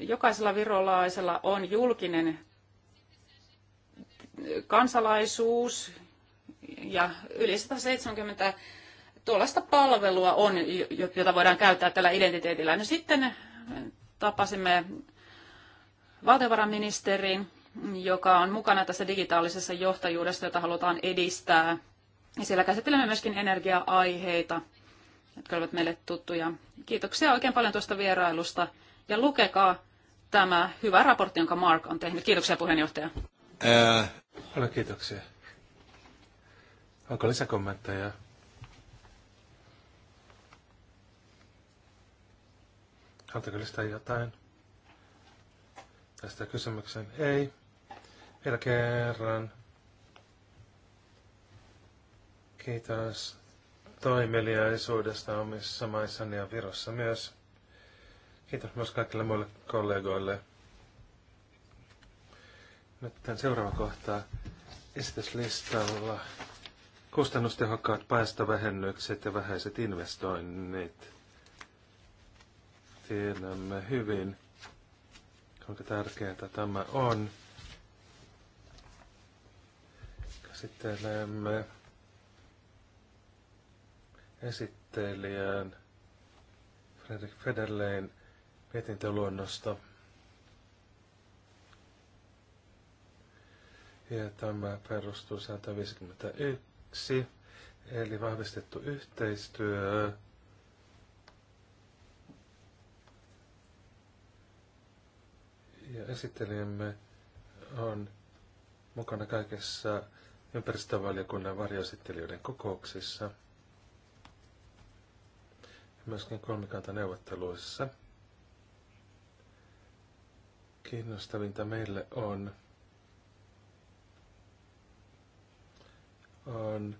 Jokaisella virolaisella on julkinen kansalaisuus ja yli 170 tuollaista palvelua on, jota voidaan käyttää tällä identiteetillä. No sitten tapasimme valtiovarainministerin, joka on mukana tässä digitaalisessa johtajuudessa, jota halutaan edistää. Ja siellä käsittelemme myöskin energia-aiheita, jotka ovat meille tuttuja. Kiitoksia oikein paljon tuosta vierailusta ja lukekaa tämä hyvä raportti, jonka Mark on tehnyt. Kiitoksia puheenjohtaja. Ää... Äh, ole kiitoksia. Onko lisäkommentteja? Haluatteko lisätä jotain tästä kysymykseen? Ei. Vielä kerran. Kiitos toimeliaisuudesta omissa maissani ja Virossa myös. Kiitos myös kaikille muille kollegoille nyt tämän seuraava kohta esityslistalla. Kustannustehokkaat päästövähennykset ja vähäiset investoinnit. Tiedämme hyvin, kuinka tärkeää tämä on. Käsittelemme esittelijän Fredrik Federlein mietintöluonnosta. luonnosta Ja tämä perustuu 151, eli vahvistettu yhteistyö. Ja esittelijämme on mukana kaikessa ympäristövaliokunnan varjoesittelijöiden kokouksissa ja myöskin kolmikantaneuvotteluissa. Kiinnostavinta meille on on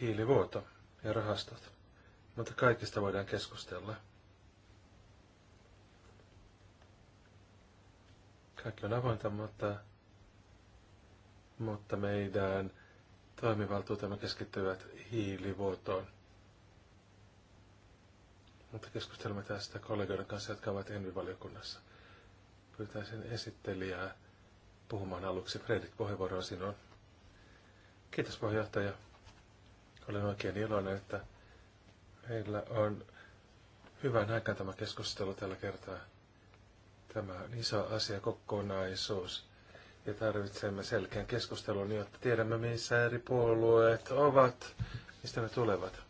hiilivuoto ja rahastot. Mutta kaikista voidaan keskustella. Kaikki on avointa, mutta, mutta meidän toimivaltuutemme keskittyvät hiilivuotoon. Mutta keskustelemme tästä kollegoiden kanssa, jotka ovat Envi-valiokunnassa. Pyytäisin esittelijää puhumaan aluksi. Fredrik, puheenvuoro sinun. Kiitos puheenjohtaja. Olen oikein iloinen, että meillä on hyvän aikaan tämä keskustelu tällä kertaa. Tämä on iso asia kokonaisuus ja tarvitsemme selkeän keskustelun, jotta tiedämme, missä eri puolueet ovat, mistä ne tulevat.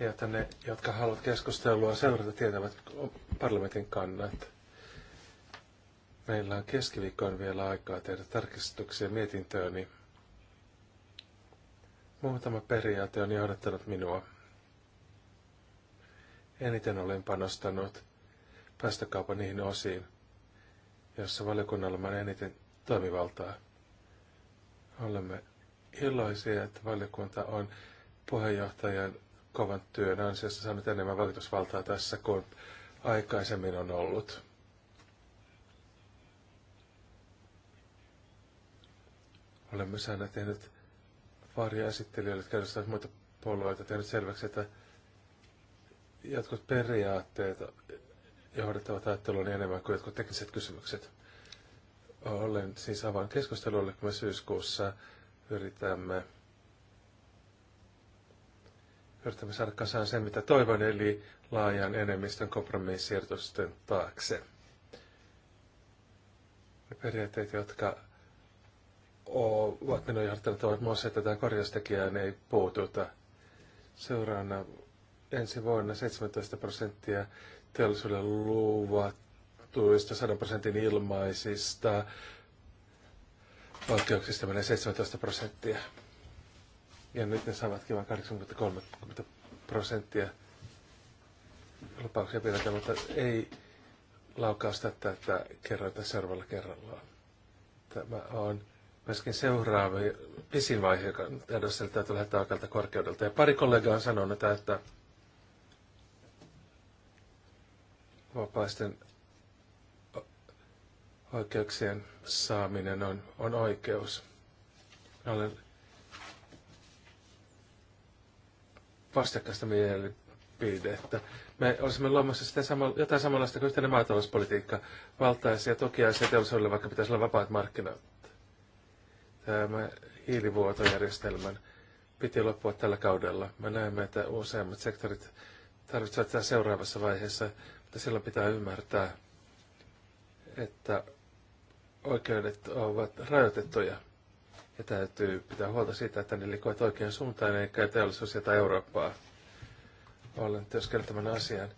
Ja jotta ne, jotka haluavat keskustelua seurata, tietävät parlamentin kannat. Meillä on keskiviikkoon vielä aikaa tehdä tarkistuksia mietintöön, Niin Muutama periaate on johdattanut minua. Eniten olen panostanut päästökaupan niihin osiin, jossa valiokunnalla on eniten toimivaltaa. Olemme iloisia, että valiokunta on puheenjohtajan kovan työn ansiosta saanut enemmän vaikutusvaltaa tässä kuin aikaisemmin on ollut. Olemme saaneet tehnyt esittelijöille, jotka edustavat muita puolueita, tehnyt selväksi, että jotkut periaatteet johdattavat ajatteluun niin enemmän kuin jotkut tekniset kysymykset. Olen siis avaan keskustelulle, kun me syyskuussa yritämme, yritämme saada kasaan sen, mitä toivon, eli laajan enemmistön kompromissiertosten taakse. Ne periaatteet, jotka ovat minun johtaneet ovat myös, että tämä korjaustekijään ei puututa. Seuraavana ensi vuonna 17 prosenttia teollisuudelle luvattuista 100 prosentin ilmaisista valtiouksista menee 17 prosenttia. Ja nyt ne saavatkin vain 83 prosenttia lupauksia pidetään, mutta ei laukausta tätä kerroita seuraavalla kerrallaan. Tämä on myöskin seuraava pisin vaihe, joka että täytyy lähettää aikalta korkeudelta. Ja pari kollegaa on sanonut, että vapaisten oikeuksien saaminen on, on oikeus. Minä olen vastakkaista mielipidettä. Me olisimme luomassa sitä sama, jotain samanlaista kuin yhteinen maatalouspolitiikka, valtaisia tukiaisia teollisuudelle, vaikka pitäisi olla vapaat markkinat Tämä hiilivuotojärjestelmän piti loppua tällä kaudella. Me näemme, että useammat sektorit tarvitsevat sitä seuraavassa vaiheessa, mutta silloin pitää ymmärtää, että oikeudet ovat rajoitettuja ja täytyy pitää huolta siitä, että ne liikkuvat oikean suuntaan eikä teollisuus jätä Eurooppaa. Olen työskennellyt tämän asian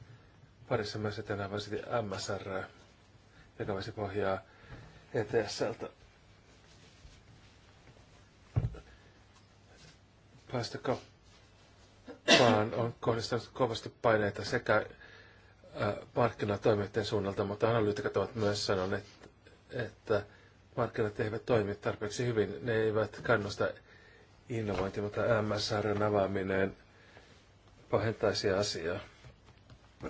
parissa myös etenä varsinkin MSR, joka voisi pohjaa ETSltä. päästökauppaan on kohdistanut kovasti paineita sekä markkinatoimijoiden suunnalta, mutta analyytikat ovat myös sanoneet, että markkinat eivät toimi tarpeeksi hyvin. Ne eivät kannusta innovointia, mutta MSRn avaaminen pahentaisi asiaa.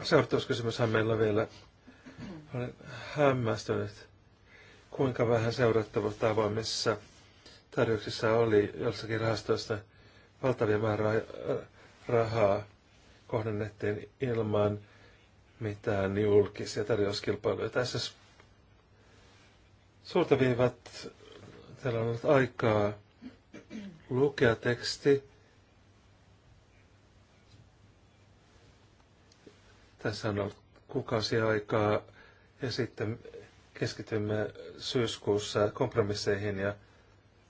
Seurattavuuskysymyshän meillä vielä. Olen hämmästynyt, kuinka vähän seurattavuutta avoimissa tarjouksissa oli jossakin rahastoista – valtavia määrä äh, rahaa kohdennettiin ilman mitään julkisia tarjouskilpailuja. Tässä suurta viivat, teillä on ollut aikaa lukea teksti. Tässä on ollut kuukausia aikaa ja sitten keskitymme syyskuussa kompromisseihin ja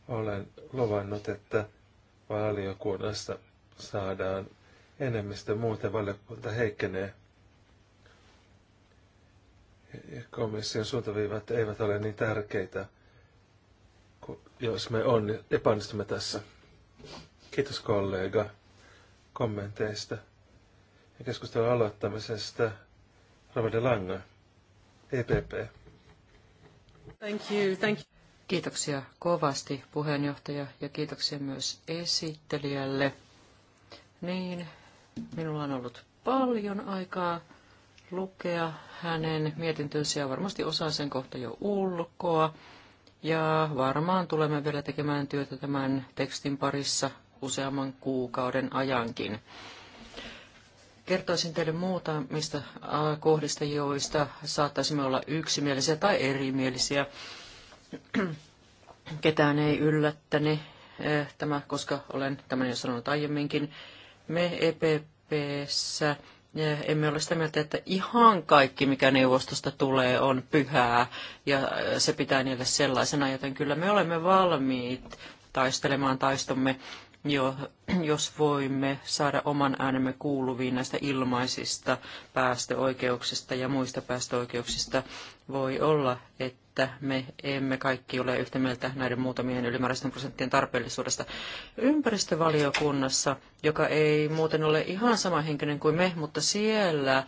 olen luvannut, että valiokunnasta saadaan enemmistö, muuten valiokunta heikkenee. Komission suuntaviivat eivät ole niin tärkeitä, jos me on, epäonnistumme tässä. Kiitos kollega kommenteista ja keskustelun aloittamisesta. Ravade Langa, EPP. Thank you, thank you. Kiitoksia kovasti puheenjohtaja ja kiitoksia myös esittelijälle. Niin, minulla on ollut paljon aikaa lukea hänen mietintönsä ja varmasti osaa sen kohta jo ulkoa. Ja varmaan tulemme vielä tekemään työtä tämän tekstin parissa useamman kuukauden ajankin. Kertoisin teille muutamista kohdista, joista saattaisimme olla yksimielisiä tai erimielisiä. Ketään ei yllättäni eh, tämä, koska olen tämän jo sanonut aiemminkin. Me EPPssä eh, emme ole sitä mieltä, että ihan kaikki, mikä neuvostosta tulee, on pyhää ja eh, se pitää niille sellaisena, joten kyllä me olemme valmiit taistelemaan taistomme jo jos voimme saada oman äänemme kuuluviin näistä ilmaisista päästöoikeuksista ja muista päästöoikeuksista, voi olla, että me emme kaikki ole yhtä mieltä näiden muutamien ylimääräisten prosenttien tarpeellisuudesta. Ympäristövaliokunnassa, joka ei muuten ole ihan sama henkinen kuin me, mutta siellä äh,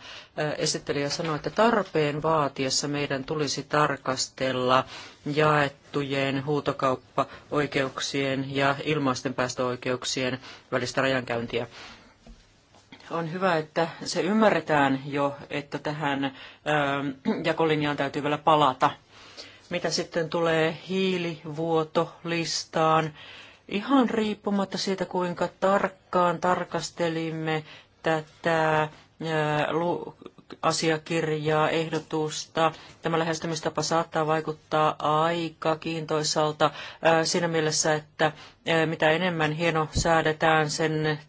esittelijä sanoi, että tarpeen vaatiessa meidän tulisi tarkastella jaettujen huutokauppaoikeuksien ja ilmaisten päästöoikeuksien välistä rajankäyntiä. On hyvä, että se ymmärretään jo, että tähän ähm, jakolinjaan täytyy vielä palata. Mitä sitten tulee hiilivuotolistaan, ihan riippumatta siitä, kuinka tarkkaan tarkastelimme tätä äh, asiakirjaa, ehdotusta. Tämä lähestymistapa saattaa vaikuttaa aika kiintoisalta äh, siinä mielessä, että äh, mitä enemmän hieno säädetään, sen äh,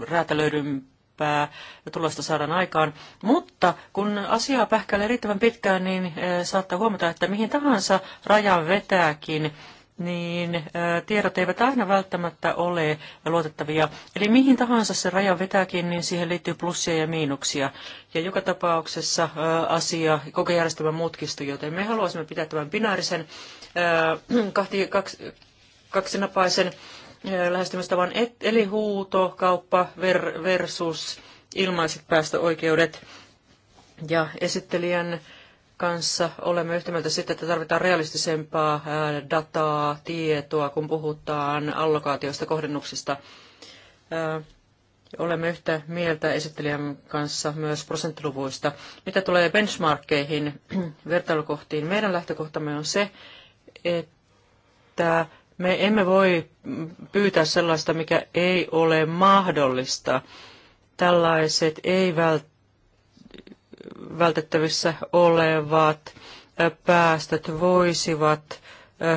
räätälöidympää tulosta saadaan aikaan. Mutta kun asiaa pähkäilee riittävän pitkään, niin saattaa huomata, että mihin tahansa rajan vetääkin, niin tiedot eivät aina välttämättä ole luotettavia. Eli mihin tahansa se raja vetääkin, niin siihen liittyy plussia ja miinuksia. Ja joka tapauksessa asia, koko järjestelmä mutkistui, joten me haluaisimme pitää tämän binaarisen, kahti, kaks, kaksinapaisen lähestymistavan, eli huuto, kauppa versus ilmaiset päästöoikeudet. Ja esittelijän kanssa olemme yhtä mieltä siitä, että tarvitaan realistisempaa dataa, tietoa, kun puhutaan allokaatioista, kohdennuksista. Olemme yhtä mieltä esittelijän kanssa myös prosenttiluvuista. Mitä tulee benchmarkkeihin, vertailukohtiin, meidän lähtökohtamme on se, että me emme voi pyytää sellaista, mikä ei ole mahdollista. Tällaiset ei välttämättä vältettävissä olevat päästöt voisivat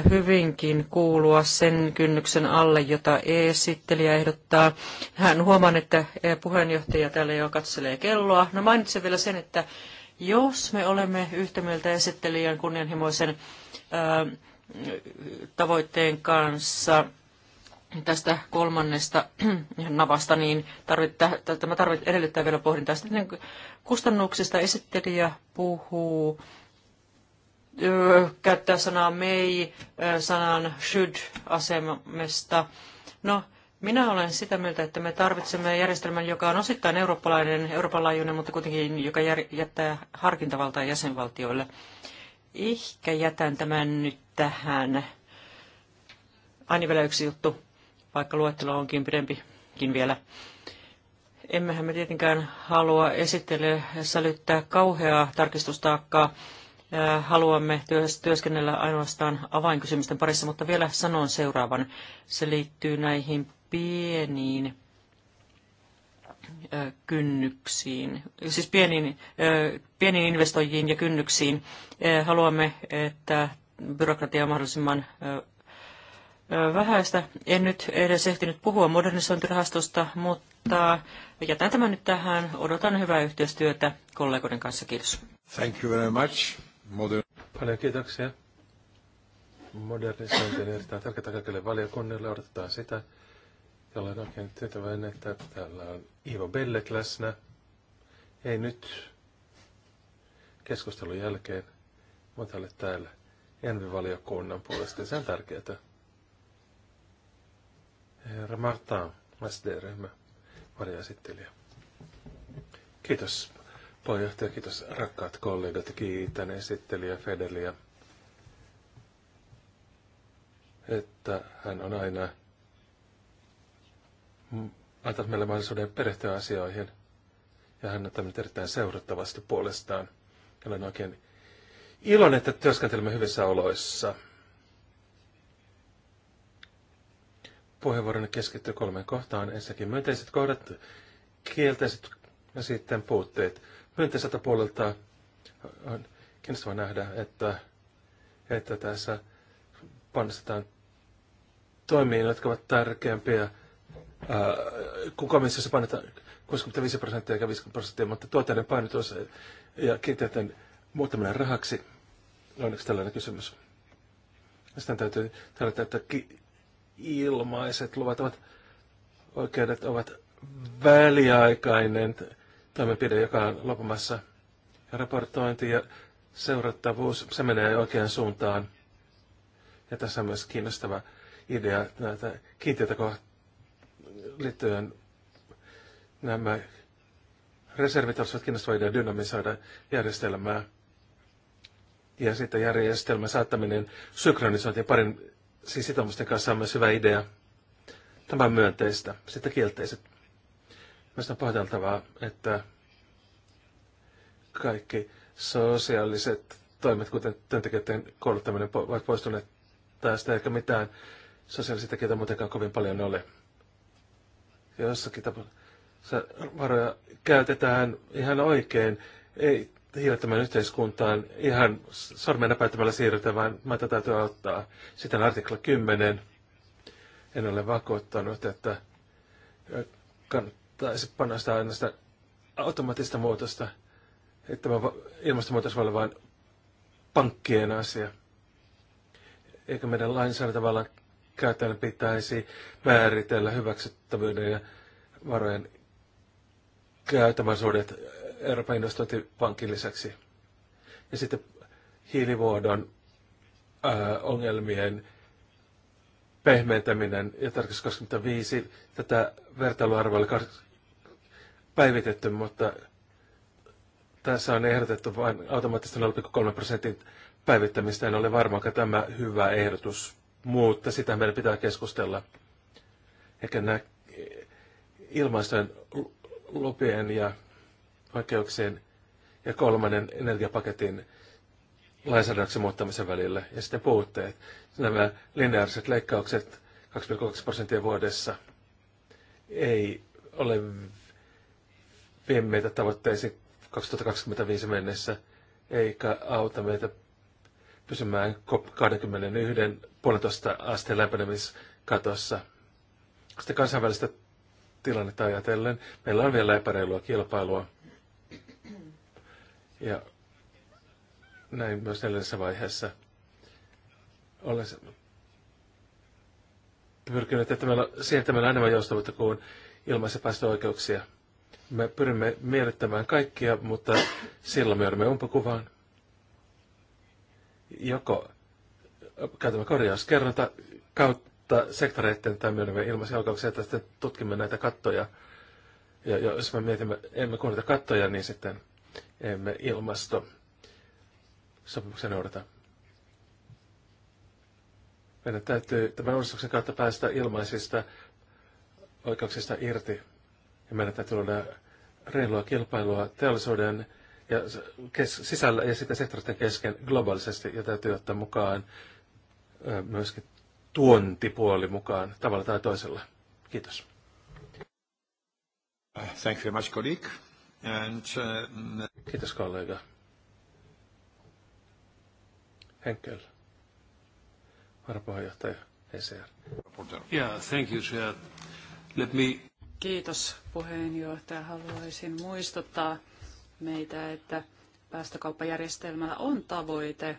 hyvinkin kuulua sen kynnyksen alle, jota esittelijä ehdottaa. Hän huomaa, että puheenjohtaja täällä jo katselee kelloa. No mainitsen vielä sen, että jos me olemme yhtä mieltä esittelijän kunnianhimoisen tavoitteen kanssa, tästä kolmannesta navasta, niin tarvittaa, tämä tarvit, edellyttää vielä pohdintaa. Sitten kustannuksista esittelijä puhuu, ö, käyttää sanaa may, ö, sanan should asemesta. No, minä olen sitä mieltä, että me tarvitsemme järjestelmän, joka on osittain eurooppalainen, Euroopan laajuinen, mutta kuitenkin joka jär, jättää harkintavaltaa jäsenvaltioille. Ehkä jätän tämän nyt tähän. Aina vielä yksi juttu vaikka luettelo onkin pidempikin vielä. Emmehän me tietenkään halua esittele sälyttää kauheaa tarkistustaakkaa. Haluamme työskennellä ainoastaan avainkysymysten parissa, mutta vielä sanon seuraavan. Se liittyy näihin pieniin kynnyksiin, siis pieniin, pieniin investoijiin ja kynnyksiin. Haluamme, että byrokratia on mahdollisimman vähäistä. En nyt edes ehtinyt puhua modernisointirahastosta, mutta jätän tämän nyt tähän. Odotan hyvää yhteistyötä kollegoiden kanssa. Kiitos. Thank you very much. Modern... Paljon kiitoksia. Modernisointi on erittäin tärkeää kaikille valiokunnille. Odotetaan sitä. olen oikein tyytyväinen, että täällä on Ivo Bellet läsnä. Ei nyt keskustelun jälkeen, mutta olet täällä Envi-valiokunnan puolesta. Se on tärkeää. Herra Marta, SD-ryhmä, varjaesittelijä. Kiitos puheenjohtaja, kiitos rakkaat kollegat, kiitän esittelijä Fedeliä, että hän on aina antanut meille mahdollisuuden perehtyä asioihin ja hän on tämmöinen erittäin seurattavasti puolestaan. Olen oikein iloinen, että työskentelemme hyvissä oloissa. puheenvuoroni keskittyy kolmeen kohtaan. Ensinnäkin myönteiset kohdat, kielteiset ja sitten puutteet. Myönteiseltä puolelta on kiinnostavaa nähdä, että, että tässä panostetaan toimiin, jotka ovat tärkeämpiä äh, kun komissiossa painetaan 65 prosenttia eikä 50 prosenttia, mutta tuotteiden painotus ja kiinteiden muuttaminen rahaksi on yksi tällainen kysymys. Sitten täytyy todeta, että ilmaiset luvat ovat, oikeudet ovat väliaikainen toimenpide, joka on lopumassa. Raportointi ja seurattavuus, se menee oikeaan suuntaan. Ja tässä on myös kiinnostava idea näitä kiintiötä liittyen nämä reservit olisivat kiinnostava idea dynamisoida järjestelmää. Ja sitten järjestelmän saattaminen synkronisointiin parin siis sitoumusten kanssa on myös hyvä idea. Tämä on myönteistä. Sitten kielteiset. Myös on pohdeltavaa, että kaikki sosiaaliset toimet, kuten työntekijöiden kouluttaminen, ovat poistuneet tästä, eikä mitään sosiaalisia tekijöitä muutenkaan kovin paljon ole. Jossakin tapauksessa varoja käytetään ihan oikein. Ei hiilettömän yhteiskuntaan ihan sormen näpäyttämällä siirrytään, vaan tätä täytyy auttaa. Sitten artikla 10. En ole vakuuttanut, että kannattaisi panna sitä aina sitä automaattista muutosta, että ilmastonmuutos voi olla vain pankkien asia. Eikö meidän tavallaan käytännön pitäisi määritellä hyväksyttävyyden ja varojen käytämäsuudet Euroopan investointipankin lisäksi. Ja sitten hiilivuodon ää, ongelmien pehmentäminen ja tarkistus 25. Tätä vertailuarvoa oli päivitetty, mutta tässä on ehdotettu vain automaattista 0,3 prosentin päivittämistä. En ole varma, että tämä hyvä ehdotus, mutta sitä meidän pitää keskustella. Eikä nämä ilmaisten lupien ja oikeuksien ja kolmannen energiapaketin lainsäädännöksen muuttamisen välillä ja sitten puutteet. Nämä lineaariset leikkaukset 2,2 prosenttia vuodessa ei ole vie meitä tavoitteisiin 2025 mennessä, eikä auta meitä pysymään COP21 puolentoista asteen lämpenemiskatossa. Sitten kansainvälistä tilannetta ajatellen meillä on vielä epäreilua kilpailua ja näin myös neljännessä vaiheessa olen pyrkinyt että meillä siirtämään enemmän joustavuutta kuin ilmaisia päästöoikeuksia. Me pyrimme miellyttämään kaikkia, mutta silloin me joudumme umpokuvaan. Joko käytämme korjauskerronta kautta sektoreiden tai myönnämme ilmaisia oikeuksia, että sitten tutkimme näitä kattoja. Ja jos me mietimme, emme kuunnita kattoja, niin sitten emme ilmasto sopimuksia noudata. Meidän täytyy tämän uudistuksen kautta päästä ilmaisista oikeuksista irti. Ja meidän täytyy luoda reilua kilpailua teollisuuden ja kes- sisällä ja sitten sektoristen kesken globaalisesti. Ja täytyy ottaa mukaan myöskin tuontipuoli mukaan tavalla tai toisella. Kiitos. Thank you very much, colleague. And, uh, Kiitos kollega. Henkel, varapuheenjohtaja ECR. Yeah, thank you, Chair. Let me... Kiitos puheenjohtaja. Haluaisin muistuttaa meitä, että päästökauppajärjestelmällä on tavoite,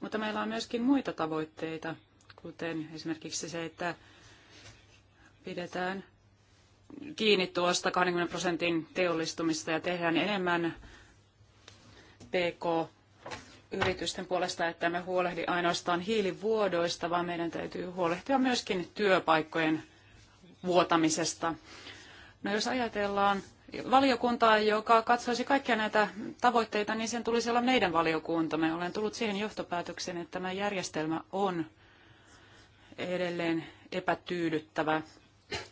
mutta meillä on myöskin muita tavoitteita, kuten esimerkiksi se, että pidetään kiinni tuosta 20 prosentin teollistumista ja tehdään enemmän PK-yritysten puolesta, että me huolehdi ainoastaan hiilivuodoista, vaan meidän täytyy huolehtia myöskin työpaikkojen vuotamisesta. No jos ajatellaan valiokuntaa, joka katsoisi kaikkia näitä tavoitteita, niin sen tulisi olla meidän valiokuntamme. Olen tullut siihen johtopäätökseen, että tämä järjestelmä on edelleen epätyydyttävä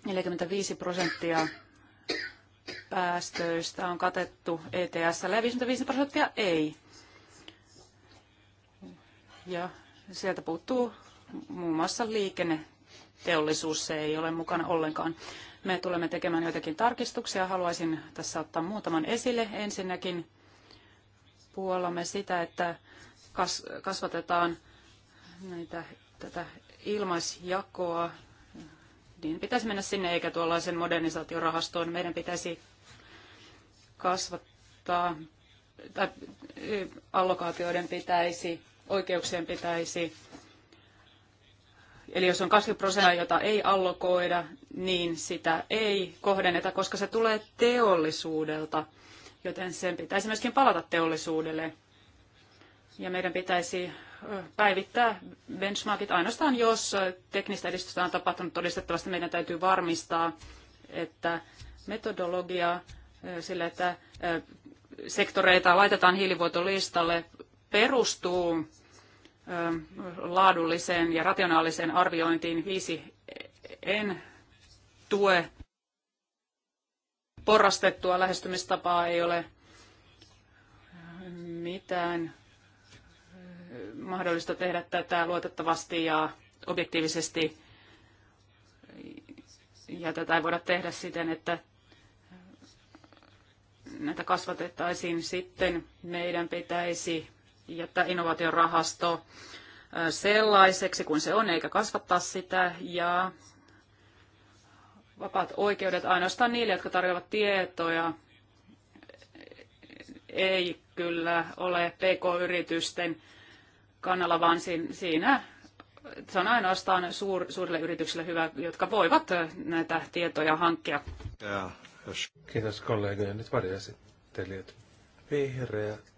45 prosenttia päästöistä on katettu ETS ja 55 prosenttia ei. Ja sieltä puuttuu muun muassa liikenneteollisuus, se ei ole mukana ollenkaan. Me tulemme tekemään joitakin tarkistuksia. Haluaisin tässä ottaa muutaman esille. Ensinnäkin puolamme sitä, että kasvatetaan näitä, tätä ilmaisjakoa niin pitäisi mennä sinne eikä tuollaisen modernisaatiorahastoon. Meidän pitäisi kasvattaa, tai allokaatioiden pitäisi, oikeuksien pitäisi Eli jos on 20 prosenttia, jota ei allokoida, niin sitä ei kohdenneta, koska se tulee teollisuudelta, joten sen pitäisi myöskin palata teollisuudelle ja meidän pitäisi päivittää benchmarkit ainoastaan, jos teknistä edistystä on tapahtunut todistettavasti. Meidän täytyy varmistaa, että metodologia sillä, että sektoreita laitetaan hiilivuotolistalle, perustuu laadulliseen ja rationaaliseen arviointiin. Viisi en tue porrastettua lähestymistapaa, ei ole mitään mahdollista tehdä tätä luotettavasti ja objektiivisesti. Ja tätä ei voida tehdä siten, että näitä kasvatettaisiin sitten. Meidän pitäisi jättää innovaatiorahasto sellaiseksi kuin se on, eikä kasvattaa sitä. Ja vapaat oikeudet ainoastaan niille, jotka tarjoavat tietoja, ei kyllä ole pk-yritysten kannalla, vaan siinä se on ainoastaan suur, suurille yrityksille hyvä, jotka voivat näitä tietoja hankkia. Kiitos kollegoja. Nyt varjaesittelijät. Vihreät.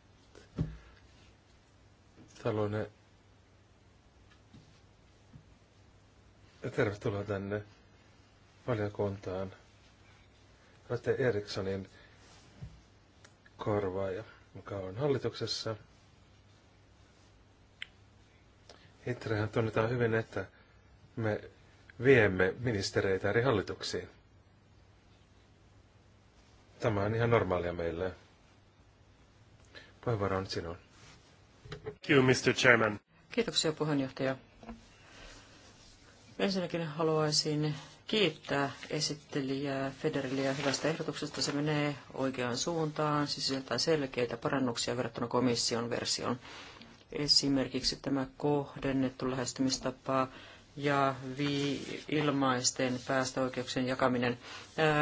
Talonen. Ja tervetuloa tänne valiokuntaan. Olette Erikssonin korvaaja, joka on hallituksessa – Itrehän tunnetaan hyvin, että me viemme ministereitä eri hallituksiin. Tämä on ihan normaalia meille. Puheenvuoro on sinun. Thank you, Mr. Chairman. Kiitoksia puheenjohtaja. Ensinnäkin haluaisin kiittää esittelijää Federilia hyvästä ehdotuksesta. Se menee oikeaan suuntaan, sisältää selkeitä parannuksia verrattuna komission versioon. Esimerkiksi tämä kohdennettu lähestymistapa ja ilmaisten päästöoikeuksien jakaminen.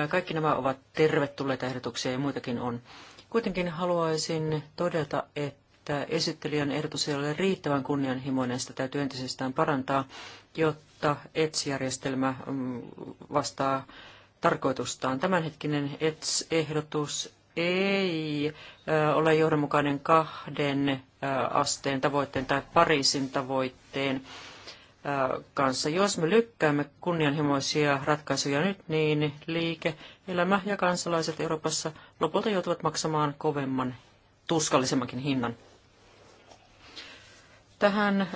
Kaikki nämä ovat tervetulleita ehdotuksia ja muitakin on. Kuitenkin haluaisin todeta, että esittelijän ehdotus ei ole riittävän kunnianhimoinen, sitä täytyy entisestään parantaa, jotta ETS-järjestelmä mm, vastaa tarkoitustaan. Tämänhetkinen ETS-ehdotus ei ole johdonmukainen kahden asteen tavoitteen tai Pariisin tavoitteen kanssa. Jos me lykkäämme kunnianhimoisia ratkaisuja nyt, niin liike, elämä ja kansalaiset Euroopassa lopulta joutuvat maksamaan kovemman, tuskallisemmankin hinnan. Tähän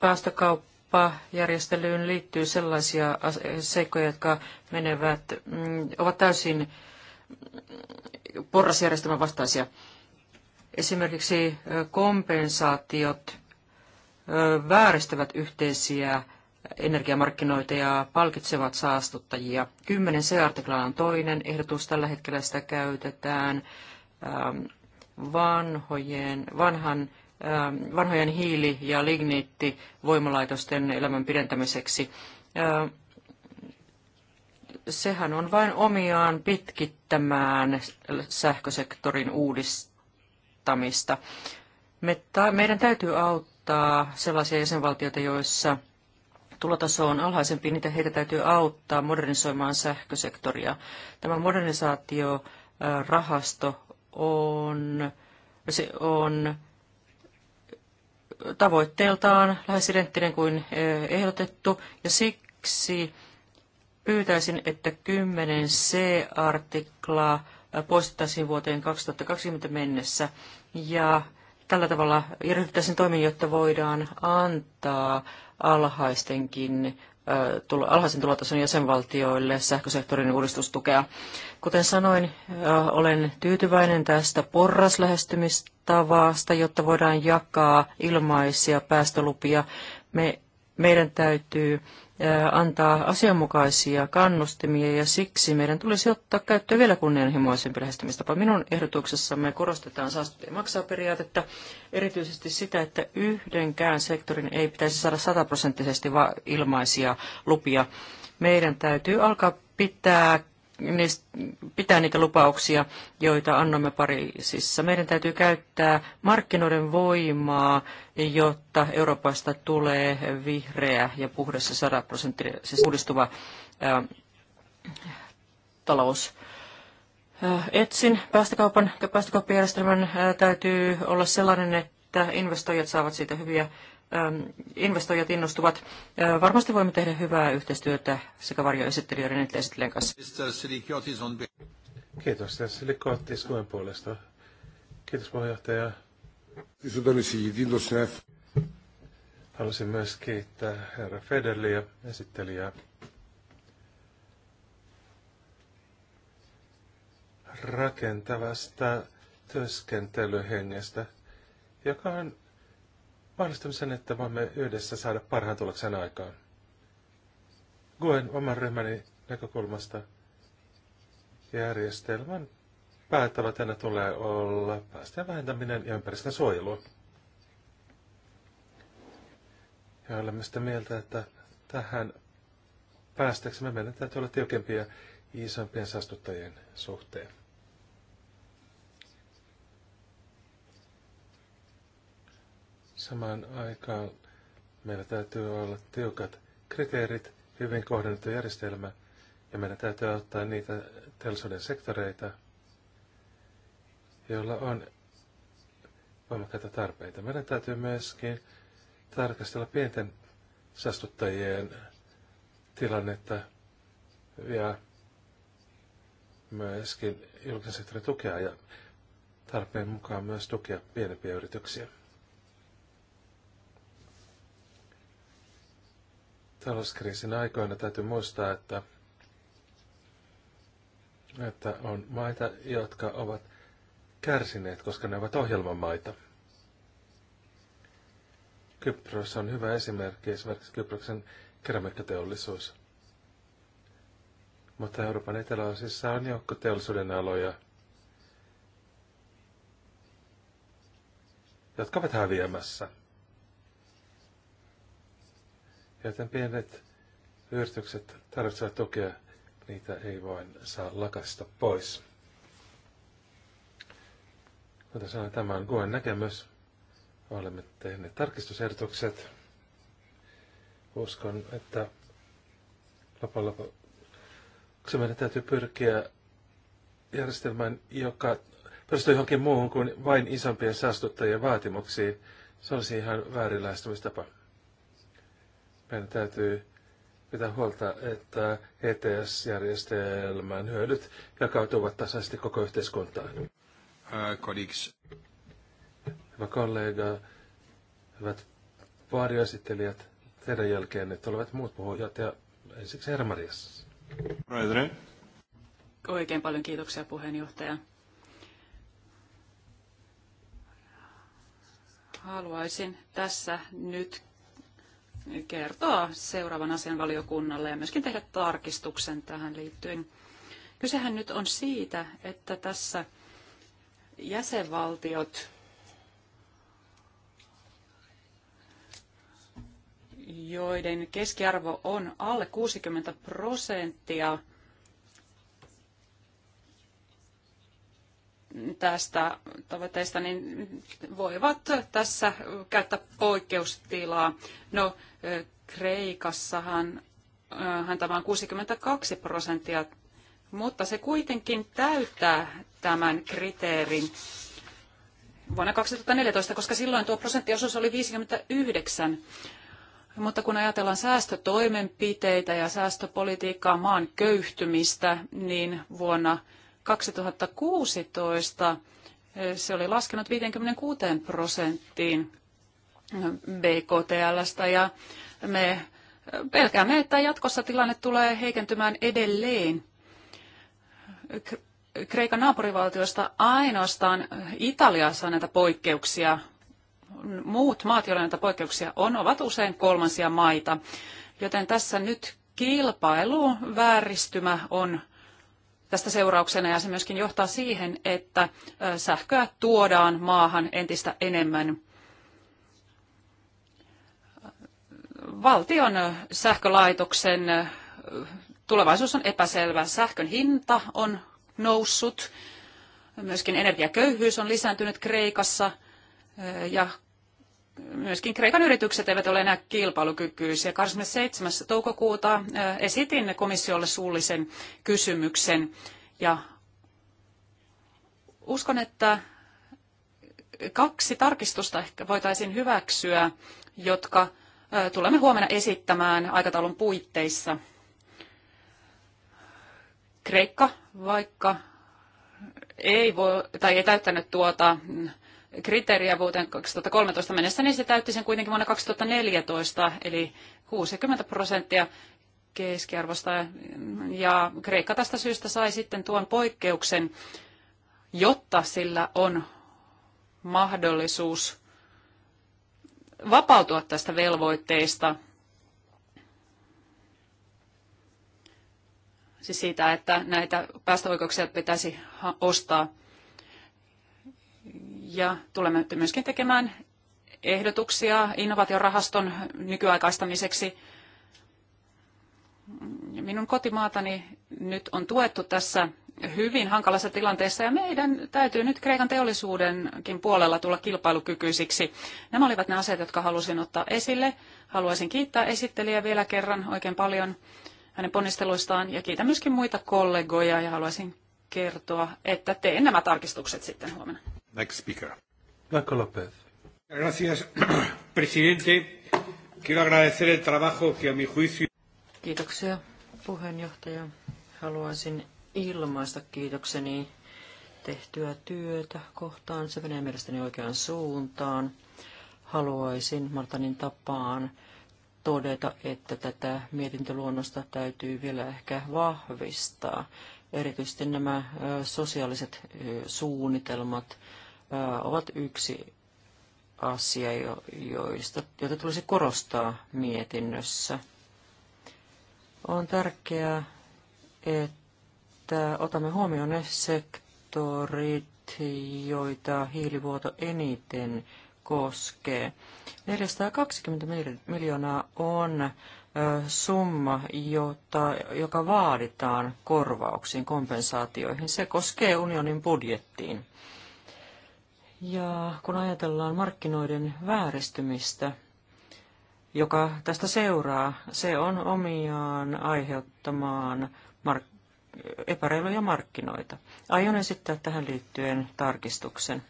päästökauppajärjestelyyn liittyy sellaisia seikkoja, jotka menevät, mm, ovat täysin porrasjärjestelmän vastaisia. Esimerkiksi kompensaatiot vääristävät yhteisiä energiamarkkinoita ja palkitsevat saastuttajia. Kymmenen C-artikla on toinen ehdotus. Tällä hetkellä sitä käytetään ähm, vanhojen, vanhan, ähm, vanhojen hiili- ja ligniittivoimalaitosten elämän pidentämiseksi. Äh, sehän on vain omiaan pitkittämään sähkösektorin uudistamista. Me ta- meidän täytyy auttaa sellaisia jäsenvaltioita, joissa tulotaso on alhaisempi, niitä heitä täytyy auttaa modernisoimaan sähkösektoria. Tämä modernisaatiorahasto on, se on tavoitteeltaan lähes identtinen kuin eh, ehdotettu, ja siksi Pyytäisin, että 10 C-artiklaa poistettaisiin vuoteen 2020 mennessä ja tällä tavalla ryhdyttäisiin toimiin, jotta voidaan antaa alhaistenkin alhaisen tulotason jäsenvaltioille sähkösektorin uudistustukea. Kuten sanoin, olen tyytyväinen tästä porraslähestymistavasta, jotta voidaan jakaa ilmaisia päästölupia. Me, meidän täytyy antaa asianmukaisia kannustimia ja siksi meidän tulisi ottaa käyttöön vielä kunnianhimoisempi lähestymistapa. Minun ehdotuksessamme korostetaan saastuttaja maksaa periaatetta, erityisesti sitä, että yhdenkään sektorin ei pitäisi saada sataprosenttisesti ilmaisia lupia. Meidän täytyy alkaa pitää pitää niitä lupauksia, joita annoimme Pariisissa. Meidän täytyy käyttää markkinoiden voimaa, jotta Euroopasta tulee vihreä ja puhdassa 100 prosenttia, siis uudistuva ää, ähm, talous. Äh, Etsin päästökaupan, päästökauppajärjestelmän ää, äh, täytyy olla sellainen, että investoijat saavat siitä hyviä Ähm, investoijat innostuvat. Äh, varmasti voimme tehdä hyvää yhteistyötä sekä varjoesittelijöiden että esittelijän kanssa. Kiitos tässä Likottis Kuen puolesta. Kiitos puheenjohtaja. Siis Haluaisin myös kiittää herra Federliä, esittelijää. rakentavasta työskentelyhengestä, joka on mahdollistamme sen, että voimme yhdessä saada parhaan tuloksen aikaan. Guen oman ryhmäni näkökulmasta järjestelmän päättävänä tulee olla päästöjen vähentäminen ja ympäristön suojelu. Ja olemme sitä mieltä, että tähän päästäksemme meidän täytyy olla tiukempia isompien saastuttajien suhteen. Samaan aikaan meillä täytyy olla tiukat kriteerit, hyvin kohdennettu järjestelmä, ja meidän täytyy ottaa niitä teollisuuden sektoreita, joilla on voimakkaita tarpeita. Meidän täytyy myöskin tarkastella pienten saastuttajien tilannetta ja myöskin julkisen sektorin tukea ja tarpeen mukaan myös tukea pienempiä yrityksiä. talouskriisin aikoina täytyy muistaa, että, että on maita, jotka ovat kärsineet, koska ne ovat ohjelmamaita. Kypros on hyvä esimerkki, esimerkiksi Kyproksen keramiikkateollisuus. Mutta Euroopan eteläosissa on joukko teollisuuden aloja, jotka ovat häviämässä – Joten pienet yritykset tarvitsevat tukea, niitä ei vain saa lakasta pois. Kuten sanoin, tämä on Goen näkemys. Olemme tehneet tarkistusehdotukset. Uskon, että lopun lopuksi meidän täytyy pyrkiä järjestelmään, joka perustuu johonkin muuhun kuin vain isompien saastuttajien vaatimuksiin. Se olisi ihan väärin lähestymistapa. Meidän täytyy pitää huolta, että ETS-järjestelmän hyödyt jakautuvat tasaisesti koko yhteiskuntaan. Kodiksi. Äh, Hyvä kollega, hyvät vaarioesittelijät, teidän jälkeen nyt tulevat muut puhujat ja ensiksi Hermarias. Oikein paljon kiitoksia puheenjohtaja. Haluaisin tässä nyt kertoa seuraavan asian valiokunnalle ja myöskin tehdä tarkistuksen tähän liittyen. Kysehän nyt on siitä, että tässä jäsenvaltiot joiden keskiarvo on alle 60 prosenttia tästä tavoitteesta, niin voivat tässä käyttää poikkeustilaa. No, Kreikassahan hän tämä on 62 prosenttia, mutta se kuitenkin täyttää tämän kriteerin vuonna 2014, koska silloin tuo prosenttiosuus oli 59. Mutta kun ajatellaan säästötoimenpiteitä ja säästöpolitiikkaa maan köyhtymistä, niin vuonna 2016 eh, se oli laskenut 56 prosenttiin BKTLstä ja me pelkäämme, että jatkossa tilanne tulee heikentymään edelleen. Kreikan naapurivaltioista ainoastaan Italiassa näitä poikkeuksia. Muut maat, joilla näitä poikkeuksia on, ovat usein kolmansia maita. Joten tässä nyt kilpailu vääristymä on tästä seurauksena ja se myöskin johtaa siihen, että sähköä tuodaan maahan entistä enemmän. Valtion sähkölaitoksen tulevaisuus on epäselvä. Sähkön hinta on noussut, myöskin energiaköyhyys on lisääntynyt Kreikassa ja myöskin Kreikan yritykset eivät ole enää kilpailukykyisiä. 27. toukokuuta eh, esitin komissiolle suullisen kysymyksen ja uskon, että kaksi tarkistusta ehkä voitaisiin hyväksyä, jotka eh, tulemme huomenna esittämään aikataulun puitteissa. Kreikka, vaikka ei, voi, tai ei täyttänyt tuota mm, kriteeriä vuoteen 2013 mennessä, niin se täytti sen kuitenkin vuonna 2014, eli 60 prosenttia keskiarvosta. Ja Kreikka tästä syystä sai sitten tuon poikkeuksen, jotta sillä on mahdollisuus vapautua tästä velvoitteesta. Siis siitä, että näitä päästöoikeuksia pitäisi ostaa – ja tulemme myöskin tekemään ehdotuksia innovaatiorahaston nykyaikaistamiseksi. Minun kotimaatani nyt on tuettu tässä hyvin hankalassa tilanteessa ja meidän täytyy nyt Kreikan teollisuudenkin puolella tulla kilpailukykyisiksi. Nämä olivat ne asiat, jotka halusin ottaa esille. Haluaisin kiittää esittelijää vielä kerran oikein paljon hänen ponnisteluistaan ja kiitän myöskin muita kollegoja ja haluaisin kertoa, että teen nämä tarkistukset sitten huomenna. Next speaker. López. Gracias, presidente. Quiero agradecer el trabajo que a mi juicio... Kiitoksia, puheenjohtaja. Haluaisin ilmaista kiitokseni tehtyä työtä kohtaan. Se menee mielestäni oikeaan suuntaan. Haluaisin Martanin tapaan todeta, että tätä mietintöluonnosta täytyy vielä ehkä vahvistaa. Erityisesti nämä sosiaaliset suunnitelmat ovat yksi asia, joista, jota tulisi korostaa mietinnössä. On tärkeää, että otamme huomioon ne sektorit, joita hiilivuoto eniten koskee. 420 miljoonaa on summa, jota, joka vaaditaan korvauksiin, kompensaatioihin, se koskee unionin budjettiin. Ja kun ajatellaan markkinoiden vääristymistä, joka tästä seuraa, se on omiaan aiheuttamaan mark- epäreiluja markkinoita. Aion esittää tähän liittyen tarkistuksen.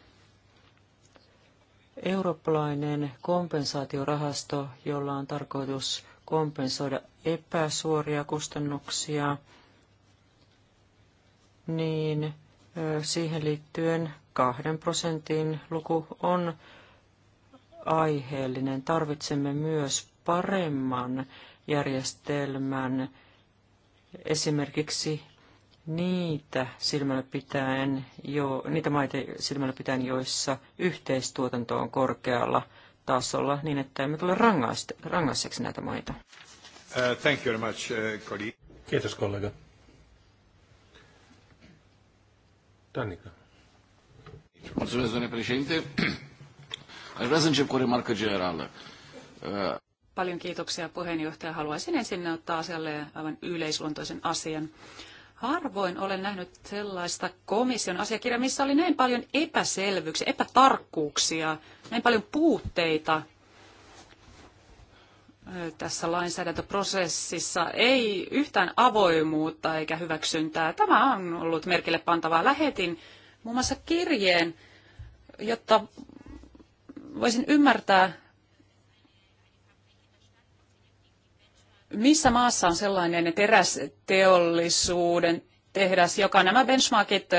Eurooppalainen kompensaatiorahasto, jolla on tarkoitus kompensoida epäsuoria kustannuksia, niin siihen liittyen kahden prosentin luku on aiheellinen. Tarvitsemme myös paremman järjestelmän esimerkiksi niitä silmällä pitäen jo, niitä maita silmällä pitäen, joissa yhteistuotanto on korkealla – tasolla niin, että emme tule rangaiseksi näitä maita. Uh, thank you very much, uh, Kiitos kollega. Danica. Mulțumesc, domnule președinte. Aș vrea să încep cu o remarcă generală. Uh, Paljon kiitoksia puheenjohtaja. Haluaisin ensin ottaa asialle aivan yleisluontoisen asian. Harvoin olen nähnyt sellaista komission asiakirjaa, missä oli näin paljon epäselvyyksiä, epätarkkuuksia, näin paljon puutteita tässä lainsäädäntöprosessissa. Ei yhtään avoimuutta eikä hyväksyntää. Tämä on ollut merkille pantavaa. Lähetin muun muassa kirjeen, jotta voisin ymmärtää, missä maassa on sellainen terästeollisuuden tehdas, joka nämä benchmarkit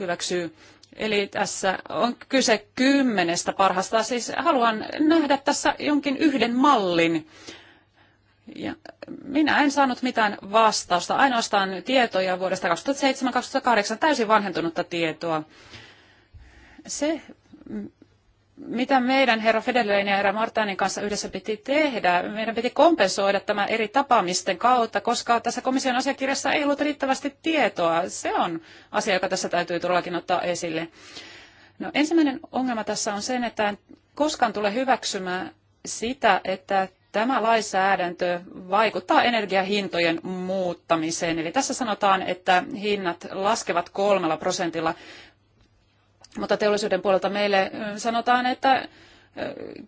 hyväksyy. Eli tässä on kyse kymmenestä parhasta. Siis haluan nähdä tässä jonkin yhden mallin. Ja minä en saanut mitään vastausta, ainoastaan tietoja vuodesta 2007-2008, täysin vanhentunutta tietoa. Se, mitä meidän herra Fedelöin ja herra Martanin kanssa yhdessä piti tehdä? Meidän piti kompensoida tämä eri tapaamisten kautta, koska tässä komission asiakirjassa ei ollut riittävästi tietoa. Se on asia, joka tässä täytyy todellakin ottaa esille. No, ensimmäinen ongelma tässä on sen, että en koskaan tule hyväksymään sitä, että tämä lainsäädäntö vaikuttaa energiahintojen muuttamiseen. Eli tässä sanotaan, että hinnat laskevat kolmella prosentilla. Mutta teollisuuden puolelta meille sanotaan, että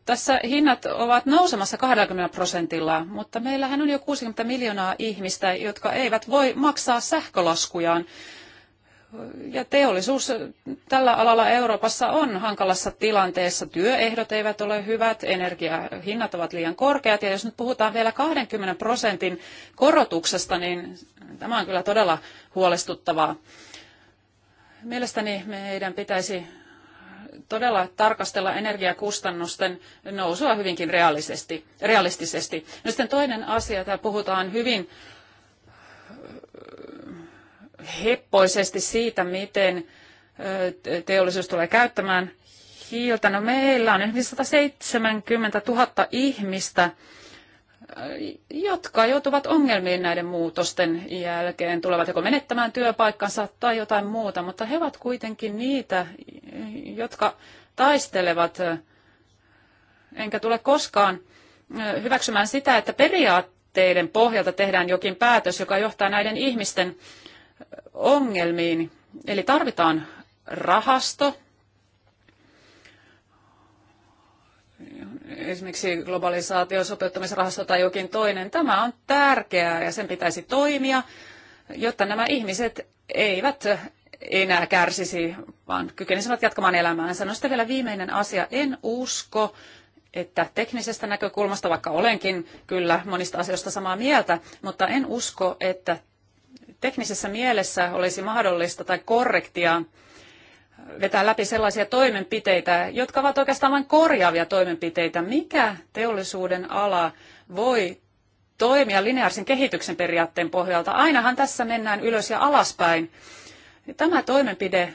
tässä hinnat ovat nousemassa 20 prosentilla, mutta meillähän on jo 60 miljoonaa ihmistä, jotka eivät voi maksaa sähkölaskujaan. Ja teollisuus tällä alalla Euroopassa on hankalassa tilanteessa. Työehdot eivät ole hyvät, energiahinnat ovat liian korkeat. Ja jos nyt puhutaan vielä 20 prosentin korotuksesta, niin tämä on kyllä todella huolestuttavaa. Mielestäni meidän pitäisi todella tarkastella energiakustannusten nousua hyvinkin realistisesti. realistisesti. No sitten toinen asia, täällä puhutaan hyvin äh, heppoisesti siitä, miten äh, teollisuus tulee käyttämään hiiltä. No meillä on esimerkiksi 170 000 ihmistä, jotka joutuvat ongelmiin näiden muutosten jälkeen, tulevat joko menettämään työpaikkansa tai jotain muuta, mutta he ovat kuitenkin niitä, jotka taistelevat, enkä tule koskaan hyväksymään sitä, että periaatteiden pohjalta tehdään jokin päätös, joka johtaa näiden ihmisten ongelmiin. Eli tarvitaan rahasto, esimerkiksi globalisaatio, sopeuttamisrahasto tai jokin toinen. Tämä on tärkeää ja sen pitäisi toimia, jotta nämä ihmiset eivät enää kärsisi, vaan kykenisivät jatkamaan elämäänsä. No sitten vielä viimeinen asia. En usko, että teknisestä näkökulmasta, vaikka olenkin kyllä monista asioista samaa mieltä, mutta en usko, että teknisessä mielessä olisi mahdollista tai korrektia vetää läpi sellaisia toimenpiteitä, jotka ovat oikeastaan vain korjaavia toimenpiteitä. Mikä teollisuuden ala voi toimia lineaarisen kehityksen periaatteen pohjalta? Ainahan tässä mennään ylös ja alaspäin. Tämä toimenpide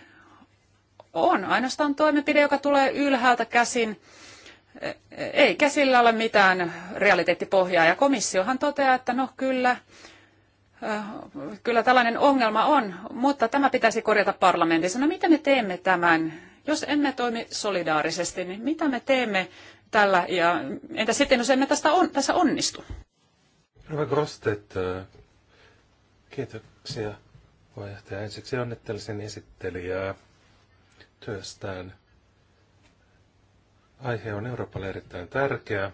on ainoastaan toimenpide, joka tulee ylhäältä käsin. Ei käsillä ole mitään realiteettipohjaa. Ja komissiohan toteaa, että no kyllä, Äh, kyllä tällainen ongelma on, mutta tämä pitäisi korjata parlamentissa. No mitä me teemme tämän? Jos emme toimi solidaarisesti, niin mitä me teemme tällä? Ja entä sitten, jos emme tästä on, tässä onnistu? Hyvä Grostet, äh, kiitoksia puheenjohtaja. Ensiksi onnittelisin esittelijää työstään. Aihe on Euroopalle erittäin tärkeä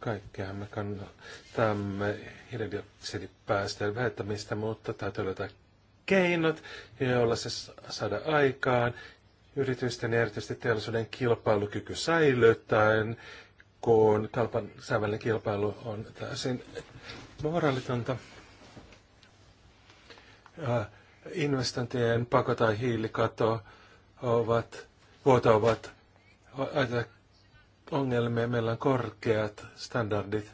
kaikkea me kannatamme hiilidioksidipäästöjen vähentämistä, mutta täytyy löytää keinot, joilla se saada aikaan. Yritysten ja erityisesti teollisuuden kilpailukyky säilyttäen, kun kalpan sävälinen kilpailu on täysin moraalitonta. Investointien pako tai hiilikato ovat, vuoto ovat ongelmia. Meillä on korkeat standardit.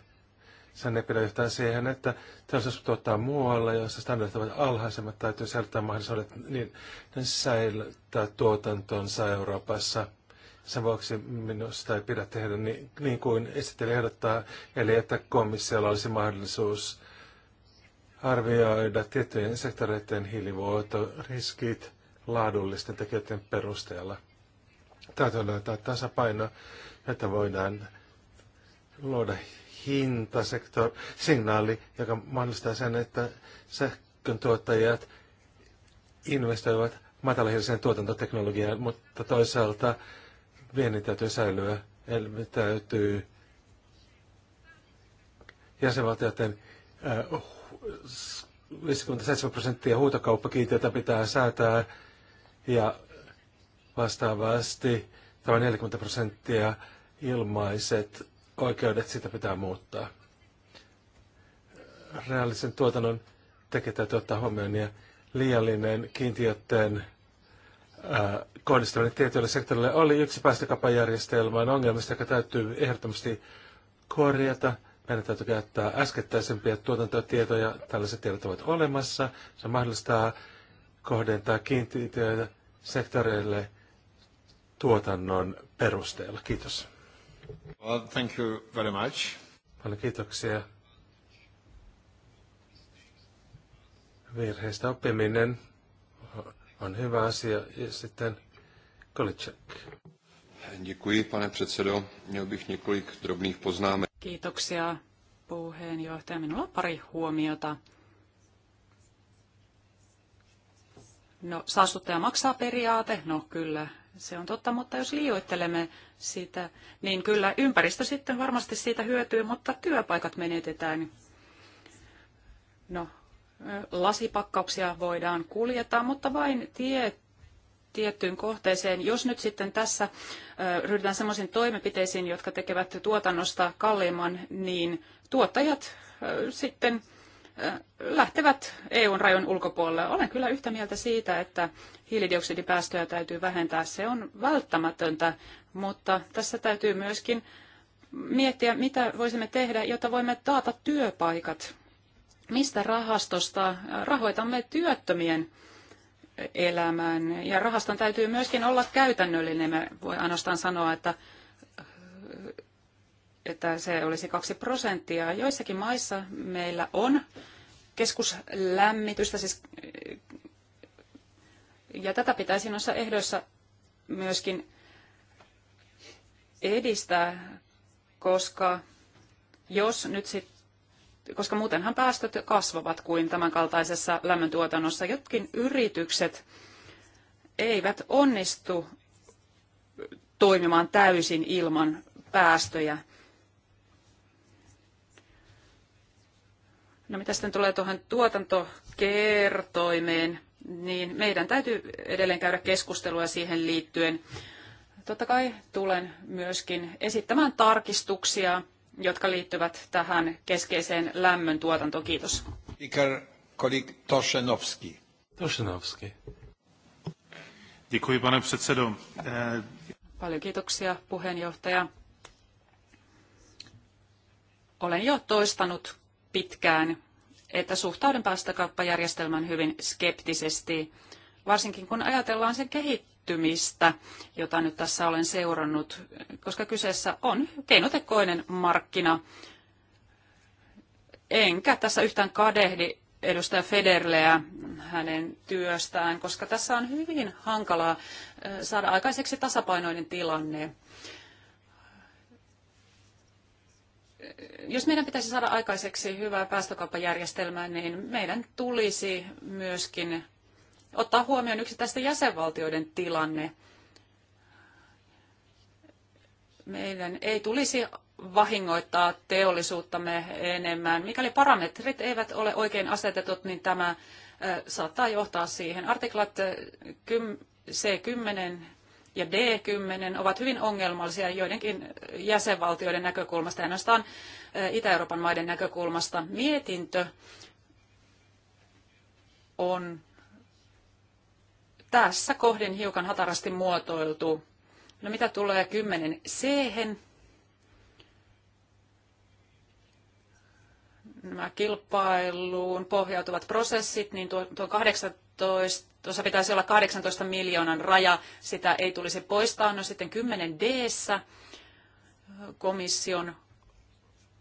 Sen ei pidä yhtään siihen, että teollisuus tuottaa muualla, jossa standardit ovat alhaisemmat. Täytyy säilyttää mahdollisuudet niin ne säilyttää tuotantonsa Euroopassa. Sen vuoksi minusta ei pidä tehdä niin, niin kuin esitteli ehdottaa, eli että komissiolla olisi mahdollisuus arvioida tiettyjen sektoreiden hiilivuotoriskit laadullisten tekijöiden perusteella täytyy löytää tasapaino, että voidaan luoda hintasektor, signaali, joka mahdollistaa sen, että sähkön tuottajat investoivat matalahiiliseen tuotantoteknologiaan, mutta toisaalta viennin täytyy säilyä, eli täytyy jäsenvaltioiden 57 äh, prosenttia huutokauppakiintiötä pitää säätää ja Vastaavasti tämä 40 prosenttia ilmaiset oikeudet, sitä pitää muuttaa. Reaalisen tuotannon tekee täytyy ottaa huomioon ja liiallinen kiintiöiden kohdistaminen tietyille sektorille oli yksi päästökapajärjestelmän ongelmista, joka täytyy ehdottomasti korjata. Meidän täytyy käyttää äskettäisempiä tuotantotietoja. Tällaiset tiedot ovat olemassa. Se mahdollistaa kohdentaa kiintiöitä sektoreille – tuotannon perusteella. Kiitos. Well, thank you very much. Paljon kiitoksia. Virheistä oppiminen on hyvä asia. Ja sitten Kolicek. Děkuji, pane předsedo. Měl bych několik drobných poznámek. Kiitoksia, puheenjohtaja. Minulla on pari huomiota. No, saastuttaja maksaa periaate. No kyllä, se on totta, mutta jos liioittelemme sitä, niin kyllä ympäristö sitten varmasti siitä hyötyy, mutta työpaikat menetetään. No, lasipakkauksia voidaan kuljettaa, mutta vain tie, tiettyyn kohteeseen. Jos nyt sitten tässä ryhdytään sellaisiin toimenpiteisiin, jotka tekevät tuotannosta kalliimman, niin tuottajat sitten – lähtevät EUn rajojen ulkopuolelle. Olen kyllä yhtä mieltä siitä, että hiilidioksidipäästöjä täytyy vähentää. Se on välttämätöntä, mutta tässä täytyy myöskin miettiä, mitä voisimme tehdä, jotta voimme taata työpaikat. Mistä rahastosta rahoitamme työttömien elämän? Ja rahaston täytyy myöskin olla käytännöllinen. Me voi ainoastaan sanoa, että että se olisi kaksi prosenttia. Joissakin maissa meillä on keskuslämmitystä, siis, ja tätä pitäisi noissa ehdoissa myöskin edistää, koska jos nyt sit, koska muutenhan päästöt kasvavat kuin tämänkaltaisessa lämmöntuotannossa. Jotkin yritykset eivät onnistu toimimaan täysin ilman päästöjä. No mitä sitten tulee tuohon tuotantokertoimeen, niin meidän täytyy edelleen käydä keskustelua siihen liittyen. Totta kai tulen myöskin esittämään tarkistuksia, jotka liittyvät tähän keskeiseen lämmön tuotantoon. Kiitos. Speaker, colleague Toshenovski. Toshenovski. Děkuji, pane předsedo. Eh, Paljon kiitoksia, puheenjohtaja. Olen jo toistanut pitkään, että suhtaudun päästökauppajärjestelmän hyvin skeptisesti, varsinkin kun ajatellaan sen kehittymistä, jota nyt tässä olen seurannut, koska kyseessä on keinotekoinen markkina. Enkä tässä yhtään kadehdi edustaja Federleä hänen työstään, koska tässä on hyvin hankalaa saada aikaiseksi tasapainoinen tilanne. jos meidän pitäisi saada aikaiseksi hyvää päästökauppajärjestelmää, niin meidän tulisi myöskin ottaa huomioon yksittäisten jäsenvaltioiden tilanne. Meidän ei tulisi vahingoittaa teollisuuttamme enemmän. Mikäli parametrit eivät ole oikein asetetut, niin tämä saattaa johtaa siihen. Artiklat C10 ja D10 ovat hyvin ongelmallisia joidenkin jäsenvaltioiden näkökulmasta, ainoastaan Itä-Euroopan maiden näkökulmasta. Mietintö on tässä kohdin hiukan hatarasti muotoiltu. No mitä tulee 10 c nämä kilpailuun pohjautuvat prosessit, niin tuo, tuo kahdeksan 18, tuossa pitäisi olla 18 miljoonan raja, sitä ei tulisi poistaa. No sitten 10 d komission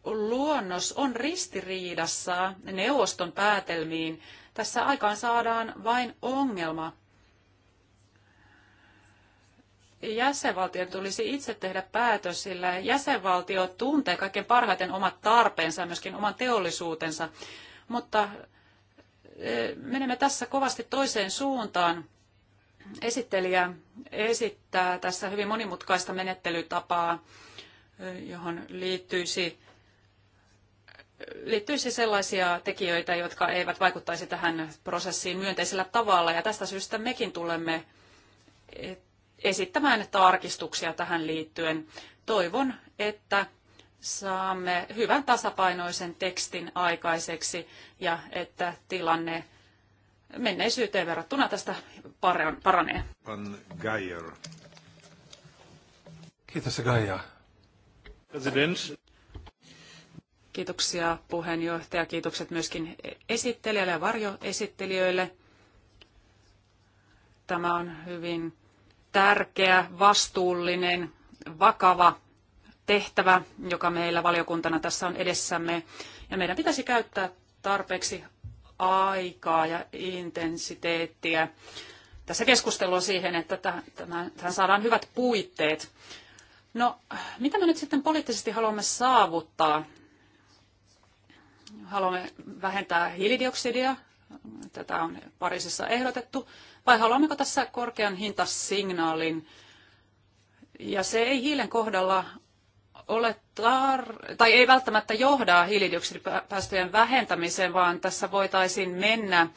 luonnos on ristiriidassa neuvoston päätelmiin. Tässä aikaan saadaan vain ongelma. Jäsenvaltion tulisi itse tehdä päätös, sillä jäsenvaltio tuntee kaikkein parhaiten omat tarpeensa ja myöskin oman teollisuutensa, mutta menemme tässä kovasti toiseen suuntaan. Esittelijä esittää tässä hyvin monimutkaista menettelytapaa, johon liittyisi, liittyisi sellaisia tekijöitä, jotka eivät vaikuttaisi tähän prosessiin myönteisellä tavalla. Ja tästä syystä mekin tulemme esittämään tarkistuksia tähän liittyen. Toivon, että saamme hyvän tasapainoisen tekstin aikaiseksi ja että tilanne menneisyyteen verrattuna tästä paranee. Pan Geier. Kiitos Gaia. President. Kiitoksia puheenjohtaja. Kiitokset myöskin esittelijälle ja varjoesittelijöille. Tämä on hyvin tärkeä, vastuullinen, vakava tehtävä, joka meillä valiokuntana tässä on edessämme. Ja meidän pitäisi käyttää tarpeeksi aikaa ja intensiteettiä tässä keskustelua siihen, että tähän saadaan hyvät puitteet. No, mitä me nyt sitten poliittisesti haluamme saavuttaa? Haluamme vähentää hiilidioksidia, tätä on Pariisissa ehdotettu, vai haluammeko tässä korkean hintasignaalin? Ja se ei hiilen kohdalla ole tar- tai ei välttämättä johda hiilidioksidipäästöjen vähentämiseen, vaan tässä voitaisiin mennä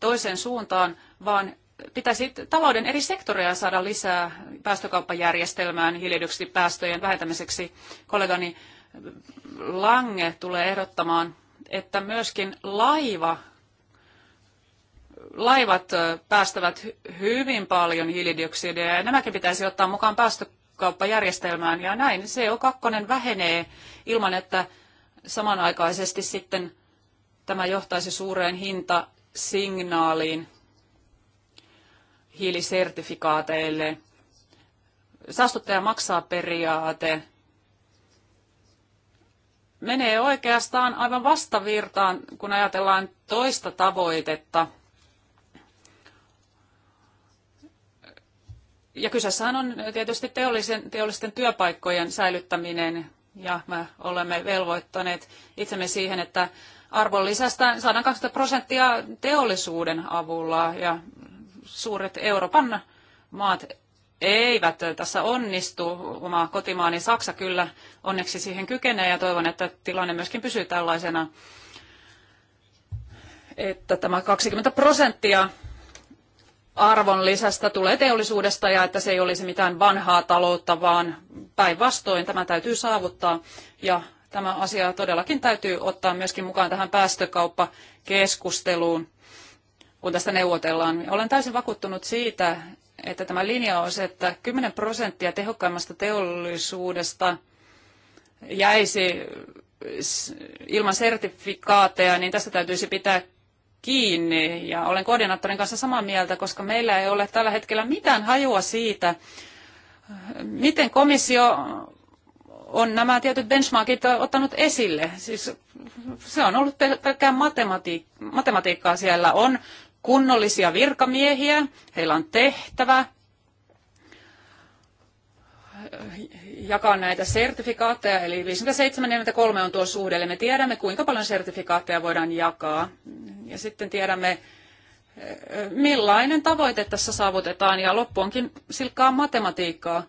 toiseen suuntaan, vaan pitäisi talouden eri sektoreja saada lisää päästökauppajärjestelmään hiilidioksidipäästöjen vähentämiseksi. Kollegani Lange tulee ehdottamaan, että myöskin laiva, laivat päästävät hyvin paljon hiilidioksidia ja nämäkin pitäisi ottaa mukaan päästö päästökauppajärjestelmään ja näin CO2 vähenee ilman, että samanaikaisesti sitten tämä johtaisi suureen hintasignaaliin hiilisertifikaateille. Saastuttaja maksaa periaate menee oikeastaan aivan vastavirtaan, kun ajatellaan toista tavoitetta – ja kyseessähän on tietysti teollisen, teollisten työpaikkojen säilyttäminen, ja me olemme velvoittaneet itsemme siihen, että arvonlisästä saadaan 20 prosenttia teollisuuden avulla, ja suuret Euroopan maat eivät tässä onnistu. Oma kotimaani Saksa kyllä onneksi siihen kykenee, ja toivon, että tilanne myöskin pysyy tällaisena, että tämä 20 prosenttia arvonlisästä tulee teollisuudesta ja että se ei olisi mitään vanhaa taloutta, vaan päinvastoin tämä täytyy saavuttaa ja tämä asia todellakin täytyy ottaa myöskin mukaan tähän päästökauppakeskusteluun, kun tästä neuvotellaan. Olen täysin vakuuttunut siitä, että tämä linjaus, että 10 prosenttia tehokkaimmasta teollisuudesta jäisi ilman sertifikaateja, niin tästä täytyisi pitää kiinni. Ja olen koordinaattorin kanssa samaa mieltä, koska meillä ei ole tällä hetkellä mitään hajua siitä, miten komissio on nämä tietyt benchmarkit ottanut esille. Siis se on ollut pelkkää matematiik- matematiikkaa siellä. On kunnollisia virkamiehiä, heillä on tehtävä, jakaa näitä sertifikaatteja, eli 5743 on tuo suhde, eli me tiedämme, kuinka paljon sertifikaatteja voidaan jakaa. Ja sitten tiedämme, eh, millainen tavoite tässä saavutetaan, ja loppu onkin silkkaa matematiikkaa.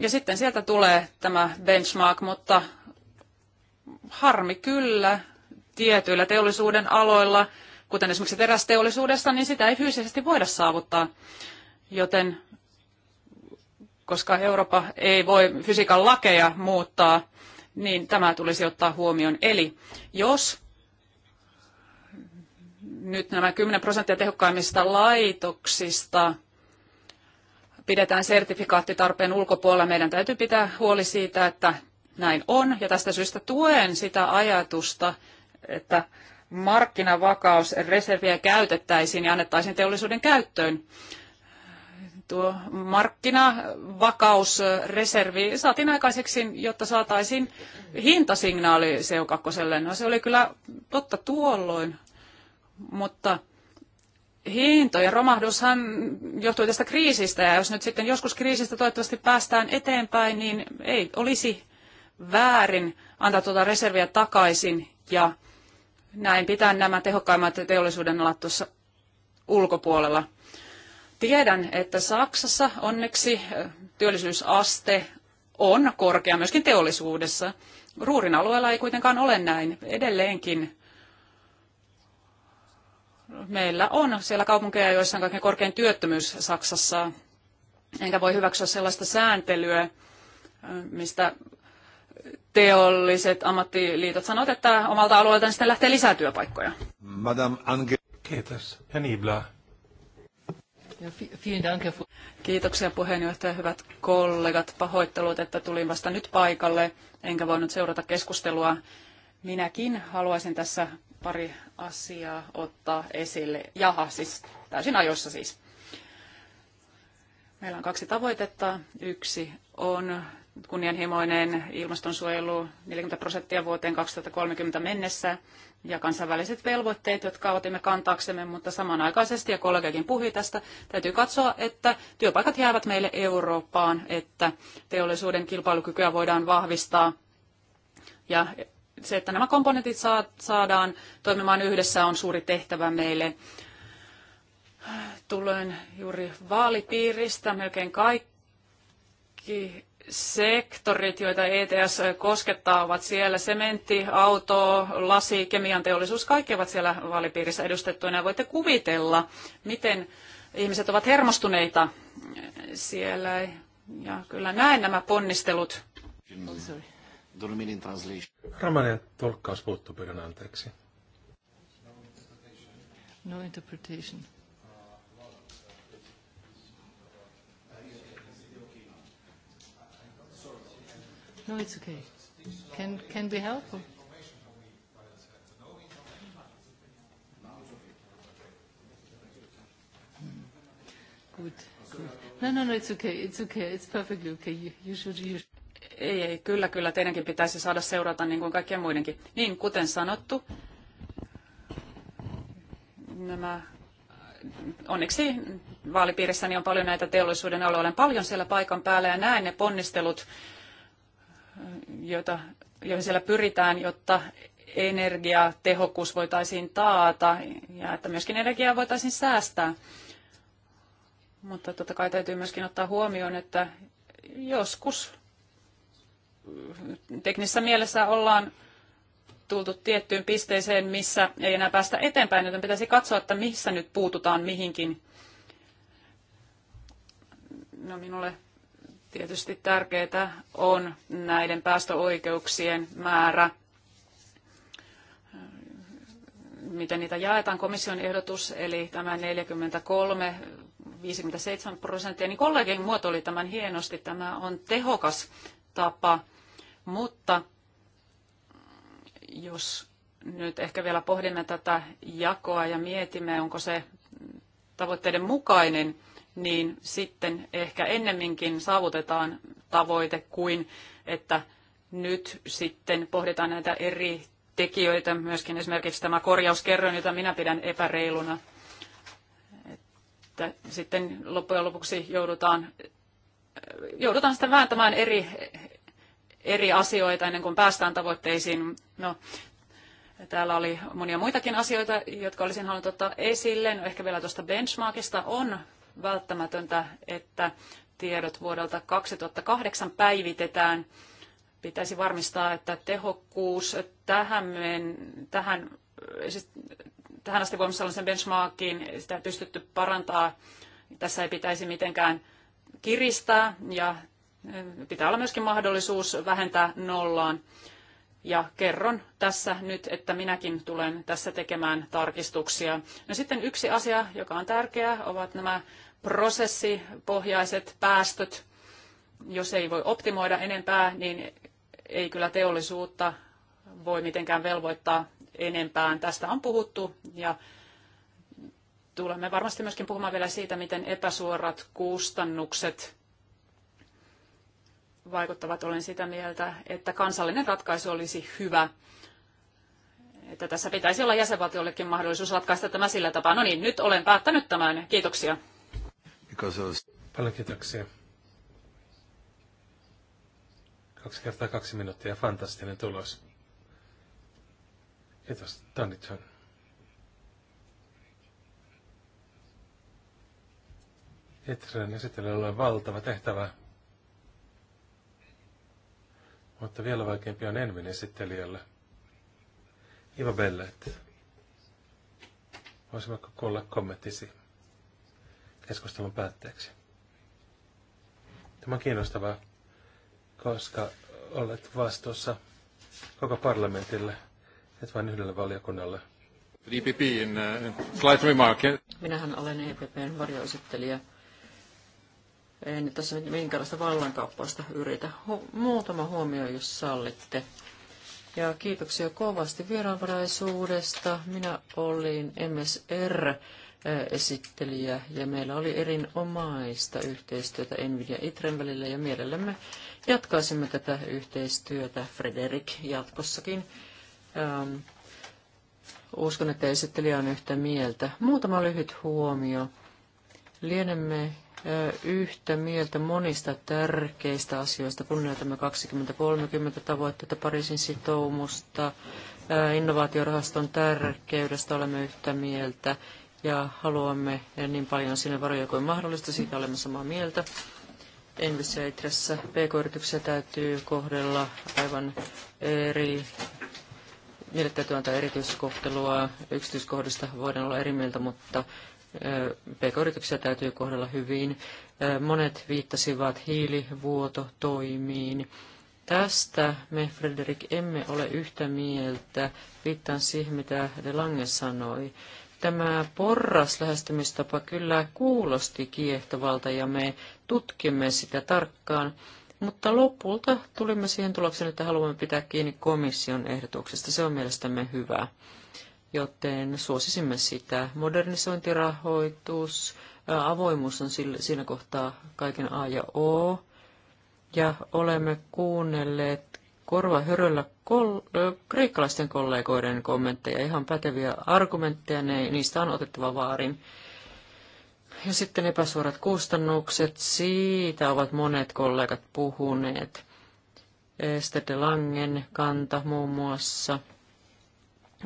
Ja sitten sieltä tulee tämä benchmark, mutta harmi kyllä tietyillä teollisuuden aloilla, kuten esimerkiksi terästeollisuudessa, niin sitä ei fyysisesti voida saavuttaa. Joten koska Eurooppa ei voi fysiikan lakeja muuttaa, niin tämä tulisi ottaa huomioon. Eli jos nyt nämä 10 prosenttia tehokkaimmista laitoksista pidetään sertifikaattitarpeen ulkopuolella, meidän täytyy pitää huoli siitä, että näin on. Ja tästä syystä tuen sitä ajatusta, että markkinavakausreserviä käytettäisiin ja annettaisiin teollisuuden käyttöön tuo markkinavakausreservi saatiin aikaiseksi, jotta saataisiin hintasignaali seukakkoselle. No se oli kyllä totta tuolloin, mutta hintojen romahdushan johtui tästä kriisistä, ja jos nyt sitten joskus kriisistä toivottavasti päästään eteenpäin, niin ei olisi väärin antaa tuota reserviä takaisin ja näin pitää nämä tehokkaimmat teollisuuden alat tuossa ulkopuolella. Tiedän, että Saksassa onneksi työllisyysaste on korkea myöskin teollisuudessa. Ruurin alueella ei kuitenkaan ole näin. Edelleenkin meillä on siellä kaupunkeja, joissa on kaikkein korkein työttömyys Saksassa. Enkä voi hyväksyä sellaista sääntelyä, mistä teolliset ammattiliitot sanovat, että omalta alueeltaan sitten lähtee lisää työpaikkoja. Madame Kiitos. Ja niin, Kiitoksia puheenjohtaja, hyvät kollegat. Pahoittelut, että tulin vasta nyt paikalle, enkä voinut seurata keskustelua. Minäkin haluaisin tässä pari asiaa ottaa esille. Jaha, siis täysin ajoissa siis. Meillä on kaksi tavoitetta. Yksi on kunnianhimoinen ilmastonsuojelu 40 prosenttia vuoteen 2030 mennessä ja kansainväliset velvoitteet, jotka otimme kantaaksemme, mutta samanaikaisesti, ja kollegakin puhui tästä, täytyy katsoa, että työpaikat jäävät meille Eurooppaan, että teollisuuden kilpailukykyä voidaan vahvistaa ja se, että nämä komponentit saadaan toimimaan yhdessä, on suuri tehtävä meille. Tulen juuri vaalipiiristä. Melkein kaikki sektorit, joita ETS koskettaa, ovat siellä sementti, auto, lasi, kemian teollisuus, kaikki ovat siellä vaalipiirissä edustettuina. Voitte kuvitella, miten ihmiset ovat hermostuneita siellä. Ja kyllä näen nämä ponnistelut. Ramanen tulkkaus puuttuu pyydän anteeksi. No interpretation. No, it's okay. Can, can we help? Or? Good, No, no, no, it's okay, it's okay, it's perfectly okay. You, you should, you should. Ei, ei, kyllä, kyllä, teidänkin pitäisi saada seurata niin kuin kaikkien muidenkin. Niin, kuten sanottu, nämä, onneksi vaalipiirissäni on paljon näitä teollisuuden aloja. Olen paljon siellä paikan päällä ja näen ne ponnistelut, joita, joihin siellä pyritään, jotta energiatehokkuus voitaisiin taata ja että myöskin energiaa voitaisiin säästää. Mutta totta kai täytyy myöskin ottaa huomioon, että joskus teknisessä mielessä ollaan tultu tiettyyn pisteeseen, missä ei enää päästä eteenpäin, joten pitäisi katsoa, että missä nyt puututaan mihinkin. No minulle Tietysti tärkeää on näiden päästöoikeuksien määrä, miten niitä jaetaan, komission ehdotus, eli tämä 43 57 prosenttia, niin kollegin muotoili tämän hienosti. Tämä on tehokas tapa, mutta jos nyt ehkä vielä pohdimme tätä jakoa ja mietimme, onko se tavoitteiden mukainen, niin sitten ehkä ennemminkin saavutetaan tavoite kuin, että nyt sitten pohditaan näitä eri tekijöitä, myöskin esimerkiksi tämä korjauskerroin, jota minä pidän epäreiluna. Että sitten loppujen lopuksi joudutaan, joudutaan sitten vääntämään eri, eri asioita ennen kuin päästään tavoitteisiin. No, Täällä oli monia muitakin asioita, jotka olisin halunnut ottaa esille. No ehkä vielä tuosta benchmarkista on välttämätöntä, että tiedot vuodelta 2008 päivitetään. Pitäisi varmistaa, että tehokkuus tähän, men, tähän, siis tähän asti voimassa sen benchmarkiin sitä pystytty parantaa. Tässä ei pitäisi mitenkään kiristää ja pitää olla myöskin mahdollisuus vähentää nollaan. Ja kerron tässä nyt, että minäkin tulen tässä tekemään tarkistuksia. No sitten yksi asia, joka on tärkeä, ovat nämä prosessipohjaiset päästöt. Jos ei voi optimoida enempää, niin ei kyllä teollisuutta voi mitenkään velvoittaa enempään. Tästä on puhuttu ja tulemme varmasti myöskin puhumaan vielä siitä, miten epäsuorat kustannukset vaikuttavat. Olen sitä mieltä, että kansallinen ratkaisu olisi hyvä. Että tässä pitäisi olla jäsenvaltiollekin mahdollisuus ratkaista tämä sillä tapaa. No niin, nyt olen päättänyt tämän. Kiitoksia. Paljon kiitoksia. Kaksi kertaa kaksi minuuttia. Fantastinen tulos. Kiitos, Tannitson. Etren esittelyllä on valtava tehtävä. Mutta vielä vaikeampi on Envin esittelijälle. Iva Bellet, voisimmeko kuulla kommenttisi keskustelun päätteeksi? Tämä on kiinnostavaa, koska olet vastuussa koko parlamentille, et vain yhdelle valiokunnalle. EPPn uh, slight remark. Minähän olen EPPn varjoesittelijä ei nyt tässä minkäänlaista vallankauppausta yritä. Ho- muutama huomio, jos sallitte. Ja kiitoksia kovasti vieraanvaraisuudesta. Minä olin MSR esittelijä ja meillä oli erinomaista yhteistyötä Nvidia Itren välillä ja mielellämme jatkaisimme tätä yhteistyötä Frederik jatkossakin. Ähm, uskon, että esittelijä on yhtä mieltä. Muutama lyhyt huomio. Lienemme yhtä mieltä monista tärkeistä asioista, kunnioitamme 2030 tavoitteita, Pariisin sitoumusta, innovaatiorahaston tärkeydestä olemme yhtä mieltä ja haluamme niin paljon sinne varoja kuin mahdollista, siitä olemme samaa mieltä. pk-yrityksiä täytyy kohdella aivan eri, niille täytyy antaa erityiskohtelua, yksityiskohdista voidaan olla eri mieltä, mutta PK-yrityksiä täytyy kohdella hyvin. Monet viittasivat hiilivuototoimiin. Tästä me, Frederik, emme ole yhtä mieltä. Viittaan siihen, mitä De Lange sanoi. Tämä porras lähestymistapa kyllä kuulosti kiehtovalta ja me tutkimme sitä tarkkaan, mutta lopulta tulimme siihen tulokseen, että haluamme pitää kiinni komission ehdotuksesta. Se on mielestämme hyvä joten suosisimme sitä. Modernisointirahoitus, avoimuus on siinä kohtaa kaiken A ja O, ja olemme kuunnelleet korva höröllä kol- kreikkalaisten kollegoiden kommentteja, ihan päteviä argumentteja, ne, niistä on otettava vaarin. Ja sitten epäsuorat kustannukset, siitä ovat monet kollegat puhuneet. Esther de Langen kanta muun muassa –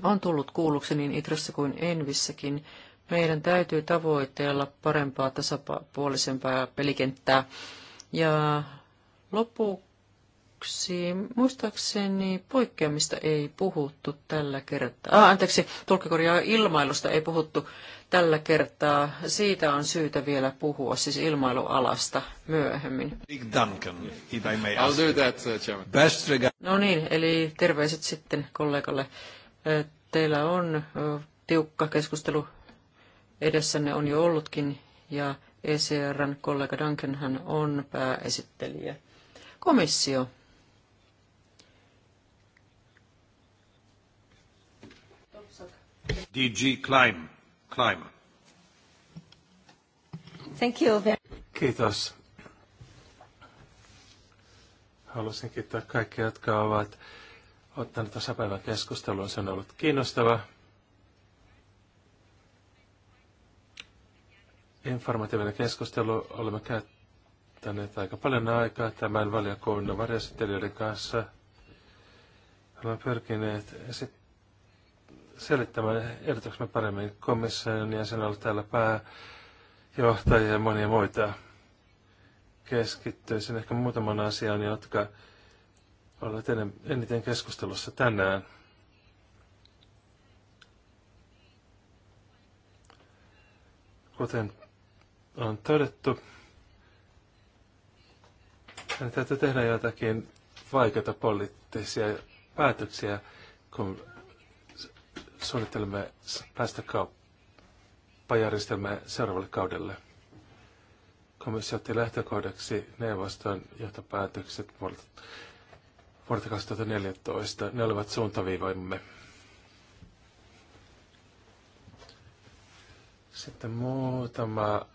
on tullut kuulluksi niin Itrassa kuin Envissäkin. Meidän täytyy tavoitella parempaa, tasapuolisempaa pelikenttää. Ja lopuksi, muistaakseni poikkeamista ei puhuttu tällä kertaa. Ah, anteeksi, tulkikorjaa ilmailusta ei puhuttu tällä kertaa. Siitä on syytä vielä puhua, siis ilmailualasta myöhemmin. Duncan, if I may ask. I'll do that, uh, Chairman. Best no niin, eli terveiset sitten kollegalle. Teillä on tiukka keskustelu edessänne on jo ollutkin, ja ECRn kollega Duncanhan on pääesittelijä. Komissio. DG Climb. Climb. Thank you. very. Kiitos. Haluaisin kiittää kaikkia, jotka ovat ottanut osa päivän keskusteluun. Se on ollut kiinnostava. Informatiivinen keskustelu. Olemme käyttäneet aika paljon aikaa tämän valiokunnan varjasittelijöiden kanssa. Olemme pyrkineet esittämään selittämään ehdotuksemme paremmin komission ja sen ollut täällä pääjohtajia ja monia muita. Keskittyisin ehkä muutaman asian, jotka olleet eniten keskustelussa tänään. Kuten on todettu, hän täytyy tehdä jotakin vaikeita poliittisia päätöksiä, kun suunnittelemme päästökauppajärjestelmää seuraavalle kaudelle. Komissio otti lähtökohdaksi neuvoston johtopäätökset vuodelta vuodesta 2014. Ne olivat suuntaviivoimme. Sitten muutama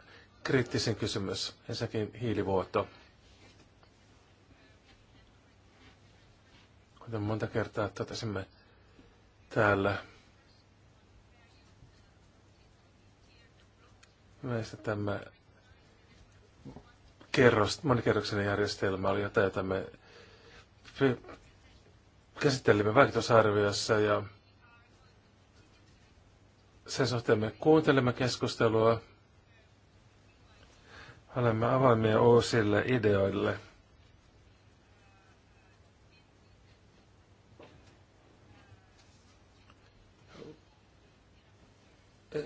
kriittisin kysymys. Ensinnäkin hiilivuoto. Kuten monta kertaa totesimme täällä, meistä tämä kerros, monikerroksinen järjestelmä oli jotain, jota me käsittelimme vaikutusarviossa ja sen suhteen me kuuntelemme keskustelua. Olemme avaimia uusille ideoille. E-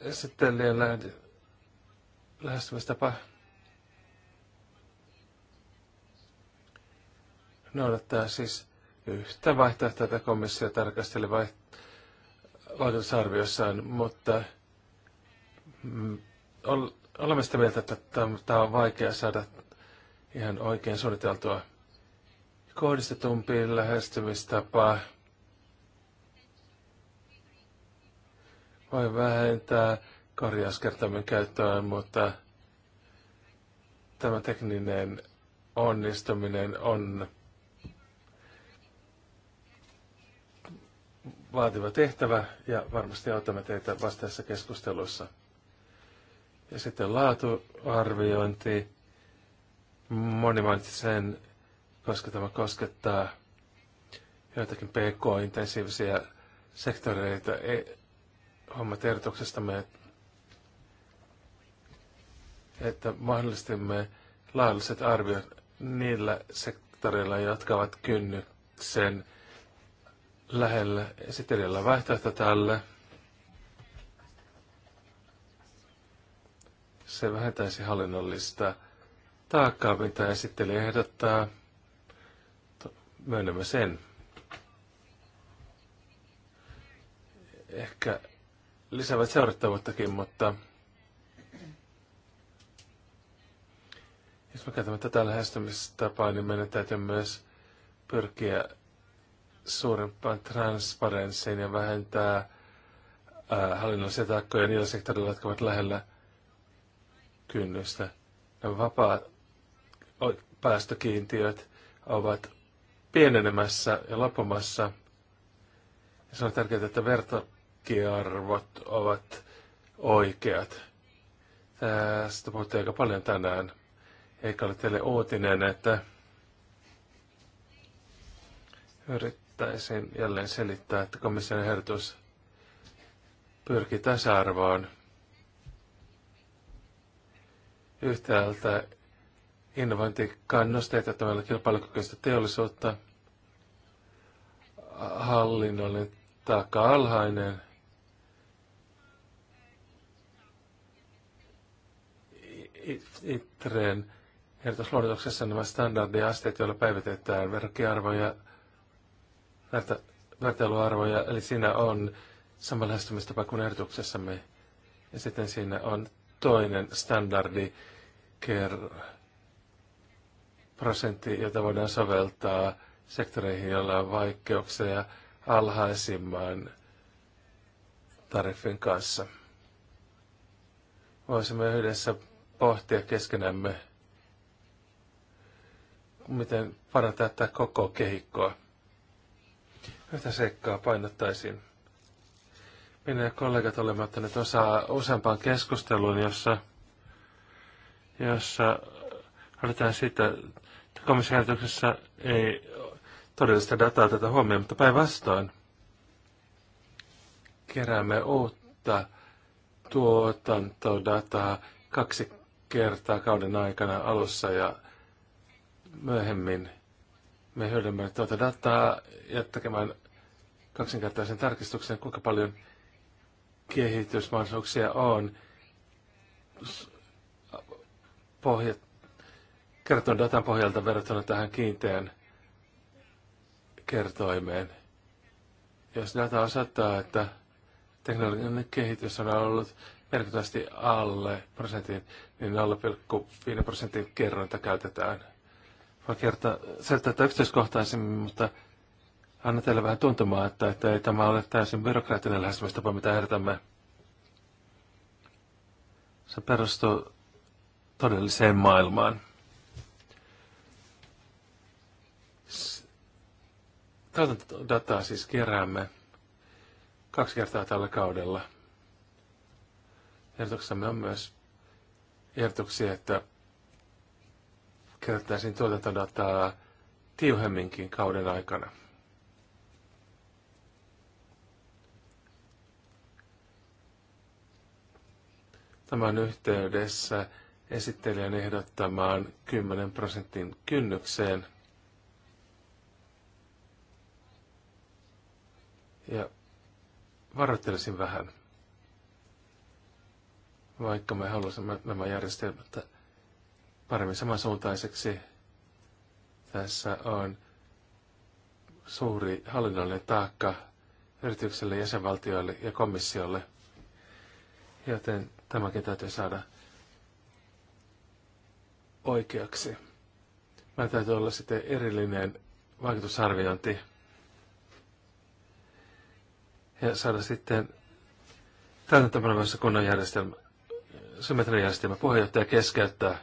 esittelijän lähestymistapa. Lähd- noudattaa siis yhtä vaihtoehtoa, jota komissio tarkasteli vaikutusarviossaan, mutta mm, olemme sitä mieltä, että tämä on vaikea saada ihan oikein suunniteltua kohdistetumpiin lähestymistapaa. Voi vähentää korjauskertoimen käyttöä, mutta tämä tekninen onnistuminen on vaativa tehtävä ja varmasti autamme teitä vastaessa keskustelussa. Ja sitten laatuarviointi. Moni mainitsi sen, koska tämä koskettaa joitakin PK-intensiivisiä sektoreita. Ei, hommat me että mahdollistimme laadulliset arviot niillä sektoreilla, jotka ovat kynnyksen lähellä esitellä vaihtoehto tälle. Se vähentäisi hallinnollista taakkaa, mitä esittelijä ehdottaa. Myönnämme sen. Ehkä lisäävät seurattavuuttakin, mutta jos me käytämme tätä lähestymistapaa, niin meidän täytyy myös pyrkiä suurempaan transparenssiin ja vähentää äh, hallinnollisia taakkoja niillä sektoreilla, jotka ovat lähellä kynnystä. Nämä vapaa päästökiintiöt ovat pienenemässä ja lopumassa. Ja se on tärkeää, että vertokiarvot ovat oikeat. Tästä puhuttiin aika paljon tänään. Eikä ole teille uutinen, että yrit haluaisin jälleen selittää, että komission ehdotus pyrkii tasa-arvoon yhtäältä innovointikannusteita tämällä kilpailukykyistä teollisuutta, hallinnollinen taakka alhainen, ITREn ehdotusluonnotuksessa nämä standardiasteet, joilla päivitetään verkkiarvoja vertailuarvoja, eli siinä on sama lähestymistapa kuin ehdotuksessamme. Ja sitten siinä on toinen standardi ker prosentti, jota voidaan soveltaa sektoreihin, joilla on vaikeuksia alhaisimman tariffin kanssa. Voisimme yhdessä pohtia keskenämme, miten parantaa tätä koko kehikkoa. Yhtä seikkaa painottaisin. Minä ja kollegat olemme ottaneet osaa useampaan keskusteluun, jossa, jossa aletaan siitä, että komission ei todellista dataa tätä huomioon, mutta päinvastoin keräämme uutta tuotantodataa kaksi kertaa kauden aikana alussa ja myöhemmin – me hyödymme tuota dataa ja tekemään kaksinkertaisen tarkistuksen, kuinka paljon kehitysmahdollisuuksia on pohjat, kertoon datan pohjalta verrattuna tähän kiinteän kertoimeen. Jos data osoittaa, että teknologinen kehitys on ollut merkittävästi alle prosentin, niin 0,5 prosentin kerrointa käytetään – voi kertoa selittää yksityiskohtaisemmin, mutta anna teille vähän tuntumaa, että, että ei tämä ole täysin byrokraattinen lähestymistapa, mitä ehdotamme. Se perustuu todelliseen maailmaan. Tätä dataa siis keräämme kaksi kertaa tällä kaudella. Ehdotuksemme on myös ehdotuksia, että käyttäisin tuotantodataa tiuhemminkin kauden aikana. Tämän yhteydessä esittelijän ehdottamaan 10 prosentin kynnykseen. Ja varoittelisin vähän, vaikka me haluaisimme nämä järjestelmät paremmin samansuuntaiseksi. Tässä on suuri hallinnollinen taakka yritykselle, jäsenvaltioille ja komissiolle, joten tämäkin täytyy saada oikeaksi. Mä täytyy olla sitten erillinen vaikutusarviointi ja saada sitten myös kunnan järjestelmä, symmetrijärjestelmä, puheenjohtaja keskeyttää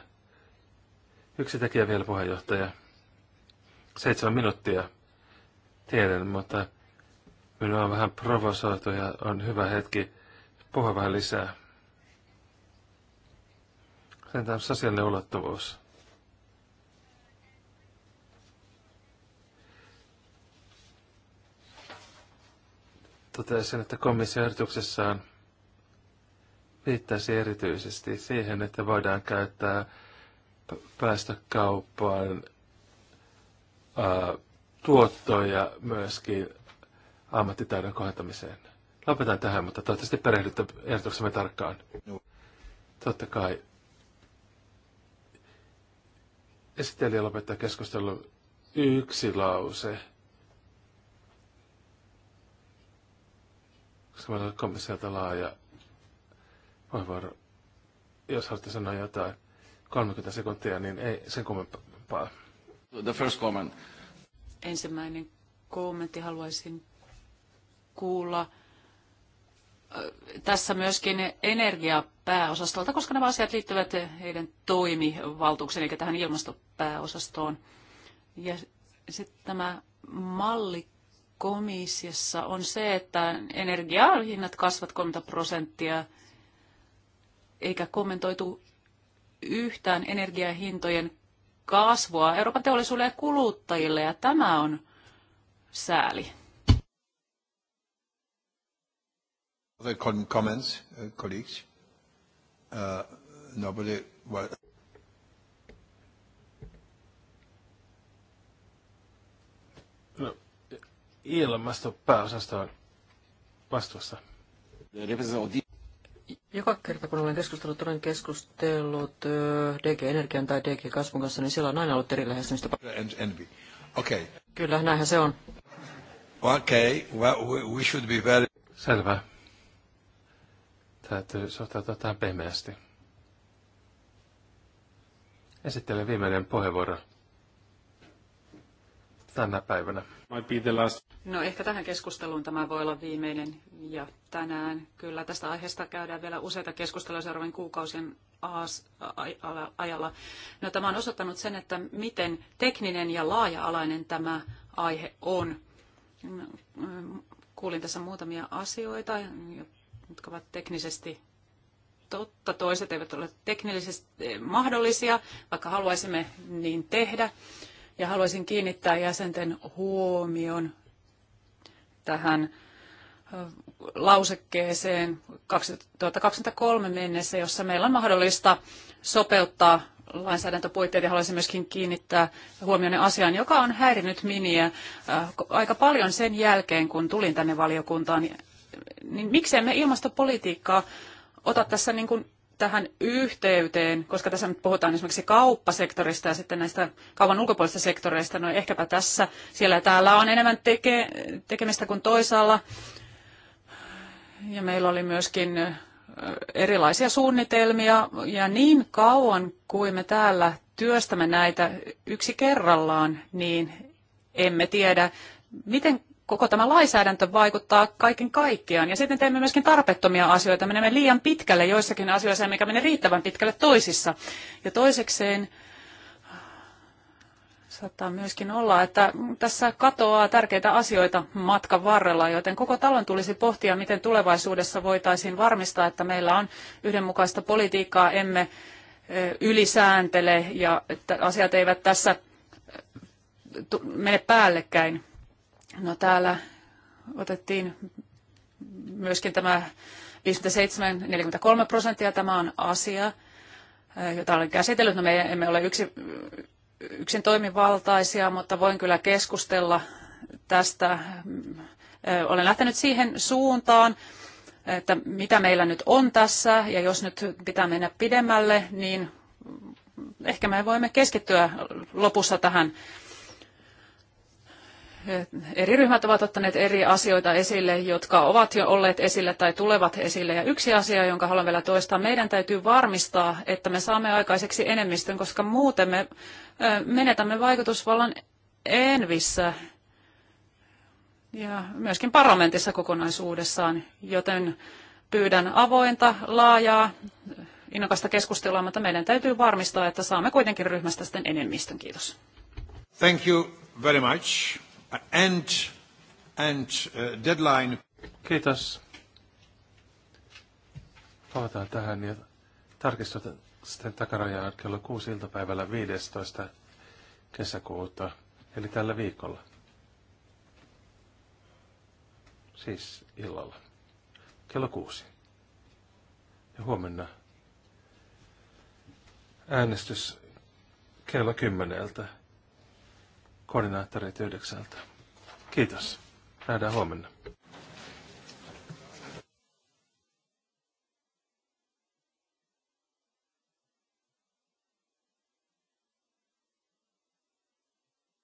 Yksi tekijä vielä, puheenjohtaja. Seitsemän minuuttia. Tiedän, mutta minua on vähän provosoitu ja on hyvä hetki puhua vähän lisää. Sen tämä sosiaalinen ulottuvuus. Totesin, että komission ehdotuksessaan viittasi erityisesti siihen, että voidaan käyttää päästä kauppaan ää, tuottoja myöskin ammattitaidon kohtamiseen. Lopetan tähän, mutta toivottavasti perehdytte ehdotuksemme tarkkaan. Totta kai esittelijä lopettaa keskustelun yksi lause. Koska meillä on komissiolta laaja puheenvuoro, jos haluatte sanoa jotain. 30 sekuntia, niin ei sen kummempaa. The first comment. Ensimmäinen kommentti haluaisin kuulla äh, tässä myöskin energiapääosastolta, koska nämä asiat liittyvät heidän toimivaltuukseen eli tähän ilmastopääosastoon. Ja sitten tämä malli komissiossa on se, että energiahinnat kasvavat 30 prosenttia, eikä kommentoitu yhtään energiahintojen kasvua Euroopan teollisuudelle ja kuluttajille, ja tämä on sääli. Other comments, uh, colleagues? Uh, nobody... No, ilmastopääosasta vastuussa. Joka kerta, kun olen keskustellut, olen keskustellut DG Energian tai DG Kasvun kanssa, niin siellä on aina ollut eri lähestymistä. Okay. Kyllä, näinhän se on. Okay, well, we should be very... Selvä. Täytyy suhtautua tähän pehmeästi. Esittelen viimeinen puheenvuoro tänä päivänä. No ehkä tähän keskusteluun tämä voi olla viimeinen ja tänään kyllä tästä aiheesta käydään vielä useita keskusteluja seuraavien kuukausien ajalla. No tämä on osoittanut sen, että miten tekninen ja laaja-alainen tämä aihe on. Kuulin tässä muutamia asioita, jotka ovat teknisesti totta, toiset eivät ole teknisesti mahdollisia, vaikka haluaisimme niin tehdä ja haluaisin kiinnittää jäsenten huomion tähän lausekkeeseen 2023 mennessä, jossa meillä on mahdollista sopeuttaa lainsäädäntöpuitteet ja haluaisin myöskin kiinnittää huomioon asiaan, joka on häirinyt miniä aika paljon sen jälkeen, kun tulin tänne valiokuntaan. Niin miksei me ilmastopolitiikkaa ota tässä niin kuin tähän yhteyteen, koska tässä nyt puhutaan esimerkiksi kauppasektorista ja sitten näistä kaupan ulkopuolisista sektoreista, no ehkäpä tässä siellä ja täällä on enemmän teke, tekemistä kuin toisaalla. Ja meillä oli myöskin erilaisia suunnitelmia ja niin kauan kuin me täällä työstämme näitä yksi kerrallaan, niin emme tiedä, miten koko tämä lainsäädäntö vaikuttaa kaiken kaikkiaan. Ja sitten teemme myöskin tarpeettomia asioita. Menemme liian pitkälle joissakin asioissa, mikä menee riittävän pitkälle toisissa. Ja toisekseen saattaa myöskin olla, että tässä katoaa tärkeitä asioita matkan varrella, joten koko talon tulisi pohtia, miten tulevaisuudessa voitaisiin varmistaa, että meillä on yhdenmukaista politiikkaa, emme ylisääntele ja että asiat eivät tässä mene päällekkäin. No täällä otettiin myöskin tämä 57-43 prosenttia. Tämä on asia, eh, jota olen käsitellyt. No me emme ole yksi, yksin toimivaltaisia, mutta voin kyllä keskustella tästä. Eh, olen lähtenyt siihen suuntaan, että mitä meillä nyt on tässä, ja jos nyt pitää mennä pidemmälle, niin ehkä me voimme keskittyä lopussa tähän eri ryhmät ovat ottaneet eri asioita esille, jotka ovat jo olleet esillä tai tulevat esille. Ja yksi asia, jonka haluan vielä toistaa, meidän täytyy varmistaa, että me saamme aikaiseksi enemmistön, koska muuten me menetämme vaikutusvallan Envissä ja myöskin parlamentissa kokonaisuudessaan, joten pyydän avointa, laajaa, innokasta keskustelua, mutta meidän täytyy varmistaa, että saamme kuitenkin ryhmästä sitten enemmistön. Kiitos. Thank you very much and, and uh, deadline. Kiitos. Palataan tähän ja tarkistetaan sitten takarajaa kello kuusi iltapäivällä 15. kesäkuuta, eli tällä viikolla. Siis illalla. Kello kuusi. Ja huomenna äänestys kello kymmeneltä koordinaattoreita yhdeksältä. Kiitos. Nähdään huomenna.